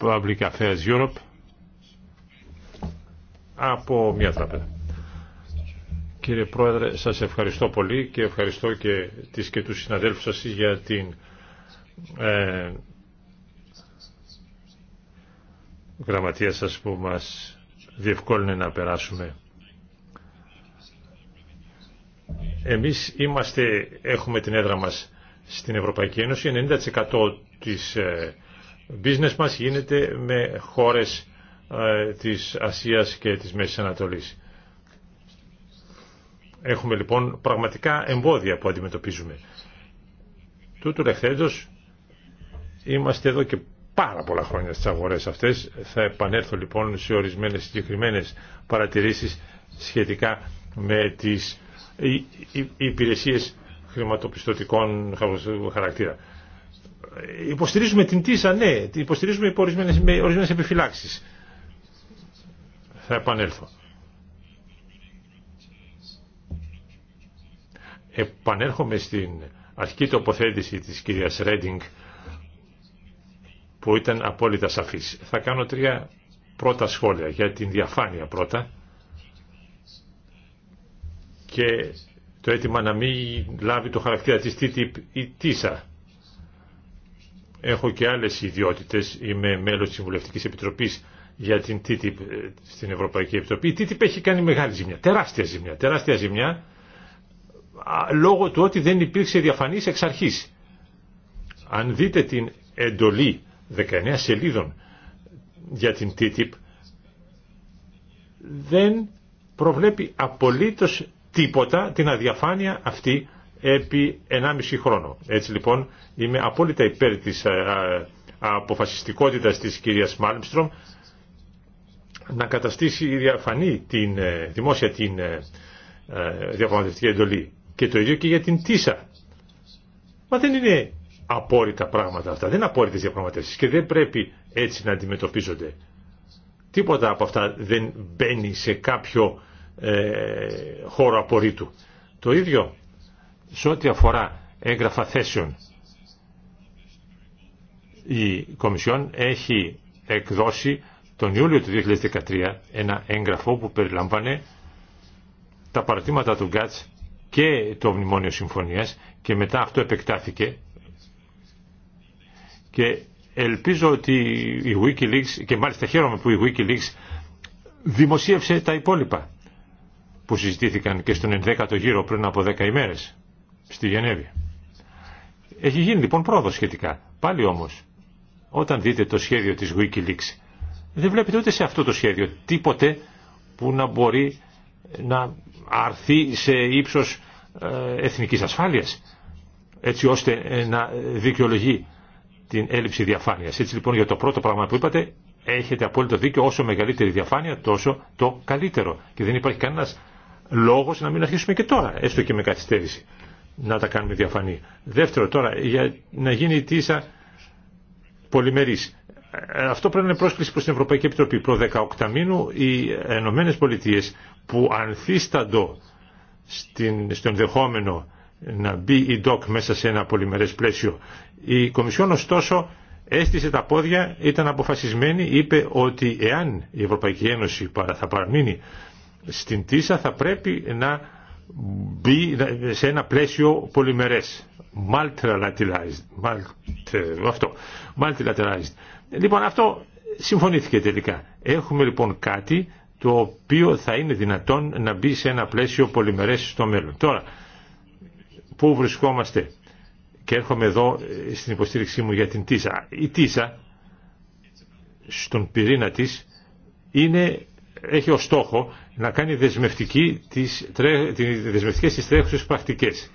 Public Affairs Europe, από μια τράπεζα. Κύριε Πρόεδρε, σας ευχαριστώ πολύ και ευχαριστώ και τις και τους συναδέλφους σας για την ε, γραμματεία σας που μας διευκόλυνε να περάσουμε. Εμείς είμαστε, έχουμε την έδρα μας στην Ευρωπαϊκή Ένωση, 90% της ε, business μας γίνεται με χώρες ε, της Ασίας και της Μέσης Ανατολής. Έχουμε λοιπόν πραγματικά εμπόδια που αντιμετωπίζουμε. Τούτου λεχθέντος είμαστε εδώ και πάρα πολλά χρόνια στις αγορές αυτές. Θα επανέλθω λοιπόν σε ορισμένες συγκεκριμένε παρατηρήσεις σχετικά με τις υπηρεσίες χρηματοπιστωτικών χαρακτήρα. Υποστηρίζουμε την ΤΙΣΑ, ναι, υποστηρίζουμε ορισμένες, με ορισμένες επιφυλάξεις. Θα επανέλθω. επανέρχομαι στην αρχική τοποθέτηση της κυρίας Ρέντινγκ που ήταν απόλυτα σαφής. Θα κάνω τρία πρώτα σχόλια για την διαφάνεια πρώτα και το αίτημα να μην λάβει το χαρακτήρα της TTIP ή TISA. Έχω και άλλες ιδιότητες, είμαι μέλος της Συμβουλευτικής Επιτροπής για την TTIP ε, στην Ευρωπαϊκή Επιτροπή. Η TTIP έχει κάνει μεγάλη ζημιά, τεράστια ζημιά, τεράστια ζημιά λόγω του ότι δεν υπήρξε διαφανής εξ αρχής. Αν δείτε την εντολή 19 σελίδων για την TTIP, δεν προβλέπει απολύτως τίποτα την αδιαφάνεια αυτή επί 1,5 χρόνο. Έτσι λοιπόν είμαι απόλυτα υπέρ της ε, αποφασιστικότητας της κυρίας Μάλμστρομ να καταστήσει διαφανή την ε, δημόσια την ε, διαπραγματευτική εντολή. Και το ίδιο και για την ΤΙΣΑ. Μα δεν είναι απόρριτα πράγματα αυτά, δεν είναι απόρριτες διαπραγματεύσεις και δεν πρέπει έτσι να αντιμετωπίζονται. Τίποτα από αυτά δεν μπαίνει σε κάποιο ε, χώρο απορρίτου. Το ίδιο σε ό,τι αφορά έγγραφα θέσεων. Η Κομισιόν έχει εκδώσει τον Ιούλιο του 2013 ένα έγγραφο που περιλάμβανε τα παρατήματα του Γκάτς και το Μνημόνιο Συμφωνίας και μετά αυτό επεκτάθηκε και ελπίζω ότι η Wikileaks και μάλιστα χαίρομαι που η Wikileaks δημοσίευσε τα υπόλοιπα που συζητήθηκαν και στον 11ο γύρο πριν από 10 ημέρες στη Γενέβη. Έχει γίνει λοιπόν πρόοδο σχετικά. Πάλι όμως, όταν δείτε το σχέδιο της Wikileaks, δεν βλέπετε ούτε σε αυτό το σχέδιο τίποτε που να μπορεί να αρθεί σε ύψος ε, εθνικής ασφάλειας έτσι ώστε ε, να δικαιολογεί την έλλειψη διαφάνειας. Έτσι λοιπόν για το πρώτο πράγμα που είπατε έχετε απόλυτο δίκιο όσο μεγαλύτερη διαφάνεια τόσο το καλύτερο και δεν υπάρχει κανένας λόγος να μην αρχίσουμε και τώρα έστω και με καθυστέρηση να τα κάνουμε διαφανή. Δεύτερο τώρα για να γίνει η τίσα πολυμερής. Ε, αυτό πρέπει να είναι πρόσκληση προς την Ευρωπαϊκή Επιτροπή. Προ 18 μήνου οι Ενωμένε Πολιτείε που ανθίσταντο στην, στον δεχόμενο να μπει η ΔΟΚ μέσα σε ένα πολυμερές πλαίσιο. Η Κομισιόν ωστόσο έστησε τα πόδια, ήταν αποφασισμένη, είπε ότι εάν η Ευρωπαϊκή Ένωση θα παραμείνει στην ΤΙΣΑ θα πρέπει να μπει σε ένα πλαίσιο πολυμερές. Multilateralized. Λοιπόν, αυτό συμφωνήθηκε τελικά. Έχουμε λοιπόν κάτι το οποίο θα είναι δυνατόν να μπει σε ένα πλαίσιο πολυμερές στο μέλλον. Τώρα, πού βρισκόμαστε και έρχομαι εδώ ε, στην υποστήριξή μου για την Τίσα. Η Τίσα στον πυρήνα της είναι, έχει ως στόχο να κάνει δεσμευτική τις, δεσμευτικές τις τρέχουσες πρακτικές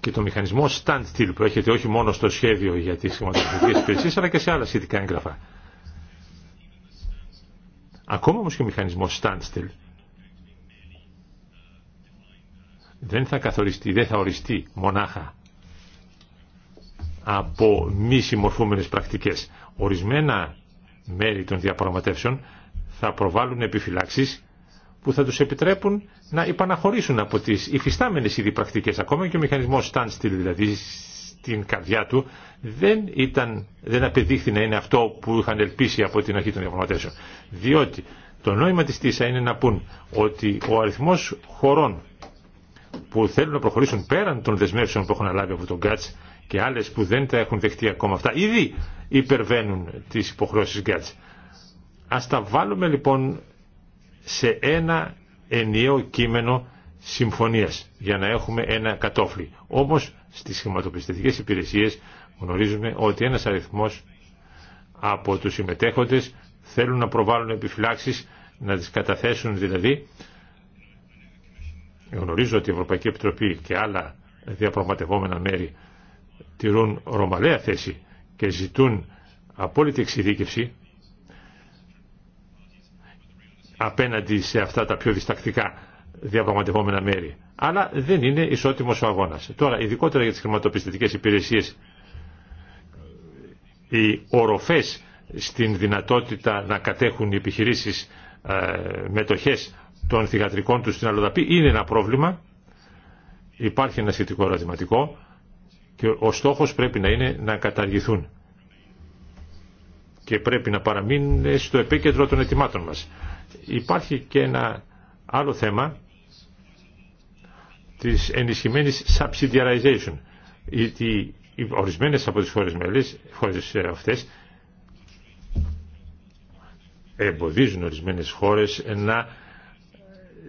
και το μηχανισμό standstill που έχετε όχι μόνο στο σχέδιο για τις χρηματοδοτικές υπηρεσίες αλλά και σε άλλα σχετικά έγγραφα. Ακόμα όμως και ο μηχανισμός standstill δεν θα καθοριστεί, δεν θα οριστεί μονάχα από μη συμμορφούμενες πρακτικές. Ορισμένα μέρη των διαπραγματεύσεων θα προβάλλουν επιφυλάξεις που θα τους επιτρέπουν να υπαναχωρήσουν από τις υφιστάμενες ήδη πρακτικές. Ακόμα και ο μηχανισμός standstill, δηλαδή στην καρδιά του, δεν, ήταν, δεν απεδείχθη να είναι αυτό που είχαν ελπίσει από την αρχή των διαπραγματεύσεων. Διότι το νόημα της ΤΙΣΑ είναι να πούν ότι ο αριθμός χωρών που θέλουν να προχωρήσουν πέραν των δεσμεύσεων που έχουν λάβει από τον ΚΑΤΣ και άλλες που δεν τα έχουν δεχτεί ακόμα αυτά, ήδη υπερβαίνουν τις υποχρεώσεις ΚΑΤΣ. Ας τα βάλουμε λοιπόν σε ένα ενιαίο κείμενο συμφωνίας για να έχουμε ένα κατόφλι. Όμως στις χρηματοπιστευτικές υπηρεσίες γνωρίζουμε ότι ένας αριθμός από τους συμμετέχοντες θέλουν να προβάλλουν επιφυλάξεις, να τις καταθέσουν δηλαδή. Γνωρίζω ότι η Ευρωπαϊκή Επιτροπή και άλλα διαπραγματευόμενα μέρη τηρούν ρωμαλαία θέση και ζητούν απόλυτη εξειδίκευση απέναντι σε αυτά τα πιο διστακτικά διαπραγματευόμενα μέρη. Αλλά δεν είναι ισότιμος ο αγώνας. Τώρα, ειδικότερα για τις χρηματοπιστωτικές υπηρεσίες, οι οροφές στην δυνατότητα να κατέχουν οι επιχειρήσεις ε, μετοχές των θηγατρικών τους στην Αλλοδαπή είναι ένα πρόβλημα. Υπάρχει ένα σχετικό ερωτηματικό και ο στόχος πρέπει να είναι να καταργηθούν και πρέπει να παραμείνουν στο επίκεντρο των ετοιμάτων μας. Υπάρχει και ένα άλλο θέμα της ενισχυμένης subsidiarization, γιατί ορισμένες από τις χώρες, μέλης, χώρες ε, αυτές εμποδίζουν ορισμένες χώρες να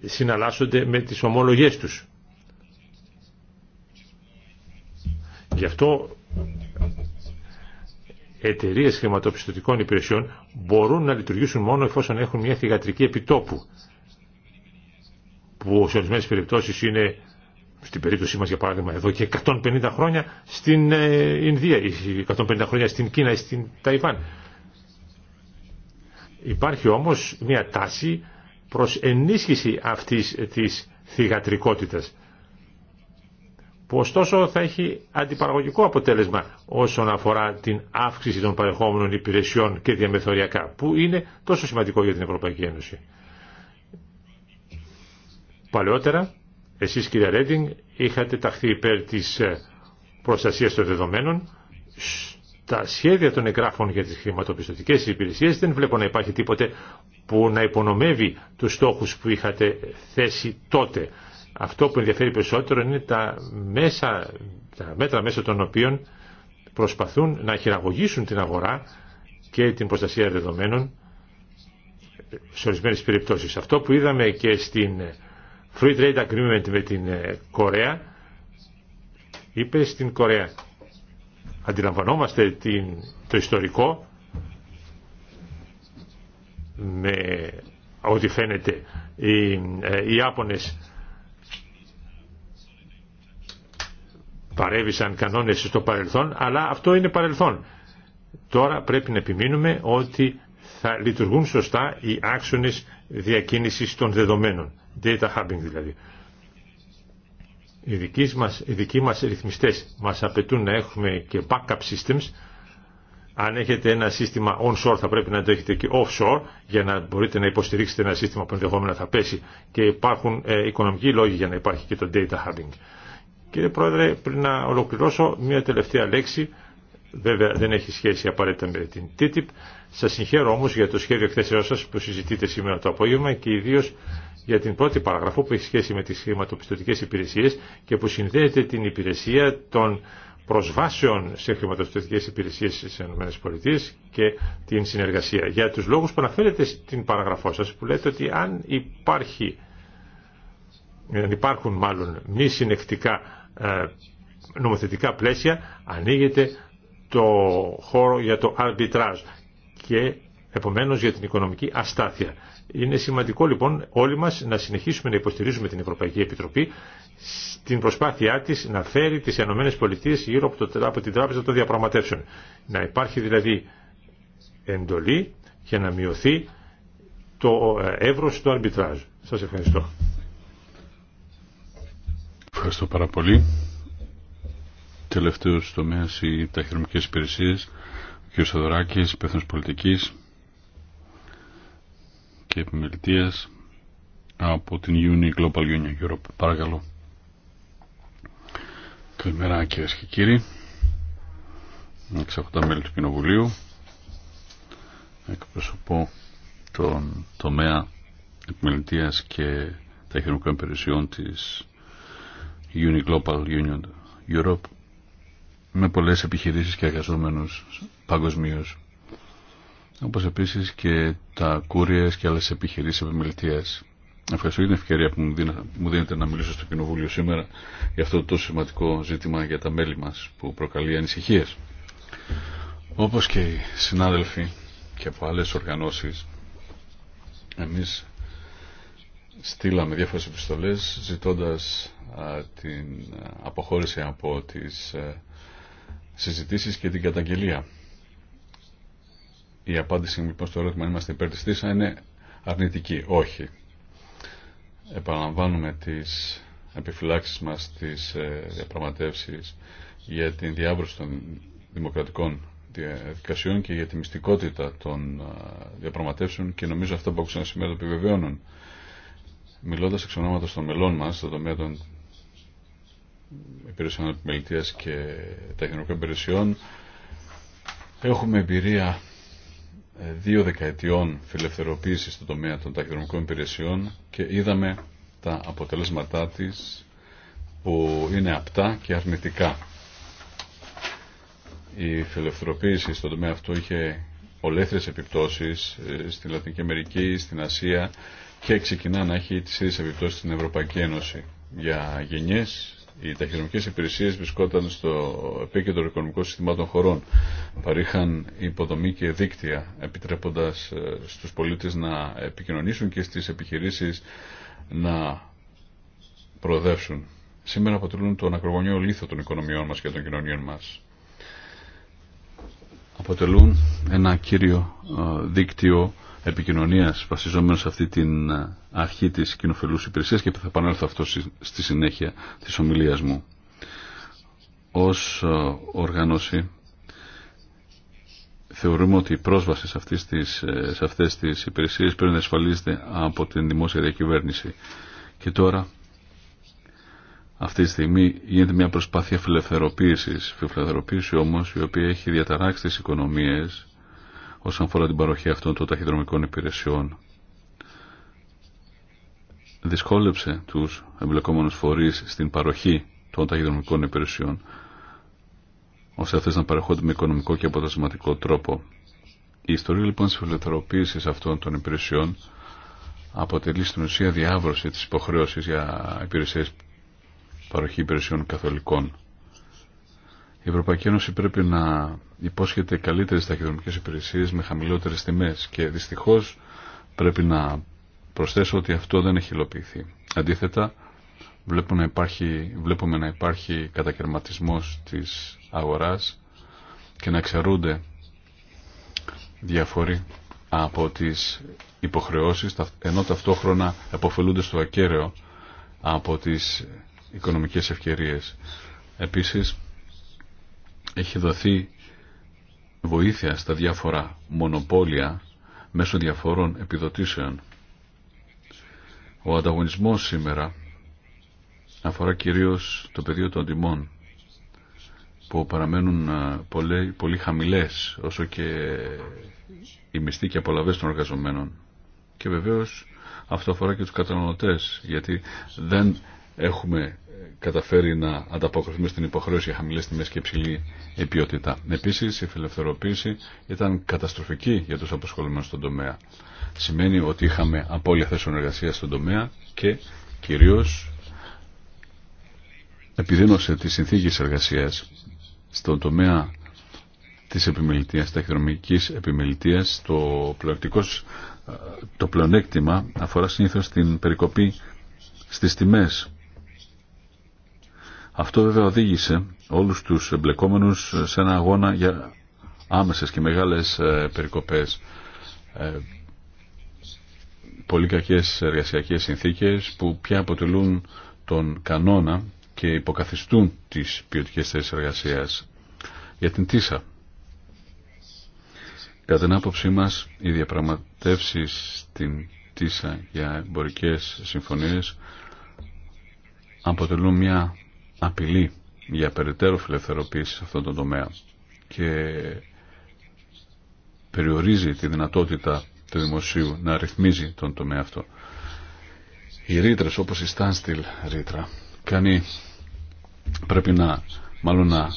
συναλλάσσονται με τις ομολογίες τους. Γι' αυτό εταιρείε χρηματοπιστωτικών υπηρεσιών μπορούν να λειτουργήσουν μόνο εφόσον έχουν μια θηγατρική επιτόπου που σε ορισμένε περιπτώσεις είναι στην περίπτωσή μας για παράδειγμα εδώ και 150 χρόνια στην ε, Ινδία ή 150 χρόνια στην Κίνα ή στην Ταϊβάν. Υπάρχει όμως μια τάση προς ενίσχυση αυτής της θηγατρικότητας που ωστόσο θα έχει αντιπαραγωγικό αποτέλεσμα όσον αφορά την αύξηση των παρεχόμενων υπηρεσιών και διαμεθοριακά, που είναι τόσο σημαντικό για την Ευρωπαϊκή Ένωση. Παλαιότερα, εσείς κύριε Ρέντινγκ, είχατε ταχθεί υπέρ της ε, προστασίας των δεδομένων. Στα σχέδια των εγγράφων για τις χρηματοπιστωτικές υπηρεσίες δεν βλέπω να υπάρχει τίποτε που να υπονομεύει τους στόχους που είχατε θέσει τότε αυτό που ενδιαφέρει περισσότερο είναι τα, μέσα, τα μέτρα μέσα των οποίων προσπαθούν να χειραγωγήσουν την αγορά και την προστασία δεδομένων σε ορισμένε περιπτώσει. Αυτό που είδαμε και στην Free Trade Agreement με την ε, Κορέα είπε στην Κορέα αντιλαμβανόμαστε την, το ιστορικό με ό,τι φαίνεται οι, ε, οι Ιάπωνες παρέβησαν κανόνες στο παρελθόν, αλλά αυτό είναι παρελθόν. Τώρα πρέπει να επιμείνουμε ότι θα λειτουργούν σωστά οι άξονες διακίνησης των δεδομένων, data hubbing δηλαδή. Οι δικοί μας, οι δικοί ρυθμιστές μας απαιτούν να έχουμε και backup systems. Αν έχετε ένα σύστημα onshore θα πρέπει να το έχετε και offshore για να μπορείτε να υποστηρίξετε ένα σύστημα που ενδεχόμενα θα πέσει και υπάρχουν ε, οικονομικοί λόγοι για να υπάρχει και το data hubbing. Κύριε Πρόεδρε, πριν να ολοκληρώσω μια τελευταία λέξη, βέβαια δεν έχει σχέση απαραίτητα με την TTIP. Σας συγχαίρω όμως για το σχέδιο εκθέσεώ σα που συζητείτε σήμερα το απόγευμα και ιδίως για την πρώτη παραγραφή που έχει σχέση με τι χρηματοπιστωτικέ υπηρεσίε και που συνδέεται την υπηρεσία των προσβάσεων σε χρηματοπιστωτικές υπηρεσίες στις ΗΠΑ και την συνεργασία. Για τους λόγους που αναφέρετε στην παραγραφό σα, που λέτε ότι αν υπάρχει υπάρχουν μάλλον μη συνεκτικά ε, νομοθετικά πλαίσια ανοίγεται το χώρο για το arbitrage και επομένως για την οικονομική αστάθεια. Είναι σημαντικό λοιπόν όλοι μας να συνεχίσουμε να υποστηρίζουμε την Ευρωπαϊκή Επιτροπή στην προσπάθειά της να φέρει τις ΗΠΑ γύρω από, το, από την Τράπεζα των Διαπραγματεύσεων. Να υπάρχει δηλαδή εντολή για να μειωθεί το ε, εύρος του αρμπιτράζ. Σας ευχαριστώ. Ευχαριστώ πάρα πολύ. τελευταίο τομέα οι ταχυδρομικέ υπηρεσίες, ο κ. Σαδωράκης, υπεύθυνο Πολιτική και επιμελητία από την Uni Global Union Europe. Παρακαλώ. Καλημέρα κυρίε και κύριοι. Εξέχοντα μέλη του Κοινοβουλίου. Εκπροσωπώ τον τομέα επιμελητία και ταχυδρομικών υπηρεσιών της Uniglobal Union Europe με πολλές επιχειρήσεις και εργαζόμενους παγκοσμίω. Όπως επίσης και τα κούριες και άλλες επιχειρήσεις επιμελητίας. Ευχαριστώ για την ευκαιρία που μου δίνετε να μιλήσω στο Κοινοβούλιο σήμερα για αυτό το σημαντικό ζήτημα για τα μέλη μας που προκαλεί ανησυχίες. Όπως και οι συνάδελφοι και από άλλες οργανώσεις, εμείς στείλαμε διάφορες επιστολές ζητώντας την αποχώρηση από τις ε, συζητήσεις και την καταγγελία. Η απάντηση μου λοιπόν στο ερώτημα είμαστε υπέρ της είναι αρνητική. Όχι. Επαναλαμβάνουμε τις επιφυλάξεις μας στις ε, διαπραγματεύσεις για την διάβρωση των δημοκρατικών διαδικασιών και για τη μυστικότητα των διαπραγματεύσεων και νομίζω αυτό που άκουσαν σήμερα το επιβεβαιώνουν. Μιλώντας εξ ονόματο των μελών μας στον τομέα των υπηρεσιών επιμελητίας και τεχνικών υπηρεσιών έχουμε εμπειρία ε, δύο δεκαετιών φιλελευθερωποίηση στον τομέα των ταχυδρομικών υπηρεσιών και είδαμε τα αποτελέσματά της που είναι απτά και αρνητικά. Η φιλελευθερωποίηση στον τομέα αυτό είχε ολέθριες επιπτώσεις ε, στην Λατινική Αμερική, στην Ασία και ξεκινά να έχει τις ίδιες επιπτώσεις στην Ευρωπαϊκή Ένωση. Για γενιές οι ταχυδρομικές υπηρεσίες βρισκόταν στο επίκεντρο οικονομικών συστημάτων χωρών. Παρήχαν υποδομή και δίκτυα επιτρέποντας ε, στους πολίτες να επικοινωνήσουν και στις επιχειρήσεις να προοδεύσουν. Σήμερα αποτελούν τον ακρογωνιαίο λίθο των οικονομιών μας και των κοινωνιών μας. Αποτελούν ένα κύριο ε, δίκτυο επικοινωνίας βασιζόμενο σε αυτή την ε, αρχή της κοινοφελούς υπηρεσίας και θα επανέλθω αυτό στη συνέχεια της ομιλίας μου. Ως ε, οργάνωση θεωρούμε ότι η πρόσβαση σε ε, αυτές τις, σε υπηρεσίες πρέπει να ασφαλίζεται από την δημόσια διακυβέρνηση. Και τώρα αυτή τη στιγμή γίνεται μια προσπάθεια φιλελευθερωποίησης, φιλελευθερωποίηση όμως η οποία έχει διαταράξει τις οικονομίες όσον αφορά την παροχή αυτών των ταχυδρομικών υπηρεσιών. Δυσκόλεψε τους εμπλεκόμενους φορείς στην παροχή των ταχυδρομικών υπηρεσιών ώστε αυτές να παρεχόνται με οικονομικό και αποτελεσματικό τρόπο. Η ιστορία λοιπόν της φιλελευθερωποίησης αυτών των υπηρεσιών αποτελεί στην ουσία διάβρωση της υποχρέωσης για υπηρεσίες παροχή υπηρεσιών καθολικών. Η Ευρωπαϊκή Ένωση πρέπει να υπόσχεται καλύτερες ταχυδρομικές υπηρεσίες με χαμηλότερες τιμές και δυστυχώς πρέπει να προσθέσω ότι αυτό δεν έχει υλοποιηθεί. Αντίθετα, βλέπουμε να υπάρχει, βλέπουμε να υπάρχει κατακαιρματισμός της αγοράς και να εξαιρούνται διαφοροί από τις υποχρεώσεις ενώ ταυτόχρονα αποφελούνται στο ακέραιο από τις οικονομικές ευκαιρίες. Επίσης, έχει δοθεί βοήθεια στα διάφορα μονοπόλια μέσω διαφόρων επιδοτήσεων. Ο ανταγωνισμός σήμερα αφορά κυρίως το πεδίο των τιμών που παραμένουν ε, πολύ, πολύ χαμηλές όσο και οι μισθοί και απολαβές των εργαζομένων. Και βεβαίως αυτό αφορά και τους καταναλωτές γιατί δεν έχουμε καταφέρει να ανταποκριθεί στην υποχρέωση για χαμηλέ τιμές και υψηλή ποιότητα. Επίσης, η φιλελευθερωποίηση ήταν καταστροφική για τους αποσχολημένους στον τομέα. Σημαίνει ότι είχαμε απώλεια θέσεων εργασία στον τομέα και κυρίως επιδίνωσε τι συνθήκες εργασίας στον τομέα της επιμελητίας, ταχυδρομικής επιμελητίας, το, το πλεονέκτημα αφορά συνήθως την περικοπή στις τιμές αυτό βέβαια οδήγησε όλους τους εμπλεκόμενους σε ένα αγώνα για άμεσες και μεγάλες ε, περικοπές. Ε, πολύ κακές εργασιακές συνθήκες που πια αποτελούν τον κανόνα και υποκαθιστούν τις ποιοτικές θέσεις εργασίας. Για την ΤΙΣΑ. Κατά την άποψή μας, οι διαπραγματεύσεις στην ΤΙΣΑ για εμπορικές συμφωνίες αποτελούν μια απειλή για περαιτέρω φιλευθεροποίηση σε αυτόν τον τομέα και περιορίζει τη δυνατότητα του δημοσίου να ρυθμίζει τον τομέα αυτό. Οι ρήτρε όπως η στάνστιλ ρήτρα κάνει πρέπει να μάλλον να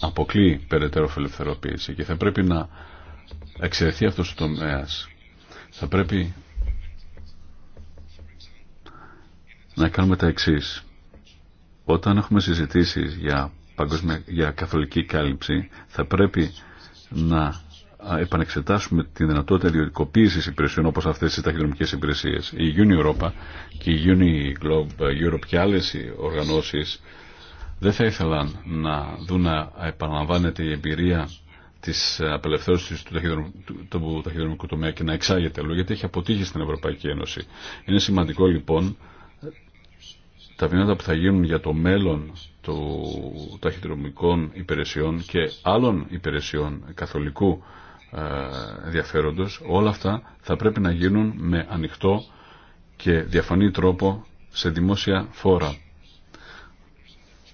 αποκλεί περαιτέρω φιλευθεροποίηση και θα πρέπει να εξαιρεθεί αυτό ο τομέας. Θα πρέπει να κάνουμε τα εξής. Όταν έχουμε συζητήσει για, παγκοσμια, για καθολική κάλυψη, θα πρέπει να επανεξετάσουμε τη δυνατότητα ιδιωτικοποίηση υπηρεσιών όπω αυτέ τι ταχυδρομικές υπηρεσίε. Η Uni Europa και η Uni Globe ε, Europe και άλλε οργανώσει δεν θα ήθελαν να δουν να επαναλαμβάνεται η εμπειρία τη απελευθέρωση του ταχυδρομικού τομέα και να εξάγεται αλλού, γιατί έχει αποτύχει στην Ευρωπαϊκή Ένωση. Είναι σημαντικό λοιπόν τα βήματα που θα γίνουν για το μέλλον του ταχυδρομικών υπηρεσιών και άλλων υπηρεσιών καθολικού ε, ενδιαφέροντος, όλα αυτά θα πρέπει να γίνουν με ανοιχτό και διαφανή τρόπο σε δημόσια φόρα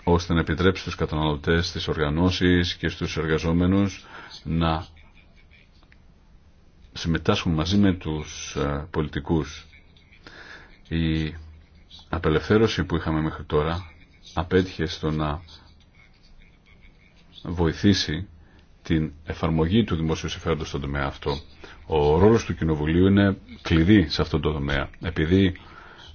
ώστε να επιτρέψει στους καταναλωτές, στις οργανώσεις και στους εργαζόμενους να συμμετάσχουν μαζί με τους ε, πολιτικούς απελευθέρωση που είχαμε μέχρι τώρα απέτυχε στο να βοηθήσει την εφαρμογή του δημόσιου συμφέροντος στον τομέα αυτό. Ο ρόλος του Κοινοβουλίου είναι κλειδί σε αυτό το τομέα, επειδή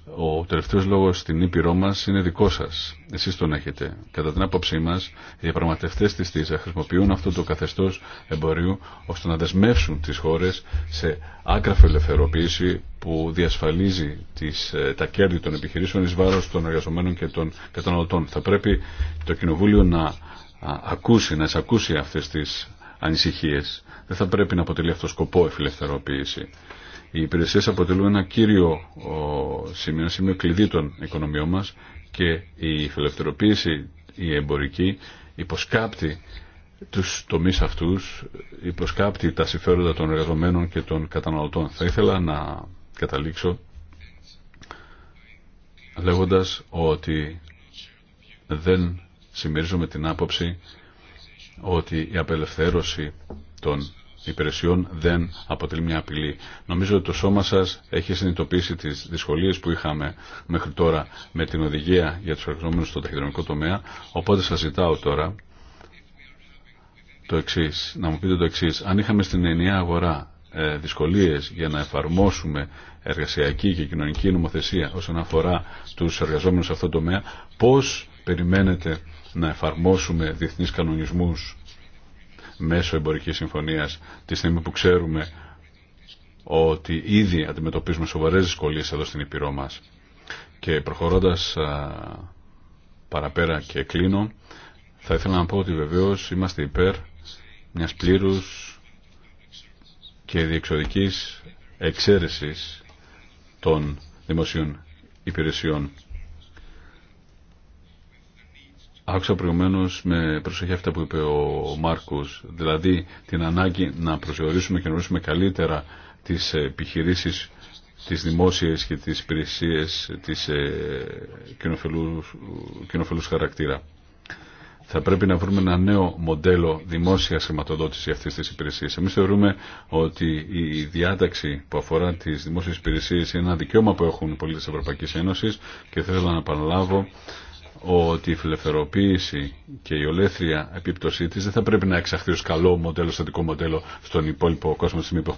ο τελευταίος λόγος στην Ήπειρό μας είναι δικό σας. Εσείς τον έχετε. Κατά την άποψή μας, οι διαπραγματευτές της ΤΙΖΑ χρησιμοποιούν αυτό το καθεστώς εμπορίου ώστε να δεσμεύσουν τις χώρες σε άγραφη ελευθεροποίηση που διασφαλίζει τις, ε, τα κέρδη των επιχειρήσεων εις βάρος των εργαζομένων και των καταναλωτών. Θα πρέπει το Κοινοβούλιο να ακούσει, να εισακούσει αυτές τις ανησυχίες. Δεν θα πρέπει να αποτελεί αυτό σκοπό η οι υπηρεσίες αποτελούν ένα κύριο σημείο, σημείο κλειδί των οικονομιών μας και η φιλελευθερωποίηση, η εμπορική, υποσκάπτει τους τομείς αυτούς, υποσκάπτει τα συμφέροντα των εργαζομένων και των καταναλωτών. Θα ήθελα να καταλήξω λέγοντας ότι δεν συμμερίζομαι την άποψη ότι η απελευθέρωση των υπηρεσιών δεν αποτελεί μια απειλή. Νομίζω ότι το σώμα σας έχει συνειδητοποιήσει τις δυσκολίες που είχαμε μέχρι τώρα με την οδηγία για τους εργαζόμενους στο ταχυδρομικό τομέα, οπότε σας ζητάω τώρα το εξής, να μου πείτε το εξής. Αν είχαμε στην ενιαία αγορά ε, δυσκολίες για να εφαρμόσουμε εργασιακή και κοινωνική νομοθεσία όσον αφορά τους εργαζόμενους σε αυτό το τομέα, πώς περιμένετε να εφαρμόσουμε διεθνεί κανονισμούς μέσω εμπορικής συμφωνίας τη στιγμή που ξέρουμε ότι ήδη αντιμετωπίζουμε σοβαρές δυσκολίε εδώ στην Ήπειρό μας. Και προχωρώντας παραπέρα και κλείνω, θα ήθελα να πω ότι βεβαίως είμαστε υπέρ μιας πλήρους και διεξοδικής εξαίρεσης των δημοσίων υπηρεσιών Άκουσα προηγουμένω με προσοχή αυτά που είπε ο Μάρκο, δηλαδή την ανάγκη να προσδιορίσουμε και να γνωρίσουμε καλύτερα τι επιχειρήσει, τι δημόσιε και τι υπηρεσίε τη ε, κοινοφελού χαρακτήρα. Θα πρέπει να βρούμε ένα νέο μοντέλο δημόσια χρηματοδότηση αυτή τη υπηρεσία. Εμεί θεωρούμε ότι η διάταξη που αφορά τι δημόσιε υπηρεσίε είναι ένα δικαίωμα που έχουν οι πολίτε τη Ευρωπαϊκή Ένωση και θέλω να επαναλάβω ότι η φιλελευθερωποίηση και η ολέθρια επίπτωσή της δεν θα πρέπει να εξαχθεί ως καλό μοντέλο, στατικό μοντέλο στον υπόλοιπο κόσμο τη στιγμή που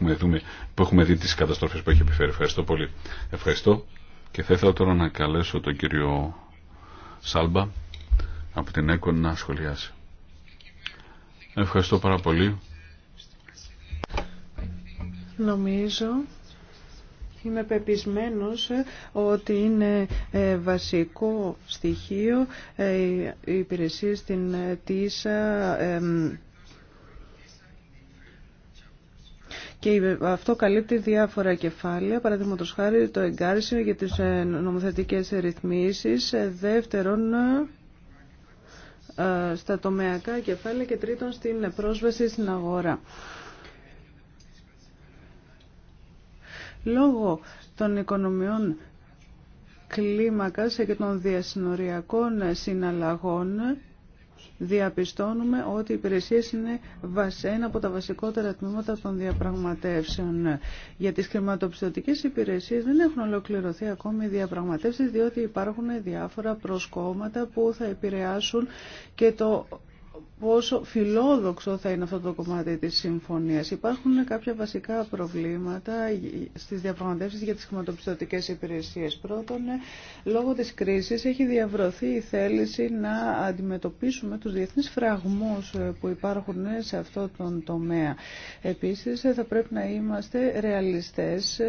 έχουμε, δει τις καταστροφές που έχει επιφέρει. Ευχαριστώ πολύ. Ευχαριστώ και θα ήθελα τώρα να καλέσω τον κύριο Σάλμπα από την ΕΚΟ να σχολιάσει. Ευχαριστώ πάρα πολύ. Νομίζω Είμαι πεπισμένος ότι είναι ε, βασικό στοιχείο ε, ε, η υπηρεσία στην ΤΙΣΑ Και αυτό καλύπτει διάφορα κεφάλαια, παραδείγματος χάρη το εγκάρισιο για τις νομοθετικές ρυθμίσεις, δεύτερον στα τομεακά κεφάλαια και τρίτον στην πρόσβαση στην αγορά. λόγω των οικονομιών κλίμακας και των διασυνοριακών συναλλαγών διαπιστώνουμε ότι οι υπηρεσίε είναι ένα από τα βασικότερα τμήματα των διαπραγματεύσεων. Για τις χρηματοπιστωτικές υπηρεσίες δεν έχουν ολοκληρωθεί ακόμη οι διαπραγματεύσεις διότι υπάρχουν διάφορα προσκόμματα που θα επηρεάσουν και το πόσο φιλόδοξο θα είναι αυτό το κομμάτι της συμφωνίας. Υπάρχουν κάποια βασικά προβλήματα στις διαπραγματεύσεις για τις χρηματοπιστωτικές υπηρεσίες. Πρώτον, λόγω της κρίσης έχει διαβρωθεί η θέληση να αντιμετωπίσουμε τους διεθνείς φραγμούς που υπάρχουν σε αυτό τον τομέα. Επίσης, θα πρέπει να είμαστε ρεαλιστές.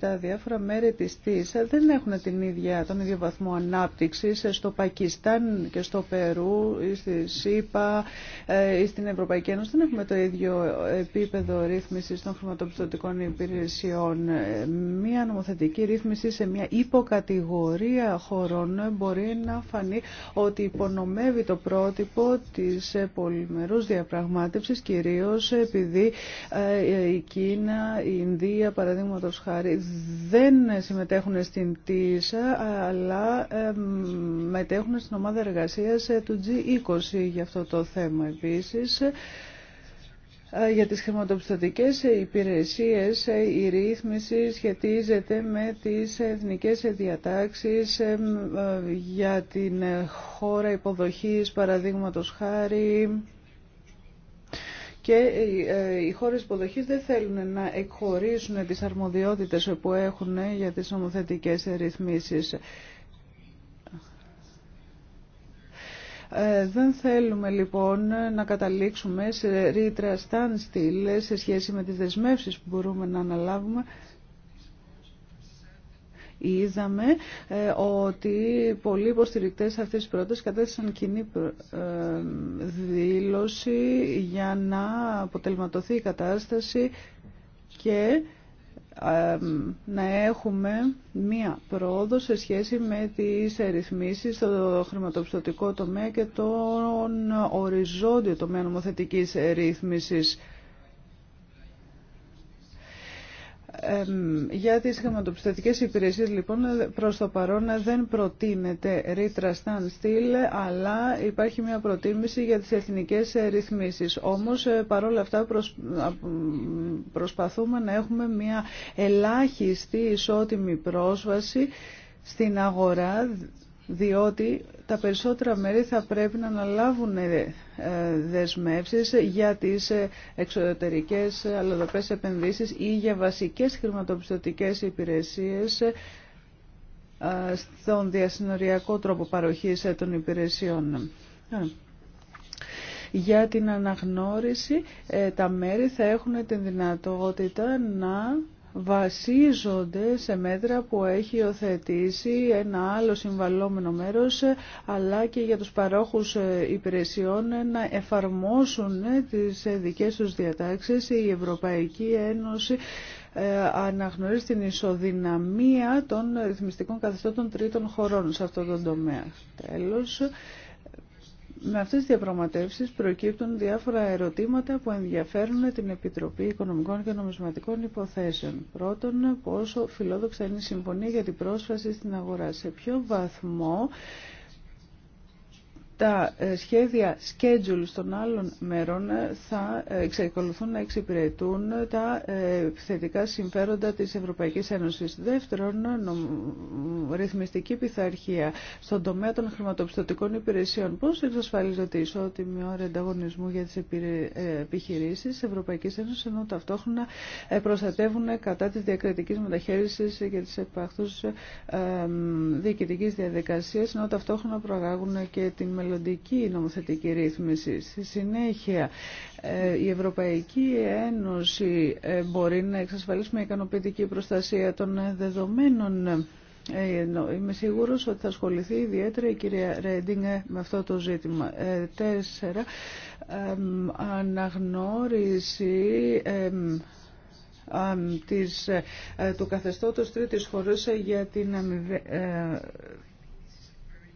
Τα διάφορα μέρη της ΤΙΣΑ δεν έχουν την ίδια, τον ίδιο βαθμό ανάπτυξης στο Πακιστάν και στο Περού, στη ΣΥΠΑ, ε, στην Ευρωπαϊκή Ένωση δεν έχουμε το ίδιο επίπεδο ρύθμισης των χρηματοπιστωτικών υπηρεσιών. Ε, μία νομοθετική ρύθμιση σε μια υποκατηγορία χωρών μπορεί να φανεί ότι υπονομεύει το πρότυπο της πολυμερούς διαπραγμάτευσης κυρίως επειδή ε, η Κίνα, η Ινδία παραδείγματο χάρη δεν συμμετέχουν στην ΤΙΣΑ αλλά μετέχουν στην ομάδα εργασίας του G20 για αυτό το θέμα θέμα επίσης ε, για τις χρηματοπιστωτικές υπηρεσίες ε, η ρύθμιση σχετίζεται με τις εθνικές διατάξεις ε, για την χώρα υποδοχής παραδείγματος χάρη και οι χώρες υποδοχής δεν θέλουν να εκχωρήσουν τις αρμοδιότητες που έχουν για τις νομοθετικές ρυθμίσεις. Ε, δεν θέλουμε λοιπόν να καταλήξουμε σε ρήτρα standstill σε σχέση με τις δεσμεύσεις που μπορούμε να αναλάβουμε. Είδαμε ε, ότι πολλοί υποστηρικτέ αυτής της πρότασης κατέστησαν κοινή ε, δήλωση για να αποτελματωθεί η κατάσταση και να έχουμε μία πρόοδο σε σχέση με τις ρυθμίσεις στο χρηματοπιστωτικό τομέα και τον οριζόντιο τομέα νομοθετικής ρύθμισης. για τις χρηματοπιστωτικές υπηρεσίες λοιπόν προς το παρόν δεν προτείνεται ρήτρα standstill αλλά υπάρχει μια προτίμηση για τις εθνικές ρυθμίσεις. Όμως ε, παρόλα αυτά προσπαθούμε να έχουμε μια ελάχιστη ισότιμη πρόσβαση στην αγορά διότι τα περισσότερα μέρη θα πρέπει να αναλάβουν ε, ε, δεσμεύσεις για τις ε, εξωτερικές αλλοδοπές επενδύσεις ή για βασικές χρηματοπιστωτικές υπηρεσίες στον διασυνοριακό τρόπο παροχής των υπηρεσιών. Για την αναγνώριση, τα μέρη θα έχουν την δυνατότητα να βασίζονται σε μέτρα που έχει υιοθετήσει ένα άλλο συμβαλόμενο μέρος αλλά και για τους παρόχους ε, υπηρεσιών να εφαρμόσουν τις δικές τους διατάξεις η Ευρωπαϊκή Ένωση ε, αναγνωρίζει την ισοδυναμία των ρυθμιστικών καθεστώτων τρίτων χωρών σε αυτό τον τομέα. Τέλος, με αυτές τις διαπραγματεύσεις προκύπτουν διάφορα ερωτήματα που ενδιαφέρουν την Επιτροπή Οικονομικών και Νομισματικών Υποθέσεων. Πρώτον, πόσο φιλόδοξα είναι η συμφωνία για την πρόσφαση στην αγορά, σε ποιο βαθμό τα ε, σχέδια schedule των άλλων μέρων ε, θα ε, εξακολουθούν να εξυπηρετούν τα θετικά συμφέροντα της Ευρωπαϊκής Ένωσης. Δεύτερον, ρυθμιστική πειθαρχία στον τομέα των χρηματοπιστωτικών υπηρεσιών. Πώς εξασφαλίζεται η ισότιμη ώρα ανταγωνισμού για τις επιχειρήσεις της Ευρωπαϊκής Ένωσης, ενώ ταυτόχρονα προστατεύουν κατά της διακριτικής μεταχείρισης και της επαχθούς διοικητικής διαδικασίας, ενώ ταυτόχρονα προαγάγουν και την μελλοντική νομοθετική ρύθμιση. Στη συνέχεια, ε, η Ευρωπαϊκή Ένωση ε, μπορεί να εξασφαλίσει μια ικανοποιητική προστασία των δεδομένων. Ε, είμαι σίγουρος ότι θα ασχοληθεί ιδιαίτερα η κυρία Ρέντινγκ με αυτό το ζήτημα. Τέσσερα, αναγνώριση της, του καθεστώτος τρίτης χωρίς για την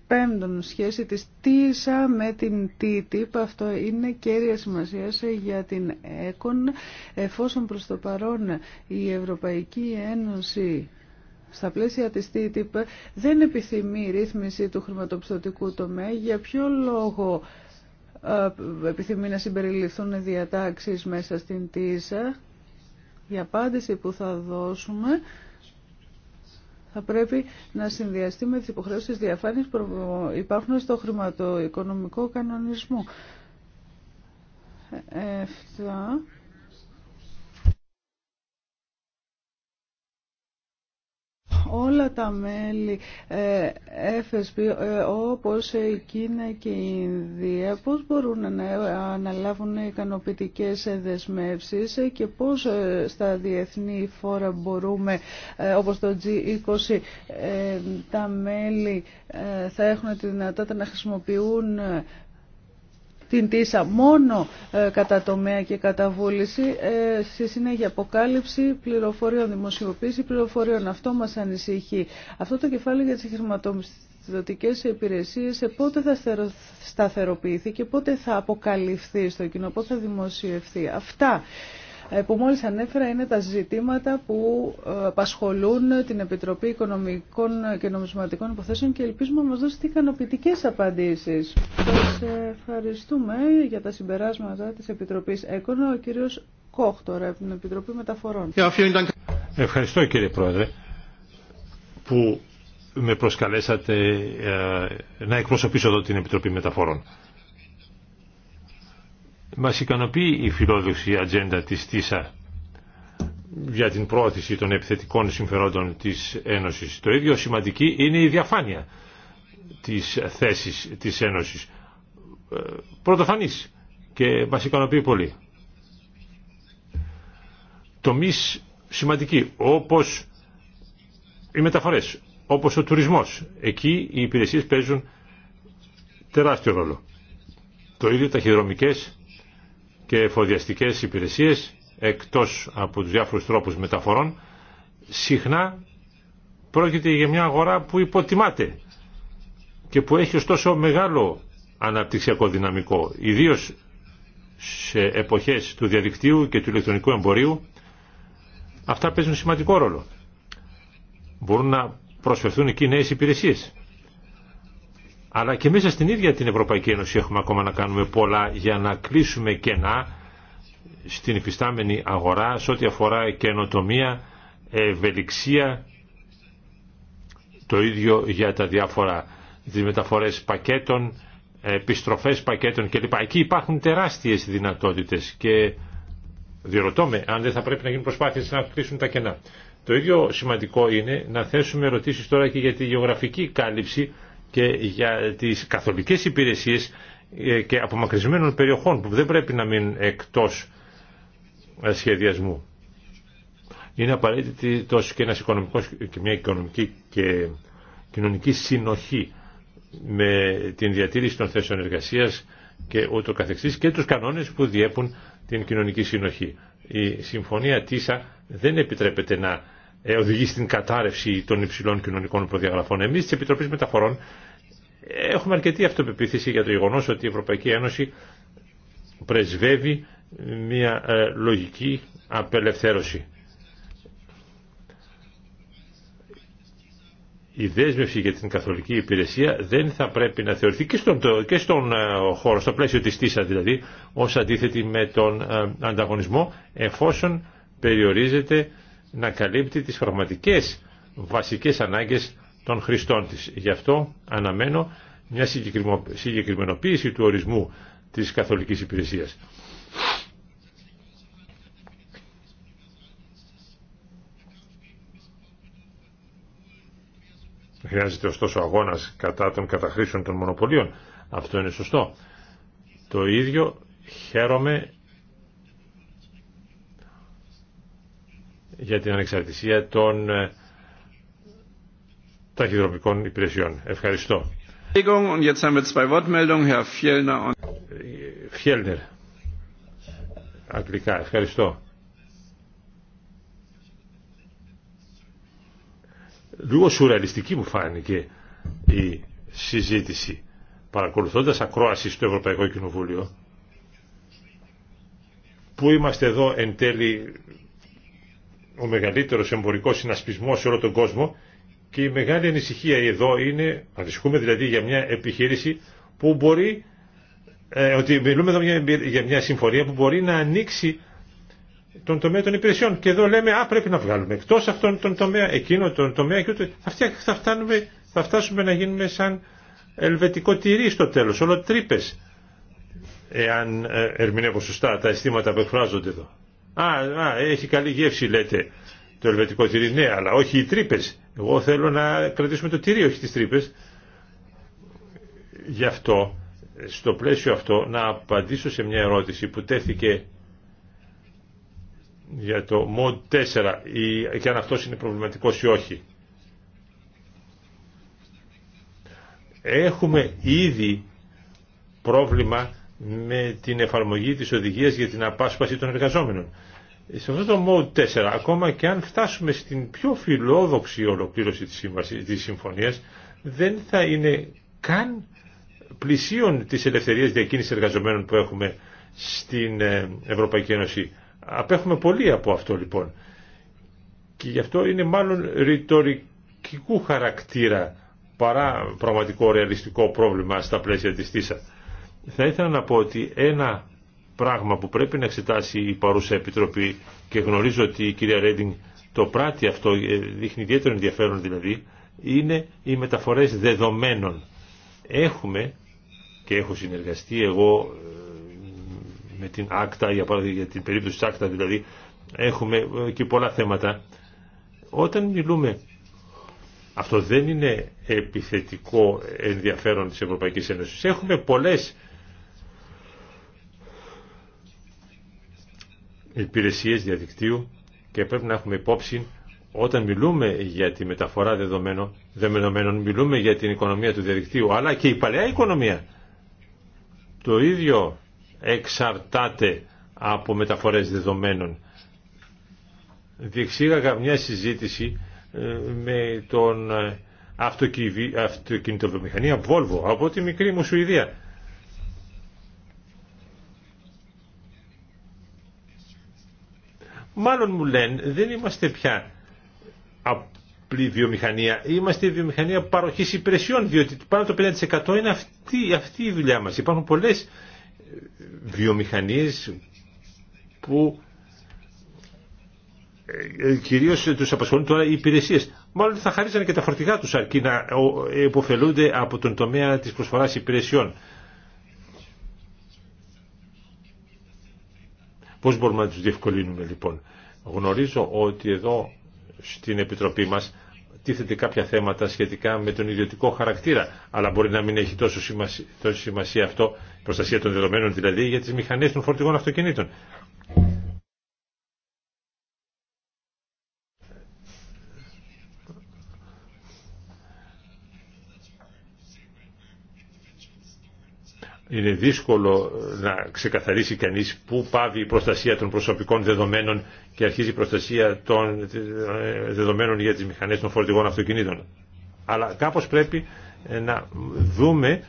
Πέμπτον, σχέση της ΤΙΣΑ με την ΤΙΤΙΠ, αυτό είναι κέρια σημασία για την ΕΚΟΝ, εφόσον προς το παρόν η Ευρωπαϊκή Ένωση στα πλαίσια της TTIP δεν επιθυμεί ρύθμιση του χρηματοπιστωτικού τομέα. Για ποιο λόγο ε, επιθυμεί να συμπεριληφθούν διατάξεις μέσα στην ΤΙΣΑ. Η απάντηση που θα δώσουμε θα πρέπει να συνδυαστεί με τις υποχρεώσεις διαφάνειας που υπάρχουν στο χρηματοοικονομικό κανονισμό. Αυτά. Ε, όλα τα μέλη ε, FSB ε, όπως η Κίνα και η Ινδία πώς μπορούν να αναλάβουν ικανοποιητικές δεσμεύσεις και πώς ε, στα διεθνή φόρα μπορούμε όπως το G20 τα μέλη θα έχουν τη δυνατότητα να χρησιμοποιούν την ΤΙΣΑ μόνο ε, κατά τομέα και κατά βούληση, ε, στη συνέχεια αποκάλυψη πληροφοριών, δημοσιοποίηση πληροφοριών. Αυτό μας ανησυχεί. Αυτό το κεφάλαιο για τις χρηματοδοτικές υπηρεσίες ε, πότε θα σταθεροποιηθεί και πότε θα αποκαλυφθεί στο κοινό, πότε θα δημοσιευθεί. Αυτά. Ε, που μόλις ανέφερα είναι τα ζητήματα που ε, απασχολούν την Επιτροπή Οικονομικών και Νομισματικών Υποθέσεων και ελπίζουμε να μας δώσετε ικανοποιητικέ απαντήσεις. Σας ευχαριστούμε για τα συμπεράσματα της Επιτροπής Έκονα, ο κύριος Κόχ από την Επιτροπή Μεταφορών. Ευχαριστώ κύριε Πρόεδρε που με προσκαλέσατε ε, να εκπροσωπήσω εδώ την Επιτροπή Μεταφορών. Μα ικανοποιεί η φιλόδοξη ατζέντα της ΤΙΣΑ για την πρόθεση των επιθετικών συμφερόντων της Ένωσης. Το ίδιο σημαντική είναι η διαφάνεια της θέσης της Ένωσης. Ε, πρωτοφανής και μας ικανοποιεί πολύ. Τομείς σημαντικοί όπως οι μεταφορές, όπως ο τουρισμός. Εκεί οι υπηρεσίες παίζουν τεράστιο ρόλο. Το ίδιο ταχυδρομικές και εφοδιαστικές υπηρεσίες εκτός από τους διάφορους τρόπους μεταφορών συχνά πρόκειται για μια αγορά που υποτιμάται και που έχει ωστόσο μεγάλο αναπτυξιακό δυναμικό ιδίως σε εποχές του διαδικτύου και του ηλεκτρονικού εμπορίου αυτά παίζουν σημαντικό ρόλο μπορούν να προσφερθούν εκεί νέες υπηρεσίες αλλά και μέσα στην ίδια την Ευρωπαϊκή Ένωση έχουμε ακόμα να κάνουμε πολλά για να κλείσουμε κενά στην υφιστάμενη αγορά σε ό,τι αφορά καινοτομία, ευελιξία, το ίδιο για τα διάφορα τις μεταφορές πακέτων, επιστροφές πακέτων κλπ. Εκεί υπάρχουν τεράστιες δυνατότητες και διερωτώ αν δεν θα πρέπει να γίνουν προσπάθειες να κλείσουν τα κενά. Το ίδιο σημαντικό είναι να θέσουμε ερωτήσεις τώρα και για τη γεωγραφική κάλυψη και για τις καθολικές υπηρεσίες ε, και απομακρυσμένων περιοχών που δεν πρέπει να μείνουν εκτός ε, σχεδιασμού. Είναι απαραίτητη τόσο και, ένας και μια οικονομική και κοινωνική συνοχή με την διατήρηση των θέσεων εργασίας και ούτω καθεξής και τους κανόνες που διέπουν την κοινωνική συνοχή. Η συμφωνία ΤΙΣΑ δεν επιτρέπεται να ε, οδηγεί στην κατάρρευση των υψηλών κοινωνικών προδιαγραφών. Εμεί της Επιτροπής Μεταφορών έχουμε αρκετή αυτοπεποίθηση για το γεγονό ότι η Ευρωπαϊκή Ένωση πρεσβεύει μια ε, λογική απελευθέρωση. η δέσμευση για την καθολική υπηρεσία δεν θα πρέπει να θεωρηθεί και στον, και στον ε, χώρο, στο πλαίσιο της ΤΙΣΑ δηλαδή, ως αντίθετη με τον ανταγωνισμό, εφόσον περιορίζεται να καλύπτει τις πραγματικές βασικές ανάγκες των χρηστών της. Γι' αυτό αναμένω μια συγκεκριμενοποίηση του ορισμού της καθολικής υπηρεσίας. Χρειάζεται ωστόσο αγώνας κατά των καταχρήσεων των μονοπωλίων. Αυτό είναι σωστό. Το ίδιο χαίρομαι για την ανεξαρτησία των ε, ταχυδρομικών υπηρεσιών. Ευχαριστώ. Φιέλνερ. Ε, Αγγλικά. Ευχαριστώ. Λίγο σουρεαλιστική μου φάνηκε η συζήτηση παρακολουθώντας ακρόαση στο Ευρωπαϊκό Κοινοβούλιο που είμαστε εδώ εν τέλει ο μεγαλύτερος εμπορικός συνασπισμός σε όλο τον κόσμο και η μεγάλη ανησυχία εδώ είναι, ανησυχούμε δηλαδή για μια επιχείρηση που μπορεί, ε, ότι μιλούμε εδώ για, για μια συμφωνία που μπορεί να ανοίξει τον τομέα των υπηρεσιών. Και εδώ λέμε, α, πρέπει να βγάλουμε εκτός αυτόν τον τομέα, εκείνο τον τομέα και ούτε, θα, θα, φτάνουμε, θα φτάσουμε να γίνουμε σαν ελβετικό τυρί στο τέλος, όλο τρύπες, εάν ε, ερμηνεύω σωστά τα αισθήματα που εκφράζονται εδώ. Α, έχει καλή γεύση λέτε το ελβετικό τυρί. Ναι, αλλά όχι οι τρύπε. Εγώ θέλω να κρατήσουμε το τυρί, όχι τι τρύπε. Γι' αυτό, στο πλαίσιο αυτό, να απαντήσω σε μια ερώτηση που τέθηκε για το MOD 4 και αν αυτός είναι προβληματικός ή όχι. Έχουμε ήδη πρόβλημα με την εφαρμογή της οδηγίας για την απάσπαση των εργαζόμενων σε αυτό το mode 4, ακόμα και αν φτάσουμε στην πιο φιλόδοξη ολοκλήρωση της, σύμβασης, της συμφωνίας, δεν θα είναι καν πλησίον της ελευθερίας διακίνησης εργαζομένων που έχουμε στην ε, Ευρωπαϊκή Ένωση. Απέχουμε πολύ από αυτό λοιπόν. Και γι' αυτό είναι μάλλον ρητορικού χαρακτήρα παρά πραγματικό ρεαλιστικό πρόβλημα στα πλαίσια της ΤΙΣΑ. Θα ήθελα να πω ότι ένα πράγμα που πρέπει να εξετάσει η παρούσα Επιτροπή και γνωρίζω ότι η κυρία Ρέντινγκ το πράττει αυτό, ε, δείχνει ιδιαίτερο ενδιαφέρον δηλαδή, είναι οι μεταφορές δεδομένων. Έχουμε και έχω συνεργαστεί εγώ ε, με την άκτα, για, για την περίπτωση της άκτα δηλαδή, έχουμε ε, και πολλά θέματα. Όταν μιλούμε, αυτό δεν είναι επιθετικό ενδιαφέρον της Ευρωπαϊκής Ένωσης. Έχουμε πολλές υπηρεσίες διαδικτύου και πρέπει να έχουμε υπόψη όταν μιλούμε για τη μεταφορά δεδομένων, δεδομένων μιλούμε για την οικονομία του διαδικτύου αλλά και η παλαιά οικονομία το ίδιο εξαρτάται από μεταφορές δεδομένων διεξήγαγα μια συζήτηση ε, με τον ε, αυτοκινητοβιομηχανία Volvo από τη μικρή μου Σουηδία Μάλλον μου λένε δεν είμαστε πια απλή βιομηχανία, είμαστε βιομηχανία παροχής υπηρεσιών, διότι πάνω το 50% είναι αυτή, αυτή η δουλειά μας. Υπάρχουν πολλές ε, βιομηχανίες που ε, κυρίως τους απασχολούν τώρα οι υπηρεσίες. Μάλλον θα χαρίζανε και τα φορτηγά του αρκεί να ε, υποφελούνται από τον τομέα της προσφοράς υπηρεσιών. Πώς μπορούμε να τους διευκολύνουμε λοιπόν. Γνωρίζω ότι εδώ στην Επιτροπή μας τίθεται κάποια θέματα σχετικά με τον ιδιωτικό χαρακτήρα, αλλά μπορεί να μην έχει τόσο σημασία, αυτό, προστασία των δεδομένων δηλαδή, για τις μηχανές των φορτηγών αυτοκινήτων. είναι δύσκολο να ξεκαθαρίσει κανείς πού πάβει η προστασία των προσωπικών δεδομένων και αρχίζει η προστασία των ε, δεδομένων για τις μηχανές των φορτηγών αυτοκινήτων. Αλλά κάπως πρέπει ε, να δούμε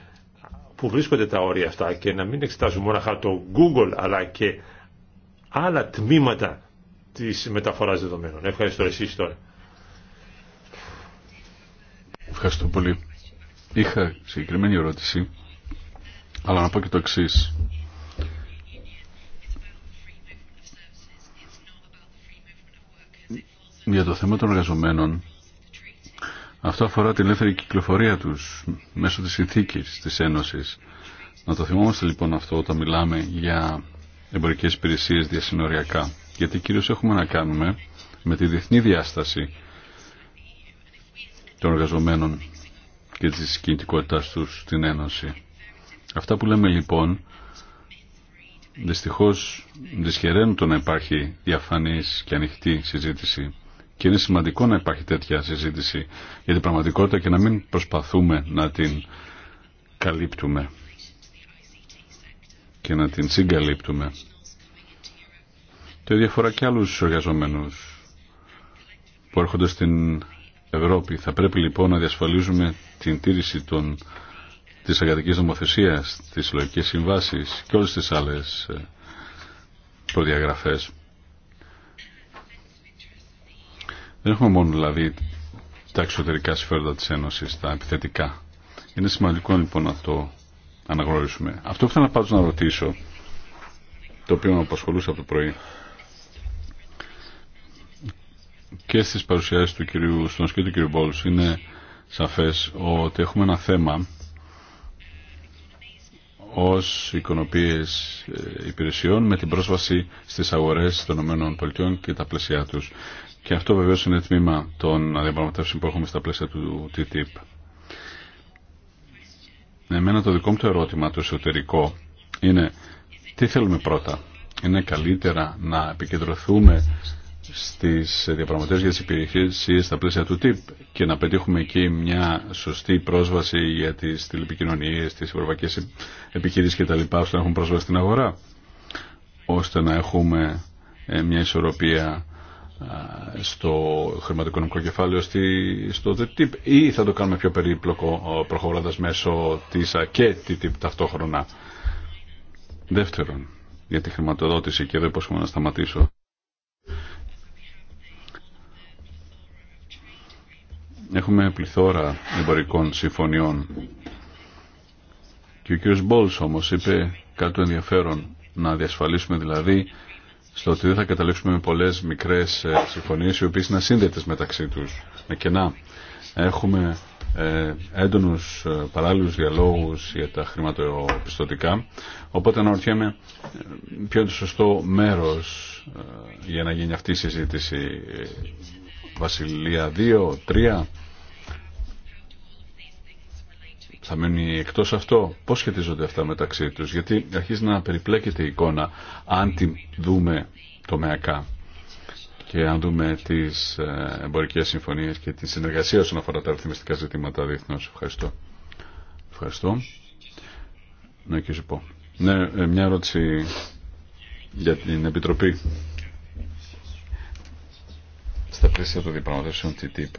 που βρίσκονται τα όρια αυτά και να μην εξετάζουμε μόνο το Google αλλά και άλλα τμήματα της μεταφοράς δεδομένων. Ευχαριστώ εσείς τώρα. Ευχαριστώ πολύ. Είχα συγκεκριμένη ερώτηση αλλά να πω και το εξή. Για το θέμα των εργαζομένων, αυτό αφορά την ελεύθερη κυκλοφορία τους μέσω της συνθήκης της Ένωσης. Να το θυμόμαστε λοιπόν αυτό όταν μιλάμε για εμπορικές υπηρεσίες διασυνοριακά. Γιατί κυρίως έχουμε να κάνουμε με τη διεθνή διάσταση των εργαζομένων και της κινητικότητάς τους στην Ένωση. Αυτά που λέμε λοιπόν δυστυχώς δυσχεραίνουν το να υπάρχει διαφανής και ανοιχτή συζήτηση και είναι σημαντικό να υπάρχει τέτοια συζήτηση για την πραγματικότητα και να μην προσπαθούμε να την καλύπτουμε και να την συγκαλύπτουμε. Το ίδιο και άλλους εργαζομένους που έρχονται στην Ευρώπη. Θα πρέπει λοιπόν να διασφαλίζουμε την τήρηση των της εργατική νομοθεσίας, της συλλογικής συμβάση και όλες τις άλλες ε, προδιαγραφές. Δεν έχουμε μόνο δηλαδή τα εξωτερικά συμφέροντα της Ένωσης, τα επιθετικά. Είναι σημαντικό λοιπόν να το αναγνωρίσουμε. Αυτό που ήθελα πάντως να ρωτήσω, το οποίο με απασχολούσε από το πρωί, και στις παρουσιάσεις του κυρίου στον και του κυρίου Μπόλους είναι σαφές ότι έχουμε ένα θέμα ως οικονοπίες υπηρεσιών με την πρόσβαση στις αγορές των ΗΠΑ και τα πλαίσια τους. Και αυτό βεβαίως είναι τμήμα των αδιαπραγματεύσεων που έχουμε στα πλαίσια του TTIP. Εμένα το δικό μου το ερώτημα, το εσωτερικό, είναι τι θέλουμε πρώτα. Είναι καλύτερα να επικεντρωθούμε στι διαπραγματεύσει για τι υπηρεσίε στα πλαίσια του TIP και να πετύχουμε εκεί μια σωστή πρόσβαση για τι τηλεπικοινωνίες, τι ευρωπαϊκέ επιχειρήσει κτλ. ώστε να έχουν πρόσβαση στην αγορά ώστε να έχουμε ε, μια ισορροπία στο χρηματοοικονομικό κεφάλαιο στη, στο TIP. ή θα το κάνουμε πιο περίπλοκο προχωρώντας μέσω της και ΤΥΠ ταυτόχρονα. Δεύτερον, για τη χρηματοδότηση και εδώ υπόσχομαι να σταματήσω. Έχουμε πληθώρα εμπορικών συμφωνιών. Και ο κ. Μπόλς όμως είπε κάτι ενδιαφέρον να διασφαλίσουμε δηλαδή στο ότι δεν θα καταλήξουμε με πολλές μικρές ε, συμφωνίες οι οποίες είναι ασύνδετες μεταξύ τους, με κενά. Έχουμε ε, έντονους ε, παράλληλους διαλόγους για τα χρηματοπιστωτικά οπότε αναρωτιέμαι ε, ποιο είναι το σωστό μέρος για να γίνει αυτή η συζήτηση Βασιλεία 2, 3. Θα μείνει εκτός αυτό. Πώς σχετίζονται αυτά μεταξύ τους. Γιατί αρχίζει να περιπλέκεται η εικόνα αν τη δούμε τομεακά και αν δούμε τις ε, εμπορικές συμφωνίες και τη συνεργασία όσον αφορά τα αριθμιστικά ζητήματα διεθνώς. Ευχαριστώ. Ευχαριστώ. Ναι, και σου Ναι, ε, μια ερώτηση για την Επιτροπή στα πλαίσια των διαπραγματεύσεων TTIP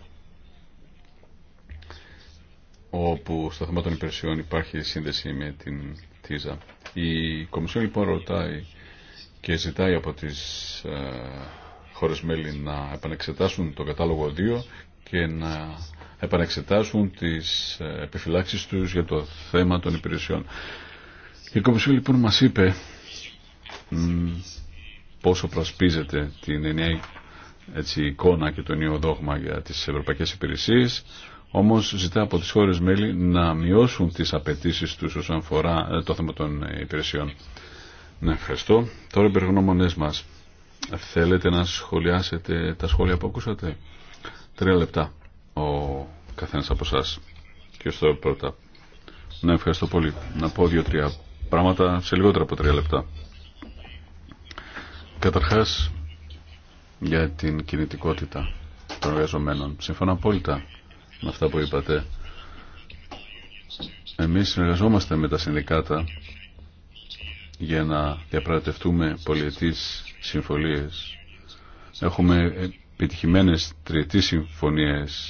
όπου στο θέμα των υπηρεσιών υπάρχει σύνδεση με την ΤΙΖΑ. Η Κομισιόν λοιπόν ρωτάει και ζητάει από τις ε, μέλη να επανεξετάσουν το κατάλογο 2 και να επανεξετάσουν τις ε, επιφυλάξεις τους για το θέμα των υπηρεσιών. Η Κομισιόν λοιπόν μας είπε μ, πόσο προσπίζεται την ενιαία έτσι, εικόνα και το νέο δόγμα για τις ευρωπαϊκέ υπηρεσίε. όμως ζητά από τις χώρες μέλη να μειώσουν τις απαιτήσει τους όσον αφορά ε, το θέμα των υπηρεσιών. Ναι, ευχαριστώ. Τώρα οι περιγνώμονές μας. Θέλετε να σχολιάσετε τα σχόλια που ακούσατε. Τρία λεπτά ο καθένα από εσά. Και στο πρώτα. Ναι, ευχαριστώ πολύ. Να πω δύο-τρία πράγματα σε λιγότερα από τρία λεπτά. Καταρχάς, για την κινητικότητα των εργαζομένων. Συμφωνώ απόλυτα με αυτά που είπατε. Εμείς συνεργαζόμαστε με τα συνδικάτα για να διαπραγματευτούμε πολιετής συμφωνίες. Έχουμε επιτυχημένες τριετής συμφωνίες,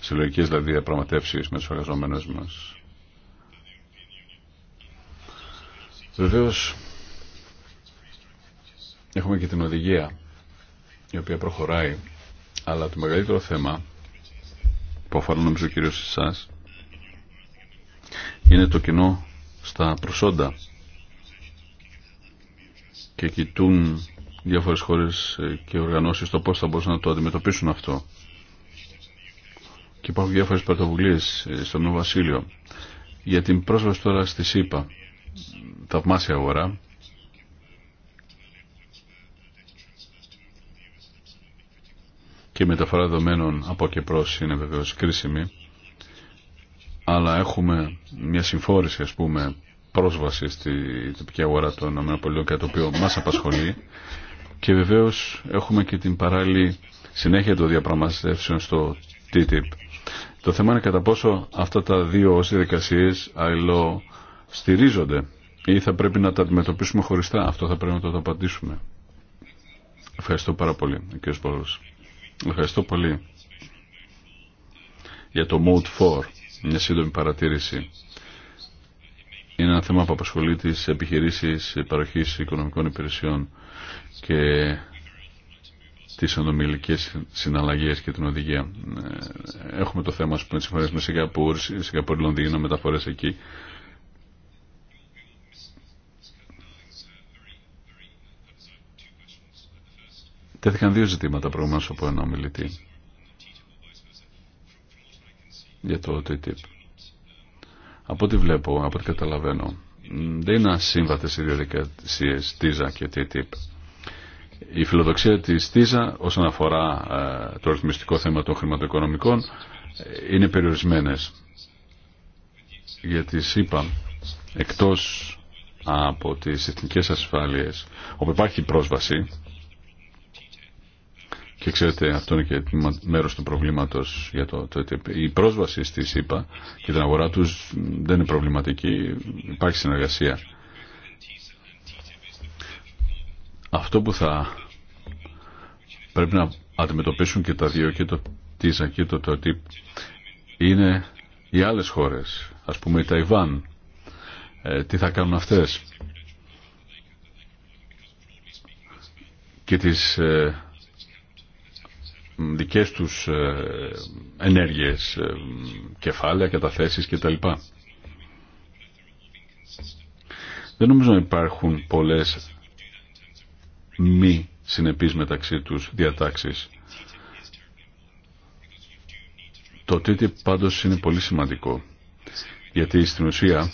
συλλογικές δηλαδή διαπραγματεύσεις με τους εργαζομένους μας. Βεβαίως, έχουμε και την οδηγία η οποία προχωράει. Αλλά το μεγαλύτερο θέμα που αφορά νομίζω κυρίως εσάς είναι το κοινό στα προσόντα και κοιτούν διάφορες χώρες ε, και οργανώσεις το πώς θα μπορούσαν να το αντιμετωπίσουν αυτό. Και υπάρχουν διάφορες πρωτοβουλίε ε, στο Νέο για την πρόσβαση τώρα στη ΣΥΠΑ, θαυμάσια αγορά, και η μεταφορά δεδομένων από και προς είναι βεβαίως κρίσιμη αλλά έχουμε μια συμφόρηση ας πούμε πρόσβαση στη τοπική αγορά των ΗΠΑ και το οποίο μας απασχολεί και βεβαίως έχουμε και την παράλληλη συνέχεια των διαπραγματεύσεων στο TTIP. Το θέμα είναι κατά πόσο αυτά τα δύο ως διαδικασίες αλληλό στηρίζονται ή θα πρέπει να τα αντιμετωπίσουμε χωριστά. Αυτό θα πρέπει να το απαντήσουμε. Ευχαριστώ πάρα πολύ, κύριε Σπόρος. Ευχαριστώ πολύ για το Mode 4, μια σύντομη παρατήρηση. Είναι ένα θέμα που απασχολεί τις επιχειρήσεις παροχής οικονομικών υπηρεσιών και τις ανομιλικές συναλλαγές και την οδηγία. Ε, έχουμε το θέμα, ας πούμε, τη συμφωνία με Σιγκαπούρ, Σιγκαπούρ, Λονδίνο, μεταφορές εκεί. Τέθηκαν δύο ζητήματα προηγουμένως από ένα ομιλητή για το TTIP. Από ό,τι βλέπω, από ό,τι καταλαβαίνω, δεν είναι ασύμβατες οι διαδικασίε TISA και TTIP. Η φιλοδοξία της TISA όσον αφορά ε, το ρυθμιστικό θέμα των χρηματοοικονομικών ε, είναι περιορισμένες. Γιατί είπα, εκτός από τις εθνικές ασφάλειες όπου υπάρχει πρόσβαση και ξέρετε αυτό είναι και μέρος του προβλήματο για το TTIP. Η πρόσβαση στη ΣΥΠΑ και την αγορά τους δεν είναι προβληματική, υπάρχει συνεργασία. Αυτό που θα πρέπει να αντιμετωπίσουν και τα δύο και το ΤΙΖΑ και το ΤΟΤΙΠ είναι οι άλλες χώρες, ας πούμε η Ταϊβάν, ε, τι θα κάνουν αυτές και τις ε, δικές τους ε, ενέργειες, ε, κεφάλαια, καταθέσεις κτλ. Δεν νομίζω να υπάρχουν πολλές μη συνεπείς μεταξύ τους διατάξεις. Το τίτι πάντως είναι πολύ σημαντικό, γιατί στην ουσία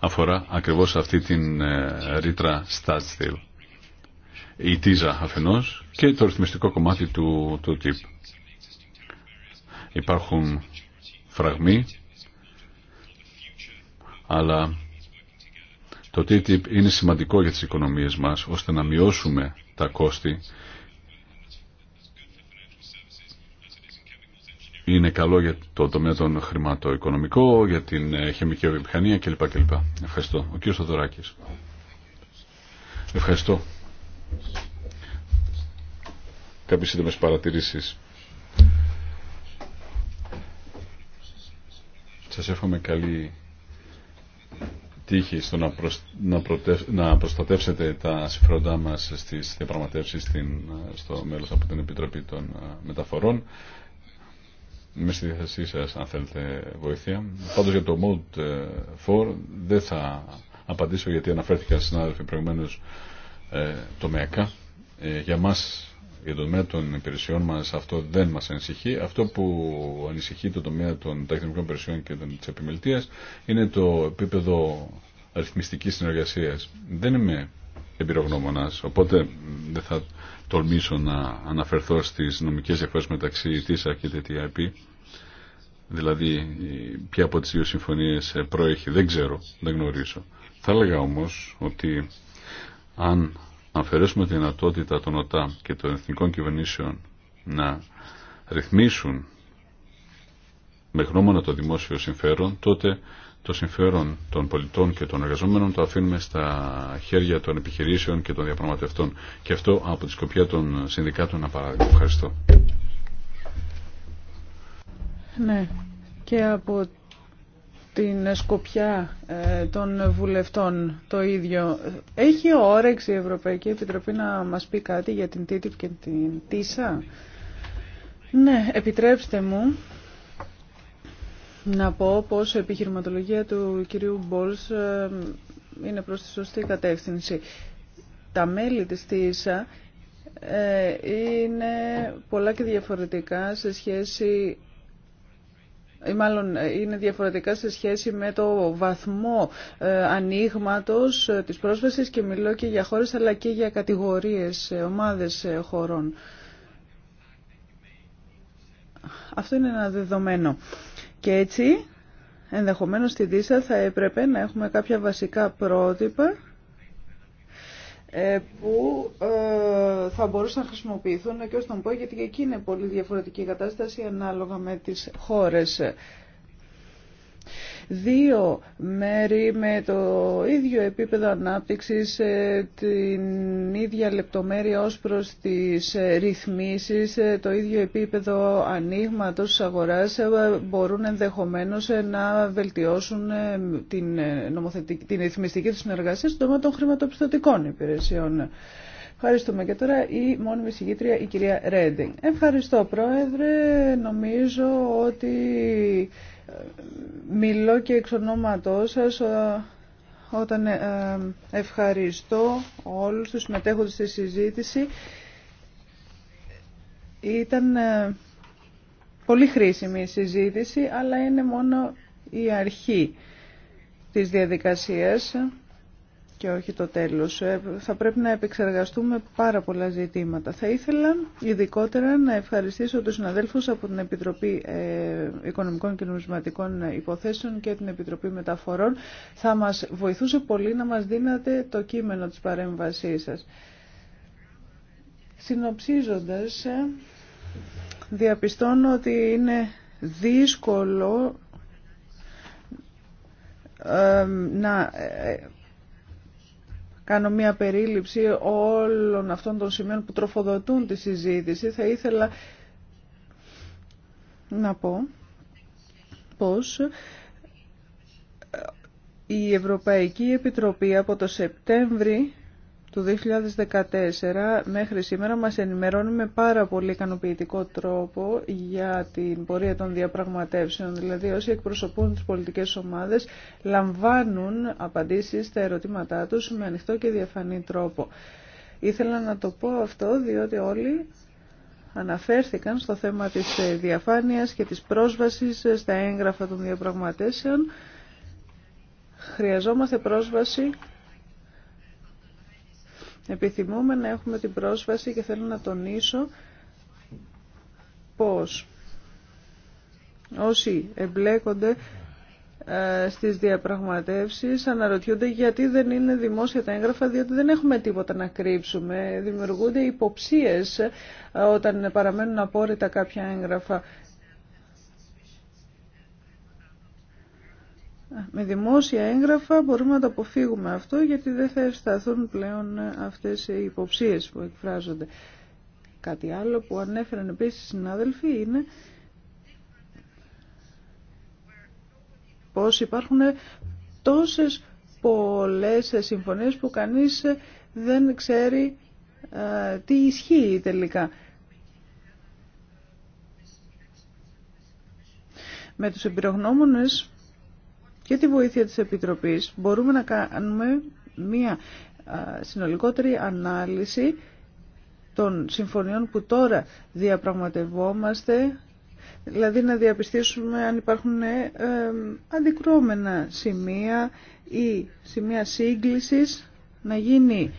αφορά ακριβώς αυτή την ε, ρήτρα στατστιλ η ΤΙΖΑ αφενός και το ρυθμιστικό κομμάτι του, του Υπάρχουν φραγμοί, αλλά το TTIP είναι σημαντικό για τις οικονομίες μας, ώστε να μειώσουμε τα κόστη. Είναι καλό για το τομέα των χρηματοοικονομικό, για την ε, χημική βιομηχανία κλπ. Ευχαριστώ. Ο κ. Θοδωράκης. Ευχαριστώ. Κάποιες σύντομες παρατηρήσεις. Σας εύχομαι καλή τύχη στο να, προσ... να, προστατεύσετε τα συμφέροντά μας στις διαπραγματεύσεις στην... στο μέλος από την Επιτροπή των ε, Μεταφορών. Είμαι στη διάθεσή σας αν θέλετε βοήθεια. Πάντως για το Mode 4 ε, δεν θα απαντήσω γιατί αναφέρθηκα συνάδελφοι προηγουμένως το ε, τομέακα. Ε, για μας, για το τομέα των υπηρεσιών μας, αυτό δεν μας ανησυχεί. Αυτό που ανησυχεί το τομέα των τεχνικών υπηρεσιών και τη της είναι το επίπεδο αριθμιστικής συνεργασίας. Δεν είμαι εμπειρογνώμονας, οπότε δεν θα τολμήσω να αναφερθώ στις νομικές διαφορές μεταξύ της και της Δηλαδή, ποια από τις δύο συμφωνίες προέχει, δεν ξέρω, δεν γνωρίζω. Θα έλεγα όμω ότι αν αφαιρέσουμε τη δυνατότητα των ΟΤΑ και των εθνικών κυβερνήσεων να ρυθμίσουν με γνώμονα το δημόσιο συμφέρον, τότε το συμφέρον των πολιτών και των εργαζόμενων το αφήνουμε στα χέρια των επιχειρήσεων και των διαπραγματευτών. Και αυτό από τη σκοπιά των συνδικάτων ένα παράδειγμα. Ευχαριστώ. Ναι. Και από την σκοπιά ε, των βουλευτών το ίδιο. Έχει όρεξη η Ευρωπαϊκή Επιτροπή να μας πει κάτι για την TTIP και την ΤΙΣΑ. Ναι, επιτρέψτε μου να πω πως η επιχειρηματολογία του κυρίου Μπόλς ε, είναι προς τη σωστή κατεύθυνση. Τα μέλη της ΤΙΣΑ ε, είναι πολλά και διαφορετικά σε σχέση ή μάλλον ε, είναι διαφορετικά σε σχέση με το βαθμό ε, ανοίγματο ε, της πρόσβασης και μιλώ και για χώρες αλλά και για κατηγορίες, ομάδες χωρών. Αυτό είναι ένα δεδομένο. Και έτσι, ενδεχομένως στη ΔΙΣΑ θα έπρεπε να έχουμε κάποια βασικά πρότυπα ε, που ε, θα μπορούσαν να χρησιμοποιηθούν και ως τον πω γιατί και εκεί είναι πολύ διαφορετική η κατάσταση ανάλογα με τις χώρες δύο μέρη με το ίδιο επίπεδο ανάπτυξης, ε, την ίδια λεπτομέρεια ως προς τις ε, ρυθμίσεις, ε, το ίδιο επίπεδο ανοίγματος της αγοράς μπορούν ενδεχομένως να βελτιώσουν την, την ρυθμιστική του συνεργασία στον τομέα των χρηματοπιστωτικών υπηρεσιών. Ευχαριστούμε. Και τώρα η μόνιμη συγκήτρια, η κυρία Ρέντινγκ. Ευχαριστώ, Πρόεδρε. Νομίζω ότι Μιλώ και εξ ονόματός σας όταν ε, ευχαριστώ όλους τους συμμετέχοντες στη συζήτηση. Ήταν ε, πολύ χρήσιμη η συζήτηση, αλλά είναι μόνο η αρχή της διαδικασίας και όχι το τέλος. Ε, θα πρέπει να επεξεργαστούμε πάρα πολλά ζητήματα. Θα ήθελα ειδικότερα να ευχαριστήσω τους συναδέλφους από την Επιτροπή ε, Οικονομικών και Νομισματικών Υποθέσεων και την Επιτροπή Μεταφορών. Θα μας βοηθούσε πολύ να μας δίνατε το κείμενο της παρέμβασής σας. Συνοψίζοντας, ε, διαπιστώνω ότι είναι δύσκολο να κάνω μια περίληψη όλων αυτών των σημείων που τροφοδοτούν τη συζήτηση. Θα ήθελα να πω πως ε, η Ευρωπαϊκή Επιτροπή από το Σεπτέμβρη του 2014 μέχρι σήμερα μας ενημερώνει με πάρα πολύ ικανοποιητικό τρόπο για την πορεία των διαπραγματεύσεων. Δηλαδή όσοι εκπροσωπούν τις πολιτικές ομάδες λαμβάνουν απαντήσεις στα ερωτήματά τους με ανοιχτό και διαφανή τρόπο. Ήθελα να το πω αυτό διότι όλοι αναφέρθηκαν στο θέμα της διαφάνειας και της πρόσβασης στα έγγραφα των διαπραγματεύσεων. Χρειαζόμαστε πρόσβαση Επιθυμούμε να έχουμε την πρόσβαση και θέλω να τονίσω πώς όσοι εμπλέκονται ε, στις διαπραγματεύσεις αναρωτιούνται γιατί δεν είναι δημόσια τα έγγραφα διότι δεν έχουμε τίποτα να κρύψουμε δημιουργούνται υποψίες ε, όταν παραμένουν απόρριτα κάποια έγγραφα με δημόσια έγγραφα μπορούμε να το αποφύγουμε αυτό γιατί δεν θα ευσταθούν πλέον αυτές οι υποψίες που εκφράζονται. Κάτι άλλο που ανέφεραν επίσης οι συνάδελφοι είναι πως υπάρχουν τόσες πολλές συμφωνίες που κανείς δεν ξέρει τι ισχύει τελικά. Με τους εμπειρογνώμονες για τη βοήθεια της Επιτροπής μπορούμε να κάνουμε μία συνολικότερη ανάλυση των συμφωνιών που τώρα διαπραγματευόμαστε, δηλαδή να διαπιστήσουμε αν υπάρχουν ε, αντικρώμενα σημεία ή σημεία σύγκλησης, να γίνει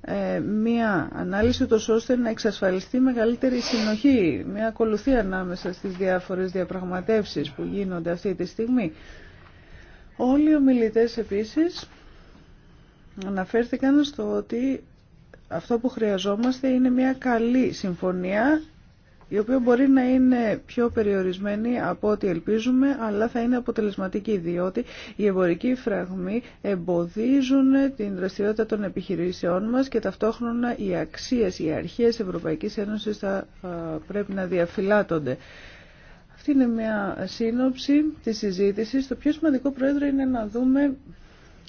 ε, μία ανάλυση τόσο ώστε να εξασφαλιστεί μεγαλύτερη συνοχή, μία ακολουθία ανάμεσα στις διάφορες διαπραγματεύσεις που γίνονται αυτή τη στιγμή. Όλοι οι ομιλητές επίσης αναφέρθηκαν στο ότι αυτό που χρειαζόμαστε είναι μια καλή συμφωνία η οποία μπορεί να είναι πιο περιορισμένη από ό,τι ελπίζουμε, αλλά θα είναι αποτελεσματική, διότι οι εμπορικοί φραγμοί εμποδίζουν την δραστηριότητα των επιχειρήσεών μας και ταυτόχρονα οι αξίες, οι αρχές Ευρωπαϊκής Ένωσης θα πρέπει να διαφυλάτονται. Αυτή είναι μια σύνοψη της συζήτησης. Το πιο σημαντικό, Πρόεδρε, είναι να δούμε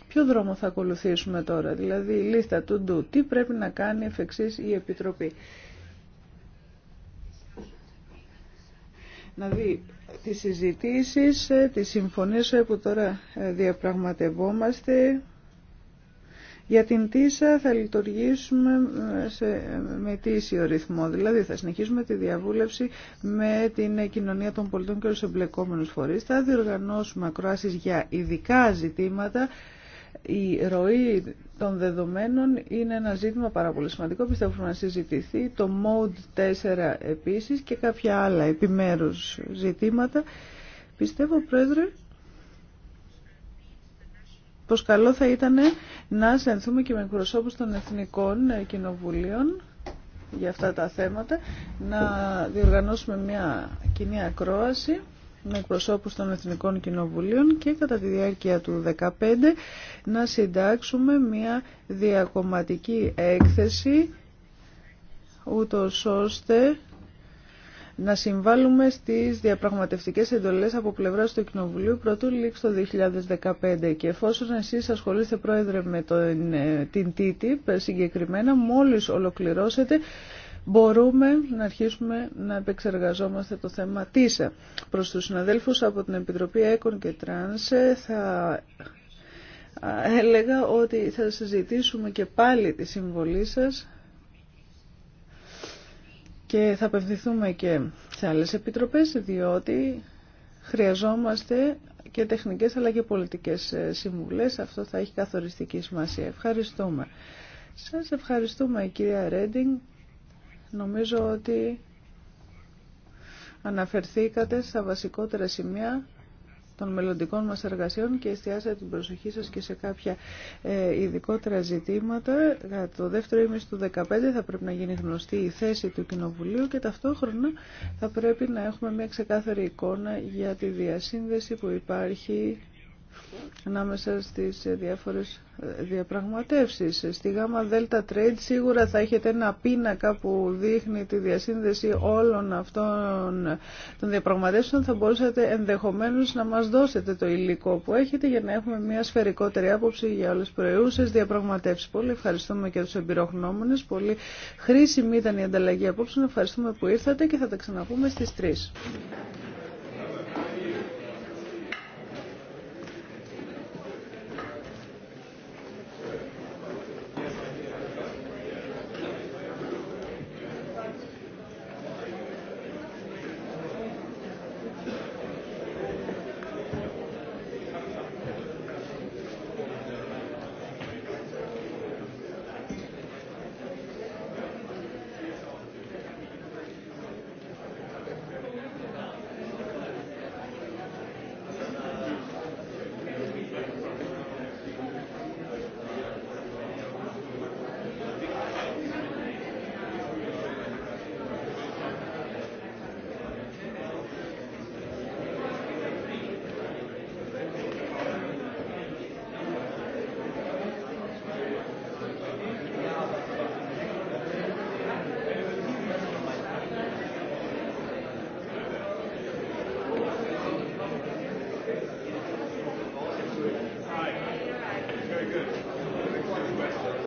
ποιο δρόμο θα ακολουθήσουμε τώρα. Δηλαδή, η λίστα του ντου. Τι πρέπει να κάνει εφ' εξής η Επιτροπή. Να δει τις συζητήσεις, ε, τις συμφωνίες ε, που τώρα ε, διαπραγματευόμαστε, για την ΤΙΣΑ θα λειτουργήσουμε ε, με τίσιο ρυθμό, δηλαδή θα συνεχίσουμε τη διαβούλευση με την κοινωνία των πολιτών και τους εμπλεκόμενους φορείς. Θα διοργανώσουμε ακροάσεις για ειδικά ζητήματα. Η ροή των δεδομένων είναι ένα ζήτημα πάρα πολύ σημαντικό, Πιστεύω να συζητηθεί, το Mode 4 επίσης και κάποια άλλα επιμέρους ζητήματα. Πιστεύω, Πρόεδρε, πως καλό θα ήταν να συνθούμε και με εκπροσώπους των Εθνικών Κοινοβουλίων για αυτά τα θέματα, να διοργανώσουμε μια κοινή ακρόαση με εκπροσώπους των Εθνικών Κοινοβουλίων και κατά τη διάρκεια του 2015 να συντάξουμε μια διακομματική έκθεση ούτως ώστε να συμβάλλουμε στις διαπραγματευτικές εντολές από πλευρά του Κοινοβουλίου πρωτού λήξει το 2015 και εφόσον εσείς ασχολείστε πρόεδρε με τον, ε, την TTIP συγκεκριμένα μόλις ολοκληρώσετε μπορούμε να αρχίσουμε να επεξεργαζόμαστε το θέμα τίσα. Προς τους συναδέλφους από την Επιτροπή ΕΚΟΝ και Τρανς ε, θα ε, έλεγα ότι θα συζητήσουμε και πάλι τη συμβολή σας και θα απευθυνθούμε και σε άλλες επιτροπές διότι χρειαζόμαστε και τεχνικές αλλά και πολιτικές ε, συμβουλές. Αυτό θα έχει καθοριστική σημασία. Ευχαριστούμε. Σας ευχαριστούμε κυρία Ρέντινγκ. Νομίζω ότι αναφερθήκατε στα βασικότερα σημεία των μελλοντικών μας εργασιών και εστιάσατε την προσοχή σας και σε κάποια ε, ειδικότερα ζητήματα. το δεύτερο ήμιση του 2015 θα πρέπει να γίνει γνωστή η θέση του Κοινοβουλίου και ταυτόχρονα θα πρέπει να έχουμε μια ξεκάθαρη εικόνα για τη διασύνδεση που υπάρχει ανάμεσα στις διάφορες ε, διαπραγματεύσεις. Στη γάμα Δέλτα Trade σίγουρα θα έχετε ένα πίνακα που δείχνει τη διασύνδεση όλων αυτών των διαπραγματεύσεων. Θα μπορούσατε ενδεχομένως να μας δώσετε το υλικό που έχετε για να έχουμε μια σφαιρικότερη άποψη για όλες τις προϊούσες διαπραγματεύσεις. Πολύ ευχαριστούμε και τους εμπειρογνώμονες. Πολύ χρήσιμη ήταν η ανταλλαγή απόψεων. Ευχαριστούμε που ήρθατε και θα τα ξαναπούμε στις 3.